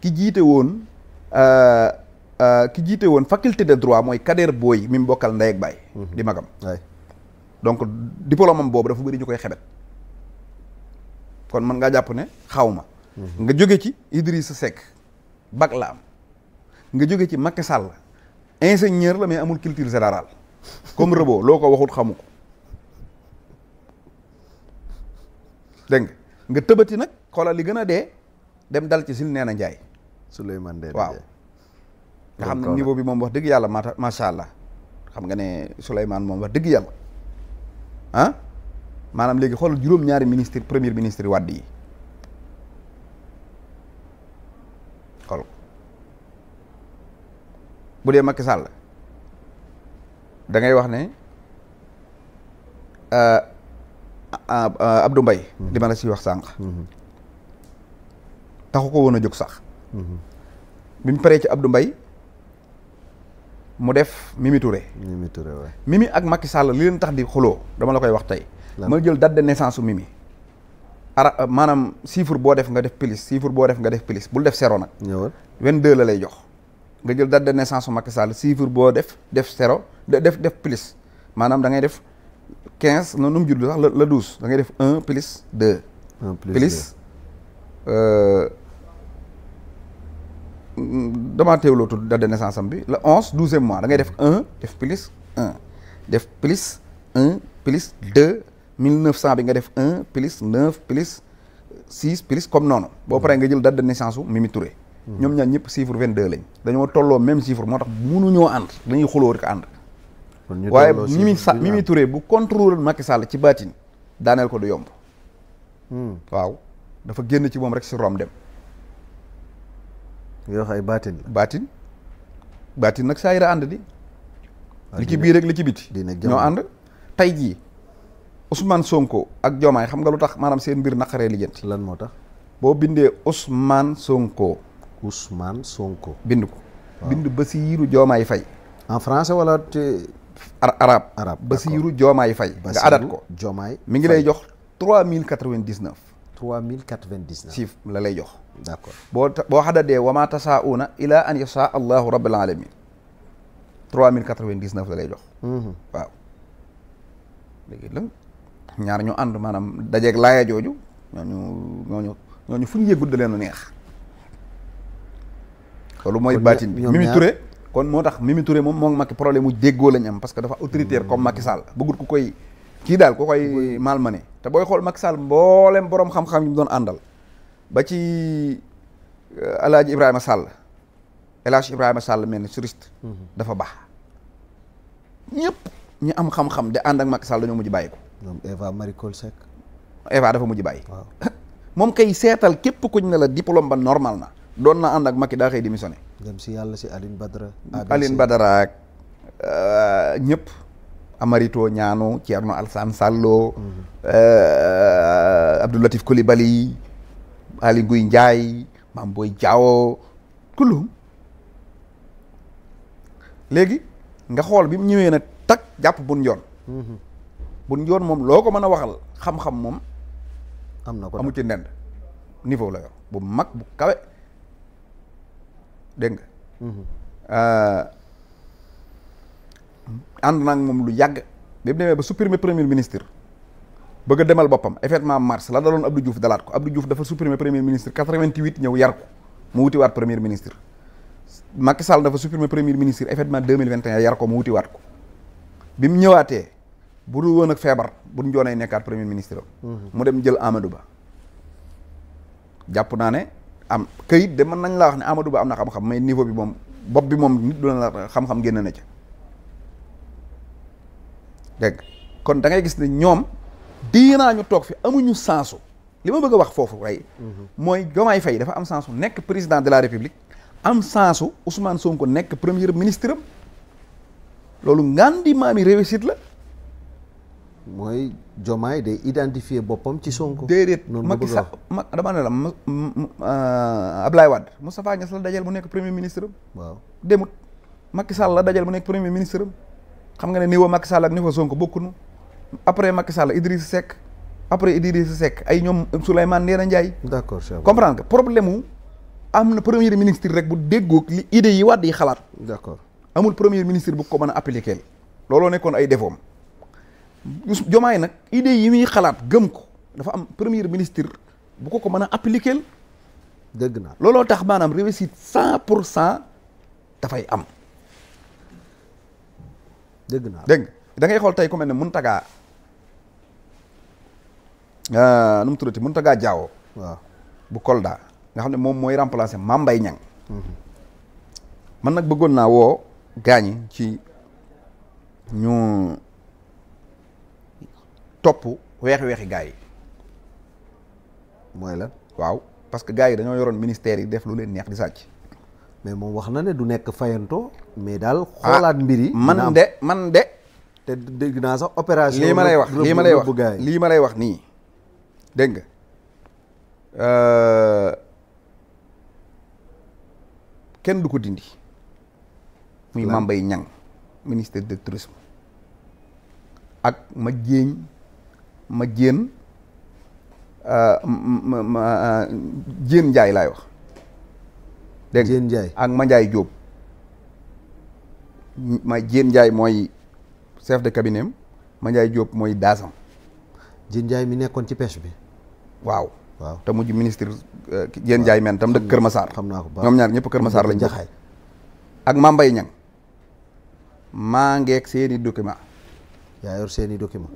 [SPEAKER 2] ki jiite woon. Euh, Euh, ki jiite woon faculté de droit mooy Kader Boy mi mu bokkal ndey ak baay mhm. di magam donc diplôme am boobu dafa bëri ñu koy xebet kon mën ngaa jàpp ne xaw ma mhm. nga jóge ci sa Seck bac la am nga jóge ci Macky la ingénieur la mais amul culture générale comme rebo loo ko waxut xamu ko dégg nga nga tëbati nag xoolal li gën a dee dem dal ci si sil neena Njaay Souleymane Ndeye waaw nga xam ne niveau bi moom wax dëgg yàlla macha allah xam nga ne man moom wax dëgg yàlla ah maanaam léegi xool juróom-ñaari ministre premier ministre Wade yi xool bu dee Macky Sall da ngay wax ne euh, euh, euh, Abdou mbay mhm. li ma la si wax sànq mhm. taxu ko woon a jóg sax mhm. bi mu paree ci Abdou mbay mu def Mimi Touré. Mimi Mimi ak Macky Sall li leen tax di xuloo dama la koy wax tey. ma jël date de naissance su Mimi. ara euh, maanaam chiffre boo def nga def pilis chiffre boo def nga def pilis bul def sero nag. ñëwal 22 la lay jox. nga jël date de naissance su Macky Sall chiffre boo def def zéro def def pilis maanaam da ngay def quinze noonu nu mu judd sax la la 12 da ngay def un pilis 2. pilis. damaa teewloo tudd date de naissance am bi le onze douzième mois dangay def un def plus un def plus un plus deux mille neuf cent bi nga def un plus neuf plus six plus comme noonu. boo paree nga jël date de naissance u Mimi Touré. ñoom ñaar ñëpp chiffre vingt deux lañ. dañoo tolloo même chiffre moo tax mënuñoo ànd dañuy xuloo rek ànd. waaye Mimi sa Mimi Touré bu contrôle Macky Sall ci baatin daaneel ko du yomb. Hmm. waaw dafa génn ci moom rek si rom dem. nga wax ay baatin la nag saa yira ànd di li ci biir rek li ci biti ñoo ànd tey jii Ousmane Sonko ak joomaay xam nga lu tax maanaam seen mbir naqaree lijjanti lan moo tax boo bindee Ousmane Sonko Ousmane Sonko bind ko bind ba si yiiru Diomaye fay en français wala te Ar arabe arabe Bassirou Diomaye Faye nga adat ko Diomaye mi ngi lay jox trois mille quatre vingt 3099 siif la lay jox d'accord boo boo xadadee wa ma tasaauna ila an yasaa allahu rabbil alamin 3099 la lay jox mm-hmm. waaw ñu ànd maanaam dajeeg laaya jooju ñooñu ñooñu ñooñu fu ñu yëgul da leen neex loolu mooy baatin bi Mimi Touré kon moo tax Mimi Touré moom moo ngi problème mu déggoo lañ am parce que dafa autoritaire comme Macky Sall bëggul koy kii daal ku koy ne te booy xool Macky Sall mboolem boroom xam-xam yi mu doon àndal ba ci euh, El Hadj Ibrahima Sall El Hadj Ibrahima Sall mel ni juriste. Mhm. dafa baax ñëpp ñu am xam-xam de ànd ak Macky Sall dañoo mujj bàyyi ko. ñoom Eva Marie Coll Seck. Eva dafa mujj bàyyi. waaw moom kay seetal képp kuñ ne la diplôme ba normal na. doon na ànd ak Macky daa xëy démissionné.
[SPEAKER 1] dem si yàlla si Aline Badara. Aline Badara
[SPEAKER 2] ak euh, ñépp Amarito Ñaanu Thierno Alsane Sàllo mhm. euh, Abdou Latif Coulibaly Ali Nguy Ndiaye Mam Boy Diawo kulluhum léegi nga xool bi mu ñëwee na tak jàpp bun yoon mhm. moom loo ko mën a waxal xam-xam moom am na ko amu ci ndend la yor bu mag bu kawe dégg ànd naa ak moom lu yàgg bi mu demee ba supprimer premier ministre bëgg a demal boppam effectivement mars la daloon Abdou Diouf dalaat ko Abdou Diouf dafa supprimer premier ministre 88 ñëw yar ko mu wutiwaat premier ministre Macky Sall dafa supprimer premier ministre effectivement 2021 yar ko mu wutiwaat ko bi mu ñëwaatee bu dul woon ak feebar bu ñu joonee nekkaat premier ministre mhm. mu dem jël Amadou Ba jàpp naa ne am këyit dem mën nañ laa wax ne Amadou Ba am na xam-xam mais niveau bi moom bopp bi moom nit du la na ca dégg kon da ngay gis ne ñoom naa ñu toog fi amuñu sensu li ma bëgg a wax foofu rey mhm. mooy Diomaye Faye dafa am sensu nekk président de la république am sensu Ousmane Sonko nekk premier ministre
[SPEAKER 1] loolu ngan di maami réussite la mooy Diomaye day identifier boppam ci Sonko déedéet Macky Sall ma dama ne la euh, Ablaye Wade
[SPEAKER 2] Moustapha Niass la dajal mu nekk premier ministre am waaw demut Macky la dajal mu nekk premier ministre am xam nga ne niveau Macky Sall ak niveau Sonko bokkunu après Macky Sall Idriss Seck après Idriss Seck ay ñoom Souleymane Ndéné Ndiaye.
[SPEAKER 1] d'accord comprendre
[SPEAKER 2] nga problème mu am na premier ministre rek bu déggook li idées yi Wade yi xalaat. d'accord amul premier ministre bu ko mën a looloo nekkoon ay defoom jomaay nag idées yi muy xalaat gëm ko dafa am premier ministre bu ko ko mën a appliquer. dëgg na looloo tax maanaam réussite cent pour cent dafay am. dégg naa dégg da ngay xool tey ku mel ne tagaa euh, nu mu tuddati mun tagaa waaw bu Kolda nga xam ne moom mooy remplacer Mame Mbaye Niang mhm. man nag bëggoon naa woo gaañi ci ñu topp weexi-weexi gaa yi mooy la waaw parce que gaa yi dañoo yoroon ministère yi def lu leen
[SPEAKER 1] neex di sàcc mais moom wax na ne du nekk fayanto mais daal ah, xoolaat mbir man de man de te dégg naa sax opération lii ma lay wax lii ma lay wax lii ma wax nii
[SPEAKER 2] dégg nga euh, kenn du ko dindi muy Mame Mbaye Niang ministre de tourisme ak ma jéeñ ma jéen euh, ma euh, njaay laay wax dégg nga Diène Ndiaye ak Mandiaye Diop ma Diène Ndiaye mooy chef de cabinet am Mandiaye Diop mooy daasam. Diène Ndiaye mi nekkoon ci peche bi. waaw waaw te mujj ministre Diène eh, jaay men tam dëkk Kër Massar. xam naa ko ñoom ñaar ñëpp Kër Massar lañ jaxaay ak Mame Mbaye Niang maa ngeeg seeni document yaa seeni document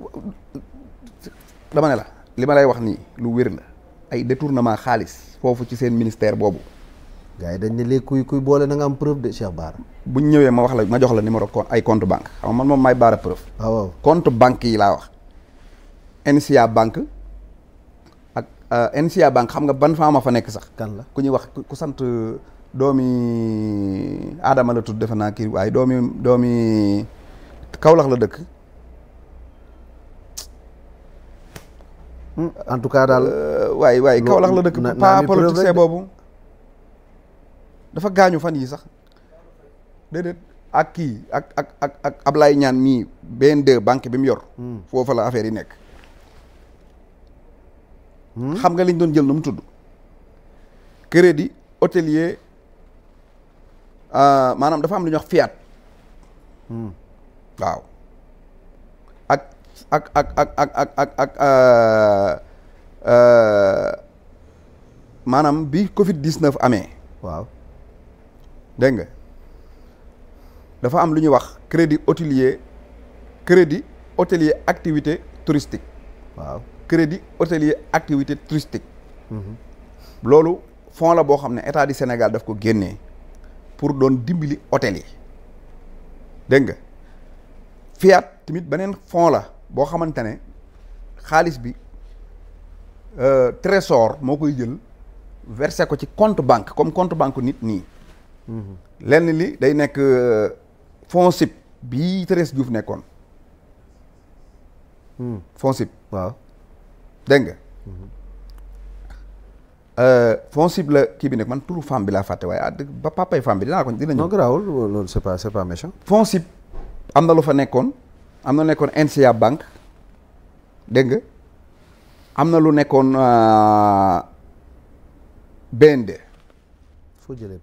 [SPEAKER 2] dama ne la li ma lay wax nii lu wér la ay détournement xaalis foofu ci seen ministère boobu gars yi dañ ne
[SPEAKER 1] léegi kuy boole na nga am preuve de Cheikh
[SPEAKER 2] Bara bu ñëwee ma wax la ma jox la numéro ay compte banque xam nga man moom maay Bara ah, banque yi laa wax NCA ak euh, NCA banque xam nga ban faa ma fa nekk sax kan la ku ñuy wax ku sant euh, doomi Adama la tudd defe naa kii waaye doomi doomi Kaolack la dëkk
[SPEAKER 1] hmm, en tout cas daal. Euh, waay waay Kaolack la dëkk. pas politicien boobu. dafa
[SPEAKER 2] gaañu fan yi sax déedéet ak kii ak ak ak ak Ablaye ñaan mii BND banque bi mu yor. Hmm. foofu la affaire yi nekk. Hmm? xam nga liñ doon jël nu mu tudd. crédit hôtelier euh, maanaam dafa am lu ñuy wax hmm. waaw ak ak ak ak ak ak ak euh, euh, maanaam bi Covid 19 amee. waaw. dégg nga dafa am lu ñuy wax crédit hôtelier crédit hôtelier activité touristique waaw crédit hôtelier activité touristique mhm. loolu fonds la boo xam ne état du Sénégal daf ko génnee pour doon dimbali hôtel yi dégg nga fiat tamit beneen fonds la boo xamante ne xaalis bi euh, trésor moo koy jël versé ko ci compte banque comme compte banque nit nii lenn li day nekk euh, FONSIP bii Thérèse Diouf nekkoon. Hmm. FONSIP. waaw dégg nga. Euh, FONSIP la kii bi nekk man turu femme bi laa fàtte waaye ah ba papay femme bi dinaa ko dina ñëw. non garaawul loolu c'est pas c'est pas méchant. FONSIP am na lu fa nekkoon am na nekkoon NCA banque dégg am na lu nekkoon euh, BND. foo jëlee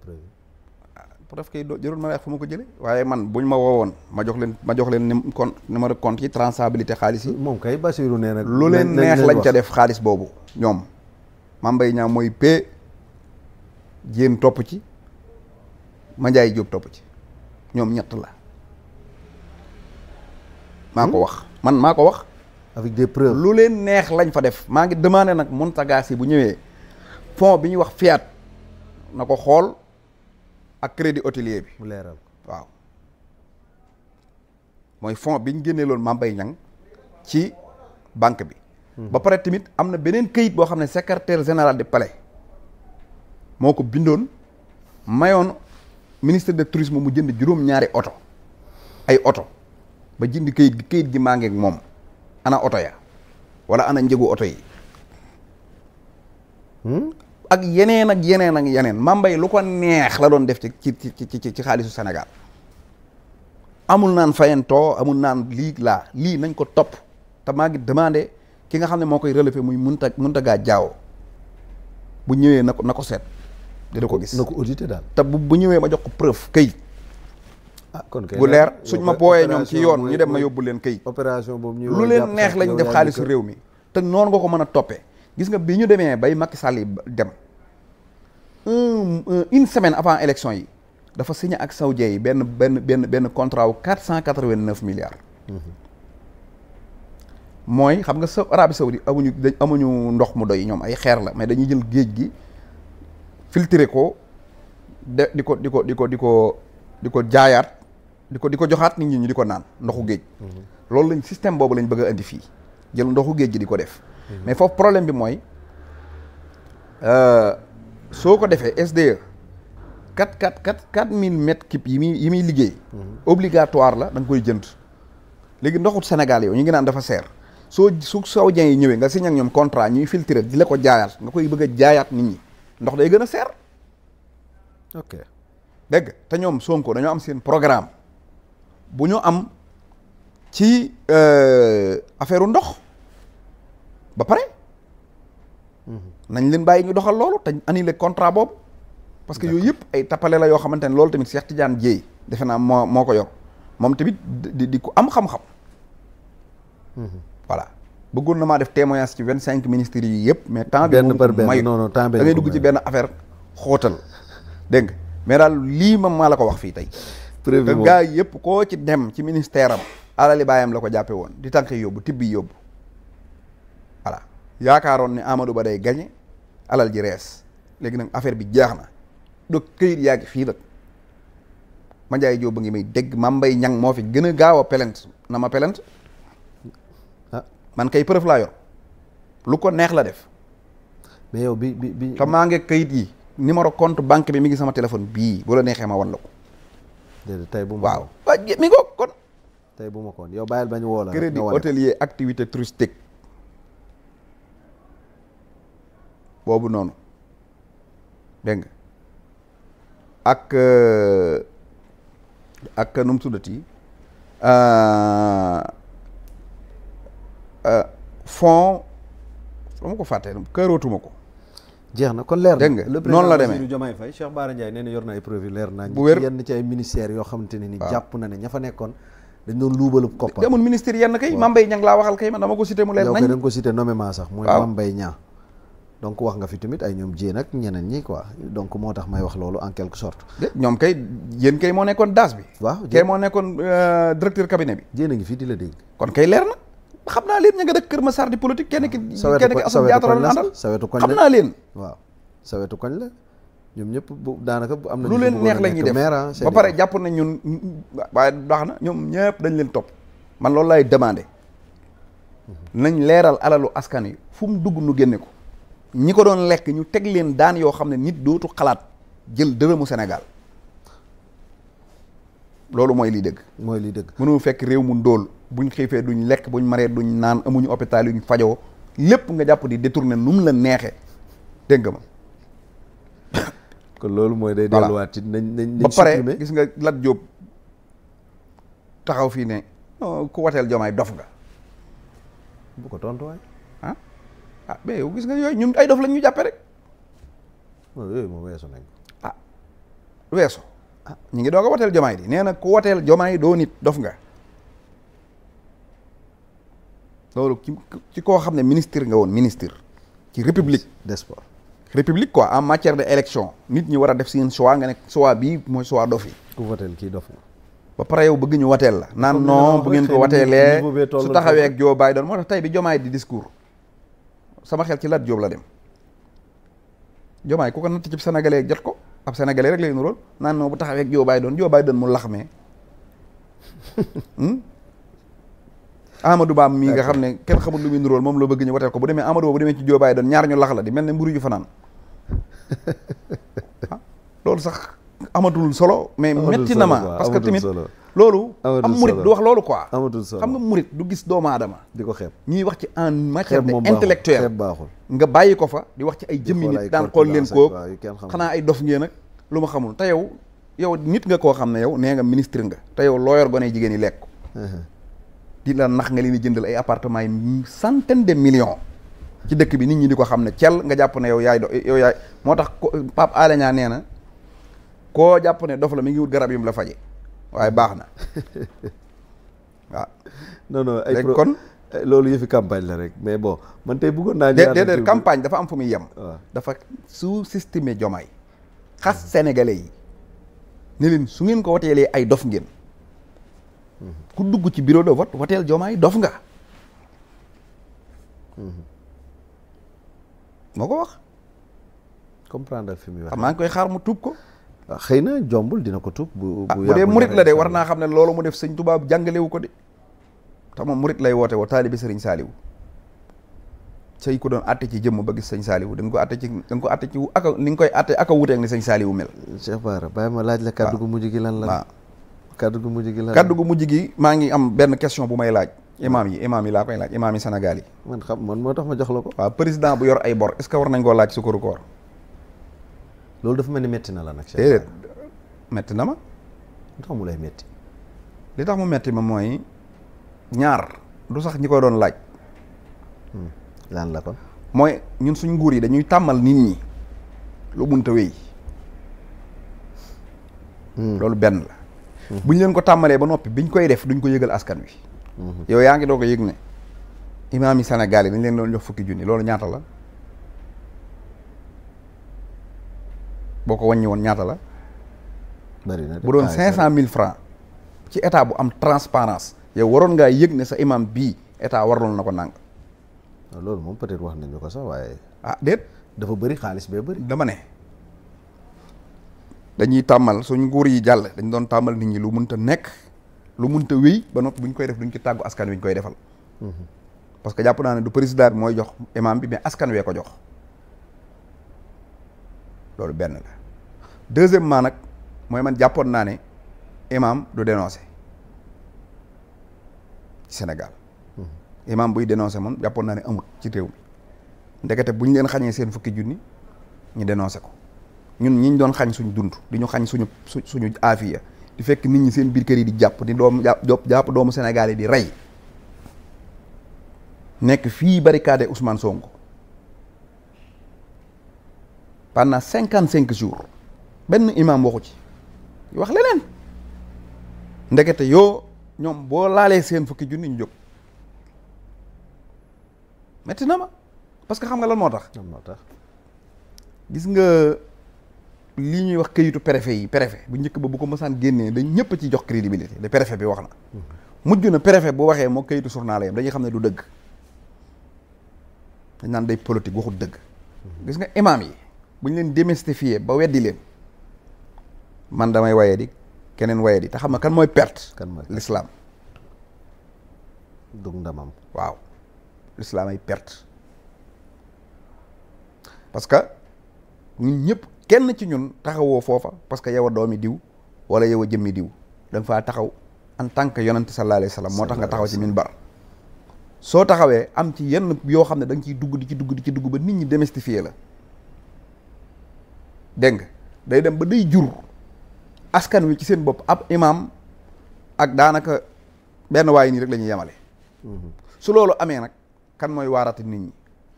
[SPEAKER 2] pour daf koy jërul ma wax fu ma ko jële waaye man buñ ma woowoon ma jox leen ma jox leen compte numéro compte yi transabilité xaalis yi moom kay Basiru nee na lu leen neex lañ ca def xaalis boobu ñoom Mame Mbaye Niang mooy pee topp ci ma njaay jóob ci ñoom ñett la maa ko hmm? wax man maa ko wax avec des preuves lu leen neex lañ fa def maa ngi demandé nag Mountaga Sy bu ñëwee fond bi ñu wax fiyaat na ko xool ak crédit hôtelier bi. mu leeral waaw. mooy fonds bi ñu génnee loon Mame Mbaye Niang ci banque bi. Hmm. ba pare tamit am na beneen këyit boo xam ne secrétaire général de palais moo ko bindoon mayoon ministre de tourisme mu jënd juróom-ñaari oto ay oto ba jënd këyit gi këyit gi maa ngeeg moom ana oto ya wala ana njëgu oto yi. Hmm? ak yeneen ak yeneen ak yeneen mambay lu ko neex la doon def ci ci ci ci ci xaalisu senegal amul naan fayantoo amul naan lii laa lii nañ ko topp te maa ngi ki nga xam ne moo koy relevé muy munta muntagaa jaaw bu ñëwee na ko na ko seet dina ko gis na ko audité daal te bu bu ñëwee ma jox ko preuve kayit
[SPEAKER 1] ah, kon bu leer suñ ma booyee ñoom ci yoon ñu dem ma yóbbu
[SPEAKER 2] leen kayit opération
[SPEAKER 1] boobu ñu lu leen neex lañ def xaalisu réew
[SPEAKER 2] mi te noonu nga ko mën a toppee gis nga bi ñu demee bay Macky Sall yi dem un euh, une semaine avant élection yi dafa signé ak saoudien yi benn benn benn benn contrat wu quatre cent quatre vingt neuf milliards. Mm-hmm. mooy xam nga sa Arabie Saoudite amuñu dañ amuñu ndox mu doy ñoom ay xeer la mais dañuy jël géej gi filtré ko de di ko di ko di ko di ko di ko jaayaat di ko di ko joxaat nit ñi ñu di ko naan ndoxu géej. Mm-hmm. loolu lañ système boobu lañ bëgg andi fii jël ndoxu géej gi di ko def. Mm-hmm. mais foofu problème bi mooy. Euh, soo ko defee SDE quatre quatre quatre quatre mille mètres cube yi muy yi muy liggéey mhm. obligatoire la da koy jënd léegi ndoxu Sénégal yow ñu ngi naan dafa seer soo su saoudiens yi ñëwee nga si ak ñoom contrat ñuy filtré di la ko jaayaat nga koy bëgg a jaayaat nit ñi ndox day gën a seer ok dégg te ñoom Sonko dañoo am seen programme bu ñu am ci euh, affaire ndox ba pare mhm. nañ leen bàyyi ñu doxal loolu te annulé contrat boobu parce que yooyu yëpp ay tappale la yoo xamante ne loolu tamit Cheikh Tidiane Dieye defe naa moo moo ko yor moom tamit di di ku am xam-xam mhm. voilà bëggoon na maa def témoignage ci vingt cinq ministres yi yëpp mais temps bi benn par benn mayu non non temps dugg ci benn affaire xóotal dégg nga mais daal lii ma maa la ko wax fii tey prévu moom gaa yëpp koo ci dem ci ministère am alali baayam la ko jàppe woon di tànk yóbbu tibbi yóbbu voilà yaakaaroon ne Amadou Ba day gagné alal ji rees léegi nag affaire bi jaax na do këyit yaa ngi fii nag ma njaay jóob ba ngi may dégg ma mbay ñang moo fi gën a gaaw a pelent na ma pelent ah. man kay preuve laa yor lu ko neex la def mais yow bi bi bi te maa ngee kayit yi numéro compte banque bi mi ngi sama téléphone bii bu neexee ma wan la ko déedéet tey bu ma waaw
[SPEAKER 1] mi ngoog kon tey bu ma kon yow bàyyil bañ woo la crédit hôtelier
[SPEAKER 2] activité touristique boobu noonu dégg nga ak euh, ak nu mu tuddati euh, euh, fond
[SPEAKER 1] dama ko fàtte kërootuma ko. jeex na kon leer na noonu la demee le président Diomaye bu wér yenn ci ay yoo xam ne ni. jàpp na ne ña fa nekkoon dañ doon luubalu koppar. demul
[SPEAKER 2] ministère yenn kay. waaw
[SPEAKER 1] Mame Mbaye donc wax nga fi tamit ay ñoom jéen nag ñeneen ñi quoi donc moo tax may wax loolu en quelque sorte.
[SPEAKER 2] ñoom kay yéen kay moo nekkoon daas bi. waaw kay moo nekkoon euh, directeur
[SPEAKER 1] cabinet bi. jéen a ngi fii di la dégg. kon kay leer na.
[SPEAKER 2] xam naa leen ña nga dëkk Kër ma di politique kenn ki. kenn ki Assane Diattara la àndal
[SPEAKER 1] sawetu koñ la xam naa leen. waaw sawetu koñ la ñoom ñëpp bu
[SPEAKER 2] daanaka am na. lu leen neex la ñuy def ba pare jàpp nañ ñun waaye baax na ñoom ñëpp dañ leen topp. man loolu laay demandé. Mhm. nañ leeral alalu askan yi fu dugg nu génne ko ñi ko doon lekk ñu teg leen daan yoo xam ne nit dootu xalaat jël mu Sénégal loolu mooy lii dëgg. mooy lii dëgg mënoo fekk réew mu ndool buñ xiifee duñ lekk buñ maree duñ naan amuñu hôpital yuñ fajoo lépp nga jàpp di détourner nu mu la neexee dégg ma.
[SPEAKER 1] kon loolu mooy
[SPEAKER 2] day. delluwaat ci nañ nañ nañ. ba gis nga Lat Diop taxaw fii ne oh, ku wateel jomaay dof nga. bu ko tontu ah mais yow gis nga yooyu ñun ay dof lañ ñu jàppe rek. weesu nañ ah weesu. ah ñu ngi doog a woteel jomaay di nee na ku woteel jomaay doo nit dof nga. loolu ci koo xam ne ministre nga woon ministre. ci république des sports. république quoi en matière de élection nit ñi war a def seen choix nga nekk choix bii mooy choix dof yi. ku woteel kii dof nga. ba pare yow bëgg ñu wateel la naan non bu ngeen ko wateelee su taxawee ak Joe Biden moo tax tey bi jomaay di discours sama xel ci Lat Diop la dem Diomaye ku ko natt ci sénégalais jot ko ab sénégalais rek lay nuróol naan moo bu taxawee ak Joe Biden Joe Biden mu laxmee hmm? Amadou Ba mii nga xam ne kenn xamul lu muy nuróol moom la bëgg ñu wateel ko bu demee Amadou Ba bu demee ci Joe Biden ñaar ñu lax la di mel ne mburu ñu fanaan ah, loolu sax amatul solo mais metti na ma parce que tamit loolu am murit du wax loolu quoi amatul solo xam nga murit du gis doomu aadama di ko ñuy wax ci en matière de intellectuelle baaxul nga bàyyi ko fa di wax ci ay jëmmi nit daan xool leen koo xanaa ay dof ngeen nag lu ma xamul te yow yow nit nga koo xam ne yow nee nga ministre nga te yow loo yor gone jigéen yi lekk di la nax nga leen di jëndal ay appartement yi centaine de million ci dëkk bi nit ñi di ko xam ne cel nga jàpp ne yow yaay do yow moo tax Pape Alé Niang nee na koo jàpp ne dof la mi ngi wut garab yu mu la faje
[SPEAKER 1] waaye baax na waaw. Ah. non non ay kon. loolu yëfi campagne la rek mais bon man tey bëggoon naa.
[SPEAKER 2] déedéet campagne dafa am fu muy yem. Ah. dafa su estimer Diomaye xas sénégalais yi. ne su ngeen ko wateelee ay dof ngeen. Mhm. ku dugg ci bureau de vote wateel Diomaye dof nga.
[SPEAKER 1] Mhm. moo ko wax. comprendre fi muy wax maa ngi koy xaar mu tuub ko. Ah, xëy na jombul dina ko tuub bu bu ah, dee murit la de
[SPEAKER 2] war naa xam ne loolu mu def sëñ Tuubaa jàngalewu ko de te moom murit lay woote woo taalibi sëriñ Saaliwu sëy ko doon atte ci jëmm ba gis sëñ Saaliwu da nga ko atte ci da ko atte ci aka ni nga koy atte ni sëñ Saaliwu mel
[SPEAKER 1] Cheikh Bara bàyyi ma laaj la kaddu gu mujj gi lan la waaw
[SPEAKER 2] kaddu gu mujj gi maa ngi am benn question bu may laaj imaam yi imaam yi laa koy laaj imaam yi Sénégal yi man xam man moo tax ma jox la ko waaw président bu yor loolu dafa mel ni metti na la nag. déedéet metti na ma. li tax mu lay metti li tax mu metti ma mooy ñaar du sax ñi ko doon laaj.
[SPEAKER 1] Hmm. lan la kon.
[SPEAKER 2] mooy ñun suñ nguur yi dañuy tàmmal nit ñi lu munta wéy. Hmm. loolu benn la. Hmm. bu ñu leen ko tàmmalee ba noppi biñ koy def duñ ko yëgal askan wi. yow yaa ngi doo ko yëg ne. imaam yi Sénégal yi dañ leen doon jox fukki junni loolu ñaata la. boo ko wàññi woon ñaata la.
[SPEAKER 1] bari na bu doon cinq
[SPEAKER 2] cent mille francs ci état bu am transparence yow waroon ngaa yëg ne sa imam bii état warloon na ko nang.
[SPEAKER 1] Ah, loolu moom peut-être wax
[SPEAKER 2] nañu ko sax waaye. ah déet. dafa bëri xaalis bee bëri. dañuy tàmmal suñ nguur yi jàll dañ doon tàmmal nit ñi lu mënta nekk lu mënta wéy ba noppi buñ koy def duñ ci tàggu askan wi ñu koy defal. Mhm. parce que jàpp naa ne du président mooy jox imam bi mais askan wee ko jox. loolu benn la deuxièmement nag mooy man jàppoon naa ne imam du dénoncé ci Sénégal mm-hmm. imam buy dénoncé moom jàppoon naa ne amut ci réew mi ndekete bu ñu leen xañee seen fukki junni ñu dénoncé ko ñun ñi ñu doon xañ suñu dund di ñu xañ suñu su suñu aafiya di fekk nit ñi seen biir kër yi di jàpp di doom jàpp doomu Sénégal di rey nekk fii barricade Ousmane Sonko pendant cinquante cinq jours benn imam waxu ci wax leneen ndekete yoo ñoom boo laalee seen fukki junni ñu jóg metti na ma parce que xam nga lan moo tax. lan moo gis nga lii ñuy wax këyitu préfet yi préfet bu njëkk ba bu ko mësaan génnee dañ ñëpp ci jox crédibilité le préfet bi wax na.
[SPEAKER 3] Mm-hmm.
[SPEAKER 2] mujj na préfet bu waxee moo këyitu journal yam dañuy xam ne du dëgg dañ naan day politique waxut dëgg. Mm-hmm. gis nga imam yi. bu ñu leen démystifier ba weddi leen man damay waye di keneen waye di te xam nga kan mooy perte. kan mooy l'islam. dug ndamam waaw l'islam ay perte parce que ñun ñëpp kenn ci ñun taxawoo foofa parce que yow a doomi diw wala yow a jëmmi diw da faa taxaw en tant que yonent sallallahu alayhi moo tax nga taxaw ci minbar soo taxawee am ci yenn yoo xam ne da nga ciy dugg di ci dugg di ci dugg ba nit ñi démystifier la. dégg nga day dem ba day jur askan wi ci seen bopp ab imaam ak daanaka benn waay nii rek la ñuy yemale. Mm-hmm. su loolu amee nag kan mooy waarati nit ñi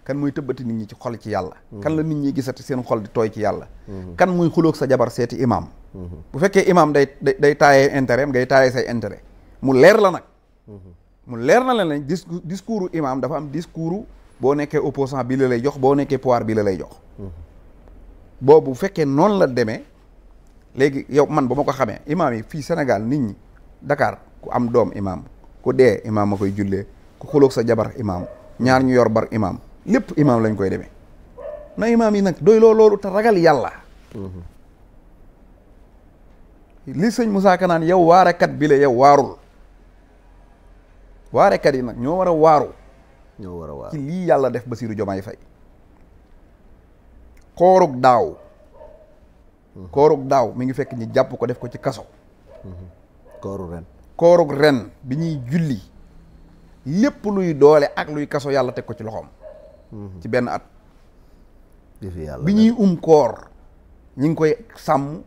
[SPEAKER 2] kan mooy tëbbati nit ñi ci xol ci yàlla. Mm-hmm. kan la nit ñi gisati seen xol di tooy ci yàlla. Mm-hmm. kan muy xuloog sa jabar seeti imaam. bu fekkee imaam day day day taayee intérêt ngay taayee say intérêt mu leer la nag. mu leer na la ne discours discours imaam dafa am discours boo nekkee opposant bi la lay jox boo nekkee pouvoir bi la lay jox. boobu bu fekkee noonu la demee léegi yow man ba ma ko xamee imaam yi fii senegal nit ñi dakaar ku am doom imaam ku dee imaam ma koy jullee ku xuloog sa jabar imaam ñaar ñu yor bar imaam lépp imaam lañ koy deme na imaam yi nag doy loolu te ragal yàlla. Mm-hmm. li sëñ Moussa Ka naan yow waarekat bi la yow waarul waarekat yi nag ñoo war a waaru. ñoo war a waaru ci lii yàlla def Basirou Diomaye fay koorug daaw koorug daaw mi ngi fekk ñi jàpp ko def ko ci kaso koorug ren koorug ren bi ñuy julli lépp luy doole ak luy kaso yàlla teg ko ci loxoom mhm. ci benn at bi ñuy um koor ñu ngi koy sàmm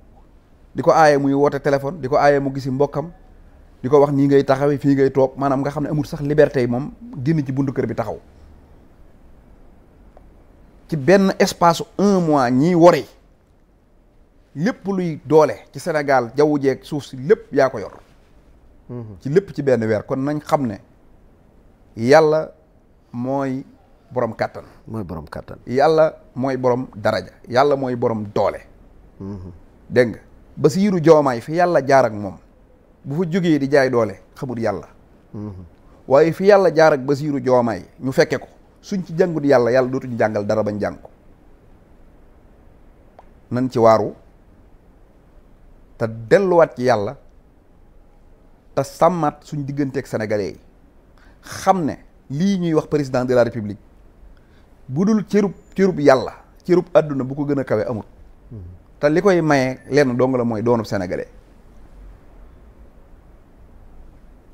[SPEAKER 2] di ko aaye muy woote téléphone di ko aaye mu gisi mbokkam di ko wax nii ngay taxawee fii ngay toog maanaam nga xam ne amul sax liberté yi moom génn ci buntu kër bi taxaw ci benn espace mois ñiy wori lépp luy doole ci senegal jaww jeek suuf si lépp yaa ko yor mhm. ci lépp ci benn weer kon nañ xam ne yàlla mooy borom kàttan mooy borom kàttan yàlla mooy borom daraja yàlla mooy borom doole mhm. dégg nga Basiiru Joomaay fi yàlla jaarak moom bu fa jógee di jaay doole xamul yàlla mhm. waaye fi yàlla jaar ak Basiiru Joomaay ñu fekke ko suñ ci jàngut yàlla yàlla dootuñu jàngal dara bañ jàng ko nan ci waaru te delluwaat ci yàlla te sàmmaat suñ digganteek sénégalais yi xam ne lii ñuy wax président de la république bu dul cërub cërub yàlla cërub àdduna bu ko gën a kawe amut
[SPEAKER 3] mm-hmm.
[SPEAKER 2] te li koy maye lenn dong la mooy doonub sénégalais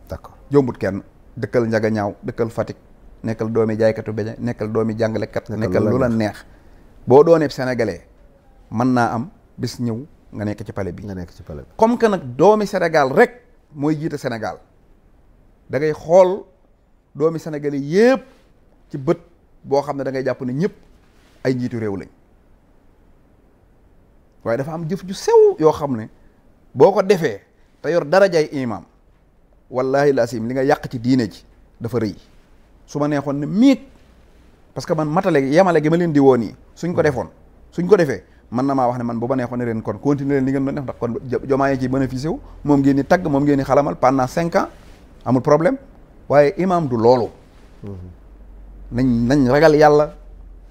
[SPEAKER 2] d'accord jombut kenn dëkkal Njaga dëkkal Fatick nekkal doomi jaaykatu beñe nekkal doomi jàngalekat nekkal lu la neex boo doonee sénégalais mën naa am bis ñëw nga nekk
[SPEAKER 1] ci pale bi nga nekk ci palais
[SPEAKER 2] comme que nag doomi senegal rek mooy jiite senegal dangay xool doomi sénégalais yëpp ci bët boo xam ne dangay jàpp ne ñëpp ay njiitu réew lañ waaye dafa am jëf ju sew yoo xam ne boo ko defee te yor darajay imam wallahi laasim li nga yàq ci diine ci dafa rëy su ma neexoon ne miig parce que man matale yemale gi ma leen di woon yi suñ ko hmm. defoon suñ ko defee man na maa wax ne man bu ma neexoon ne ren kon continuer leen li ngeen doon def ndax kon jomaayee ci bénéficié wu moom ngeen di tagg moom ngeen di xalamal pendant cinq ans amul problème waaye imaam du loolu hmm. nañ nañ ragal yàlla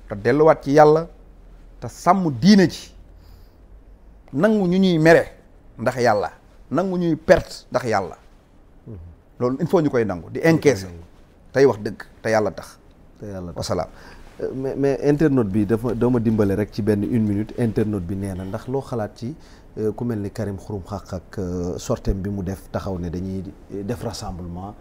[SPEAKER 2] te delluwaat ci yàlla te sàmm diine ci nangu ñu ñuy mere ndax yàlla nangu ñuy perte ndax yàlla hmm. loolu il faut ñu koy nangu di encaisser tey wax dëgg te yàlla tax. te yàlla
[SPEAKER 1] mais mais internaute bi dafa dooma dimbale rek ci benn une minute internaute bi nee na ndax loo xalaat ci euh, ku mel ni Karim Xurum Xaq ak euh, sortem bi mu def taxaw ne dañuy def rassemblement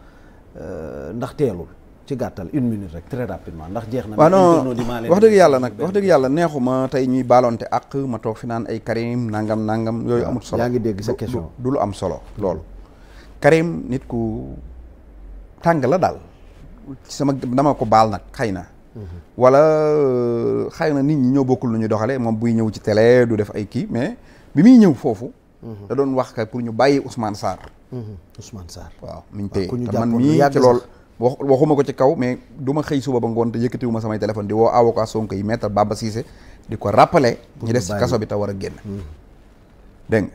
[SPEAKER 1] euh, ndax teelul ci gàttal une minute rek très rapidement ndax jeex na. waaw non wax dëgg yàlla nag wax
[SPEAKER 2] dëgg yàlla neexuma tey ñuy baalonte ak ma toog fi naan ay Karim nangam nangam yooyu amul solo. yaa ngi dégg sa question du lu am solo loolu. Karim nit ku tàng la daal. sama dama ko baal nag xëy na wala euh, xëy na nit ñi ñoo bokkul lu ñu doxale moom buy ñëw ci tele du def ay kii mais bi muy ñëw foofu mhm. da doon wax ka pour ñu bàyyi Ousmane Sarr
[SPEAKER 1] mhm. Ousmane Sarr waaw miñ téye te man mii ci lool
[SPEAKER 2] wax waxuma ko ci kaw mais du ma xëy suba ba ngoon te yëkkatiwu ma samay téléphone di woo avocat Sonko yi maître Bamba Cissé di ko rappeler ñu des ci kaso bi te war a génn mhm. dégg nga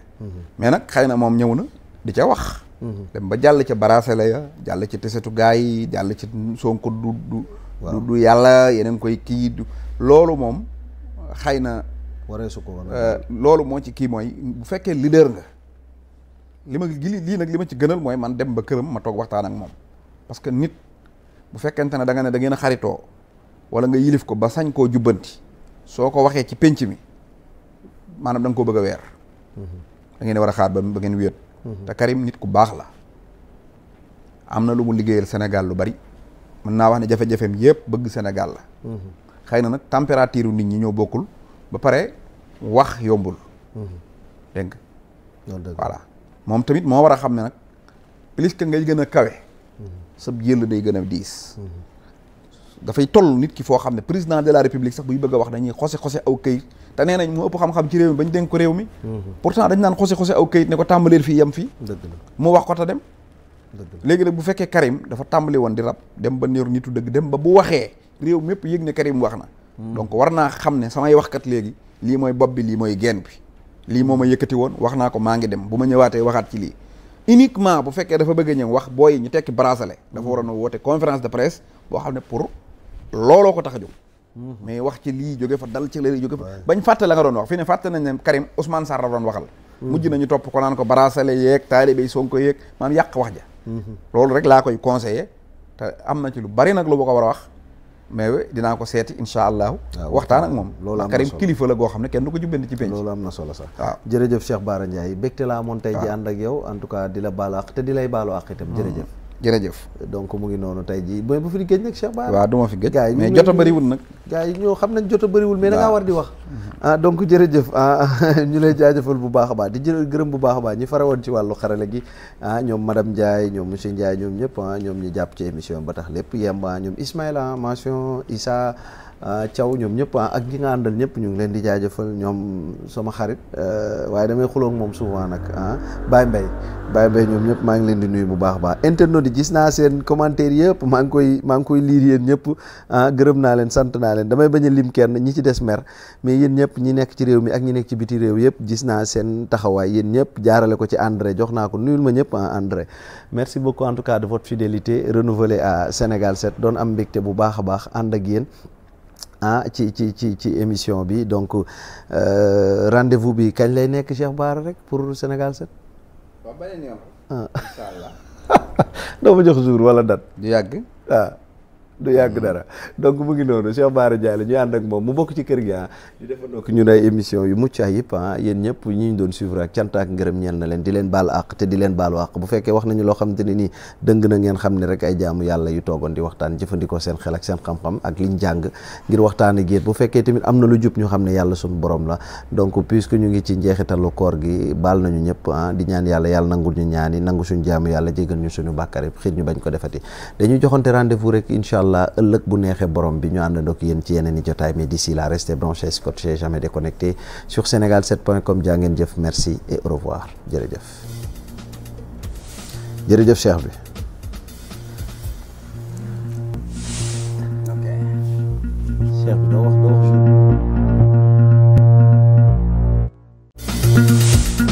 [SPEAKER 2] mais nag xëy na moom ñëw na di ca wax Mm-hmm. dem ba jàll ca Baraasale ya jàll ca tesetu gaay yi jàll ci Sonko du du du du yàlla yeneen koy kii du loolu moom xëy na wareesu ko euh, loolu moo ci kii mooy bu fekkee leader nga li ma gili lii nag li ma ci gënal mooy man dem ba këram ma toog waxtaan ak moom parce que nit bu fekkente ne da nga ne da ngeen xaritoo wala nga yilif ko ba sañ koo jubbanti soo ko waxee ci pénc mi maanaam da koo bëgg weer mm-hmm. da ngeen war a xaar ba ba ngeen wéet te Karim nit ku baax la am na lu mu liggéeyal senegal lu bari mën naa wax ne jafe-jafeem yëpp bëgg Sénégal la xëy na nag température nit ñi ñoo bokkul ba pare wax yombul dégg nga voilà moom tamit moo war a xam ne nag plus que ngay gën a kawe mm-hmm. sab jël day gën a diis mm-hmm. dafay toll nit ki foo xam ne président de la république sax buy bëgg a wax dañuy xose xose aw këyit te nee nañ mu ëpp xam-xam ci réew mi bañ dénk ko réew mi mhm. pourtant dañ naan xose xose aw këyit ne ko tàmbaleel fii yem fii mu wax ko ta dem léegi nag bu fekkee Karim dafa tàmbali woon di rab dem ba néeru nitu dëgg dem ba bu waxee réew mépp yëg ne Karim wax na mhm. donc war naa xam ne samay kat léegi lii mooy bopp bi lii mooy geen bi lii moo ma mhm. yëkkati woon wax naa ko maa ngi dem bu ma ñëwaatee ci lii uniquement bu fekkee dafa bëgg a ñëw wax booy ñu tekki bracelet dafa waroon a woote conférence de presse boo xam ne pour looloo ko tax a jóg mhm. mais wax ci lii jóge fa dal ci lii jóge fa bañ fàtte la nga doon wax fi ne fàtte nañ ne Karim Ousmane Sarr la doon waxal mhm. mujj nañu topp ko naan ko barasale yeeg taalibe Sonko yeeg maam yàq wax ja mhm. loolu rek laa koy conseillé te am na ci lu bari nag lu ma ko war a wax mais dinaa ko seeti insha allahu ah, waxtaan ak moom loolu am na solo Karim kilifa
[SPEAKER 1] la goo xam ne kenn du ko jubbandi ci penc loolu am na solo sax waaw ah. jërëjëf Cheikh Bara Ndiaye bégte laa moon tey ah. ak yow en tout cas di la baalu àq di lay baalu àq itam hmm. jërëjëf jërëjëf donc mu ngi noonu tey jii bu fi di géej nag Cheikh Bara waaw du ma fi géej gars yi mais a nag gars yi ñoo xam nañ joto bariwul bëriwul mais da ngaa war di wax mhm. ah donc jërëjëf ah ñu lay jaajëfal bu baax a baax di jël gërëm bu baax a baax ñi farawoon ci wàllu xarale gi ah ñoom madame Ndiaye ñoom monsieur Ndiaye ñoom ñëpp ah ñoom ñi jàpp ci émission ba tax lépp yemba ah, ñoom Ismaïla mention Issa Thiaw ah, ñoom ñëpp ah, ak ñi nga àndal ñëpp ñu ngi leen di jaajëfal ñoom sama xarit eh, waaye damay xuloog moom souvent nag ah Baye Mbaye Baye Mbaye ñoom ñëpp maa ngi leen di nuyu bu baax a baax internautes yi gis naa seen commentaire yëpp maa ngi koy maa ngi koy liir ñëpp ah, gërëm naa leen sant naa leen damay bañ a lim kenn ñi ci des mer mais yéen ñëpp ñi nekk ci réew mi ak ñi nekk ci biti réew yëpp gis naa seen taxawaay yéen ñëpp jaarale ko ci André jox naa ko nuyul ma ñëpp ah André merci beaucoup en tout cas de votre fidélité renouvelée à Sénégal 7 doon am bu baax a baax ànd ak yéen ah ci ci ci ci émission bi donc euh, rendez-vous bi kañ lay nekk Cheikh Bara rek pour Sénégal 7. waaw beneen ah. jox jour walla date. du yàgg ah. du yàgg mm-hmm. dara donc mu ngi noonu Cheikh Bara Ndiaye la ñu ànd ak moom mu bokk ci kër gi ah ñu defandoo ko ah. ñëpp ñi ñu doon suivre ak cant ak na leen di leen baal àq leen baalu àq bu fekkee wax nañu loo xamante ne nii na ngeen xam ne rek ay jaamu yàlla yu di waxtaan jëfandikoo seen xel ak seen xam-xam ak liñ jàng ngir waxtaan ak yéen bu fekkee tamit am na lu jub ñu xam ne yàlla suñu borom la donc puisque ñu ngi ci njeexitalu koor gi baal nañu ñëpp ah. di ñaan yàlla yàlla nangul ñu ñaani nangu suñu jaamu yàlla jégal ñu suñu bàkkaar yi xiir ñu bañ ko defati dañuy joxante rendez rek allah ëllëg bu neexee borom bi ñu àndandoo ak yéen ci yeneen i jotaay mais d'ici là restez branchés scotchés jamais déconnectés sur senegal7.com jaa ngeen jëf merci et au revoir jërëjëf. jërëjëf Cheikh bi. ok bi doo wax doo wax.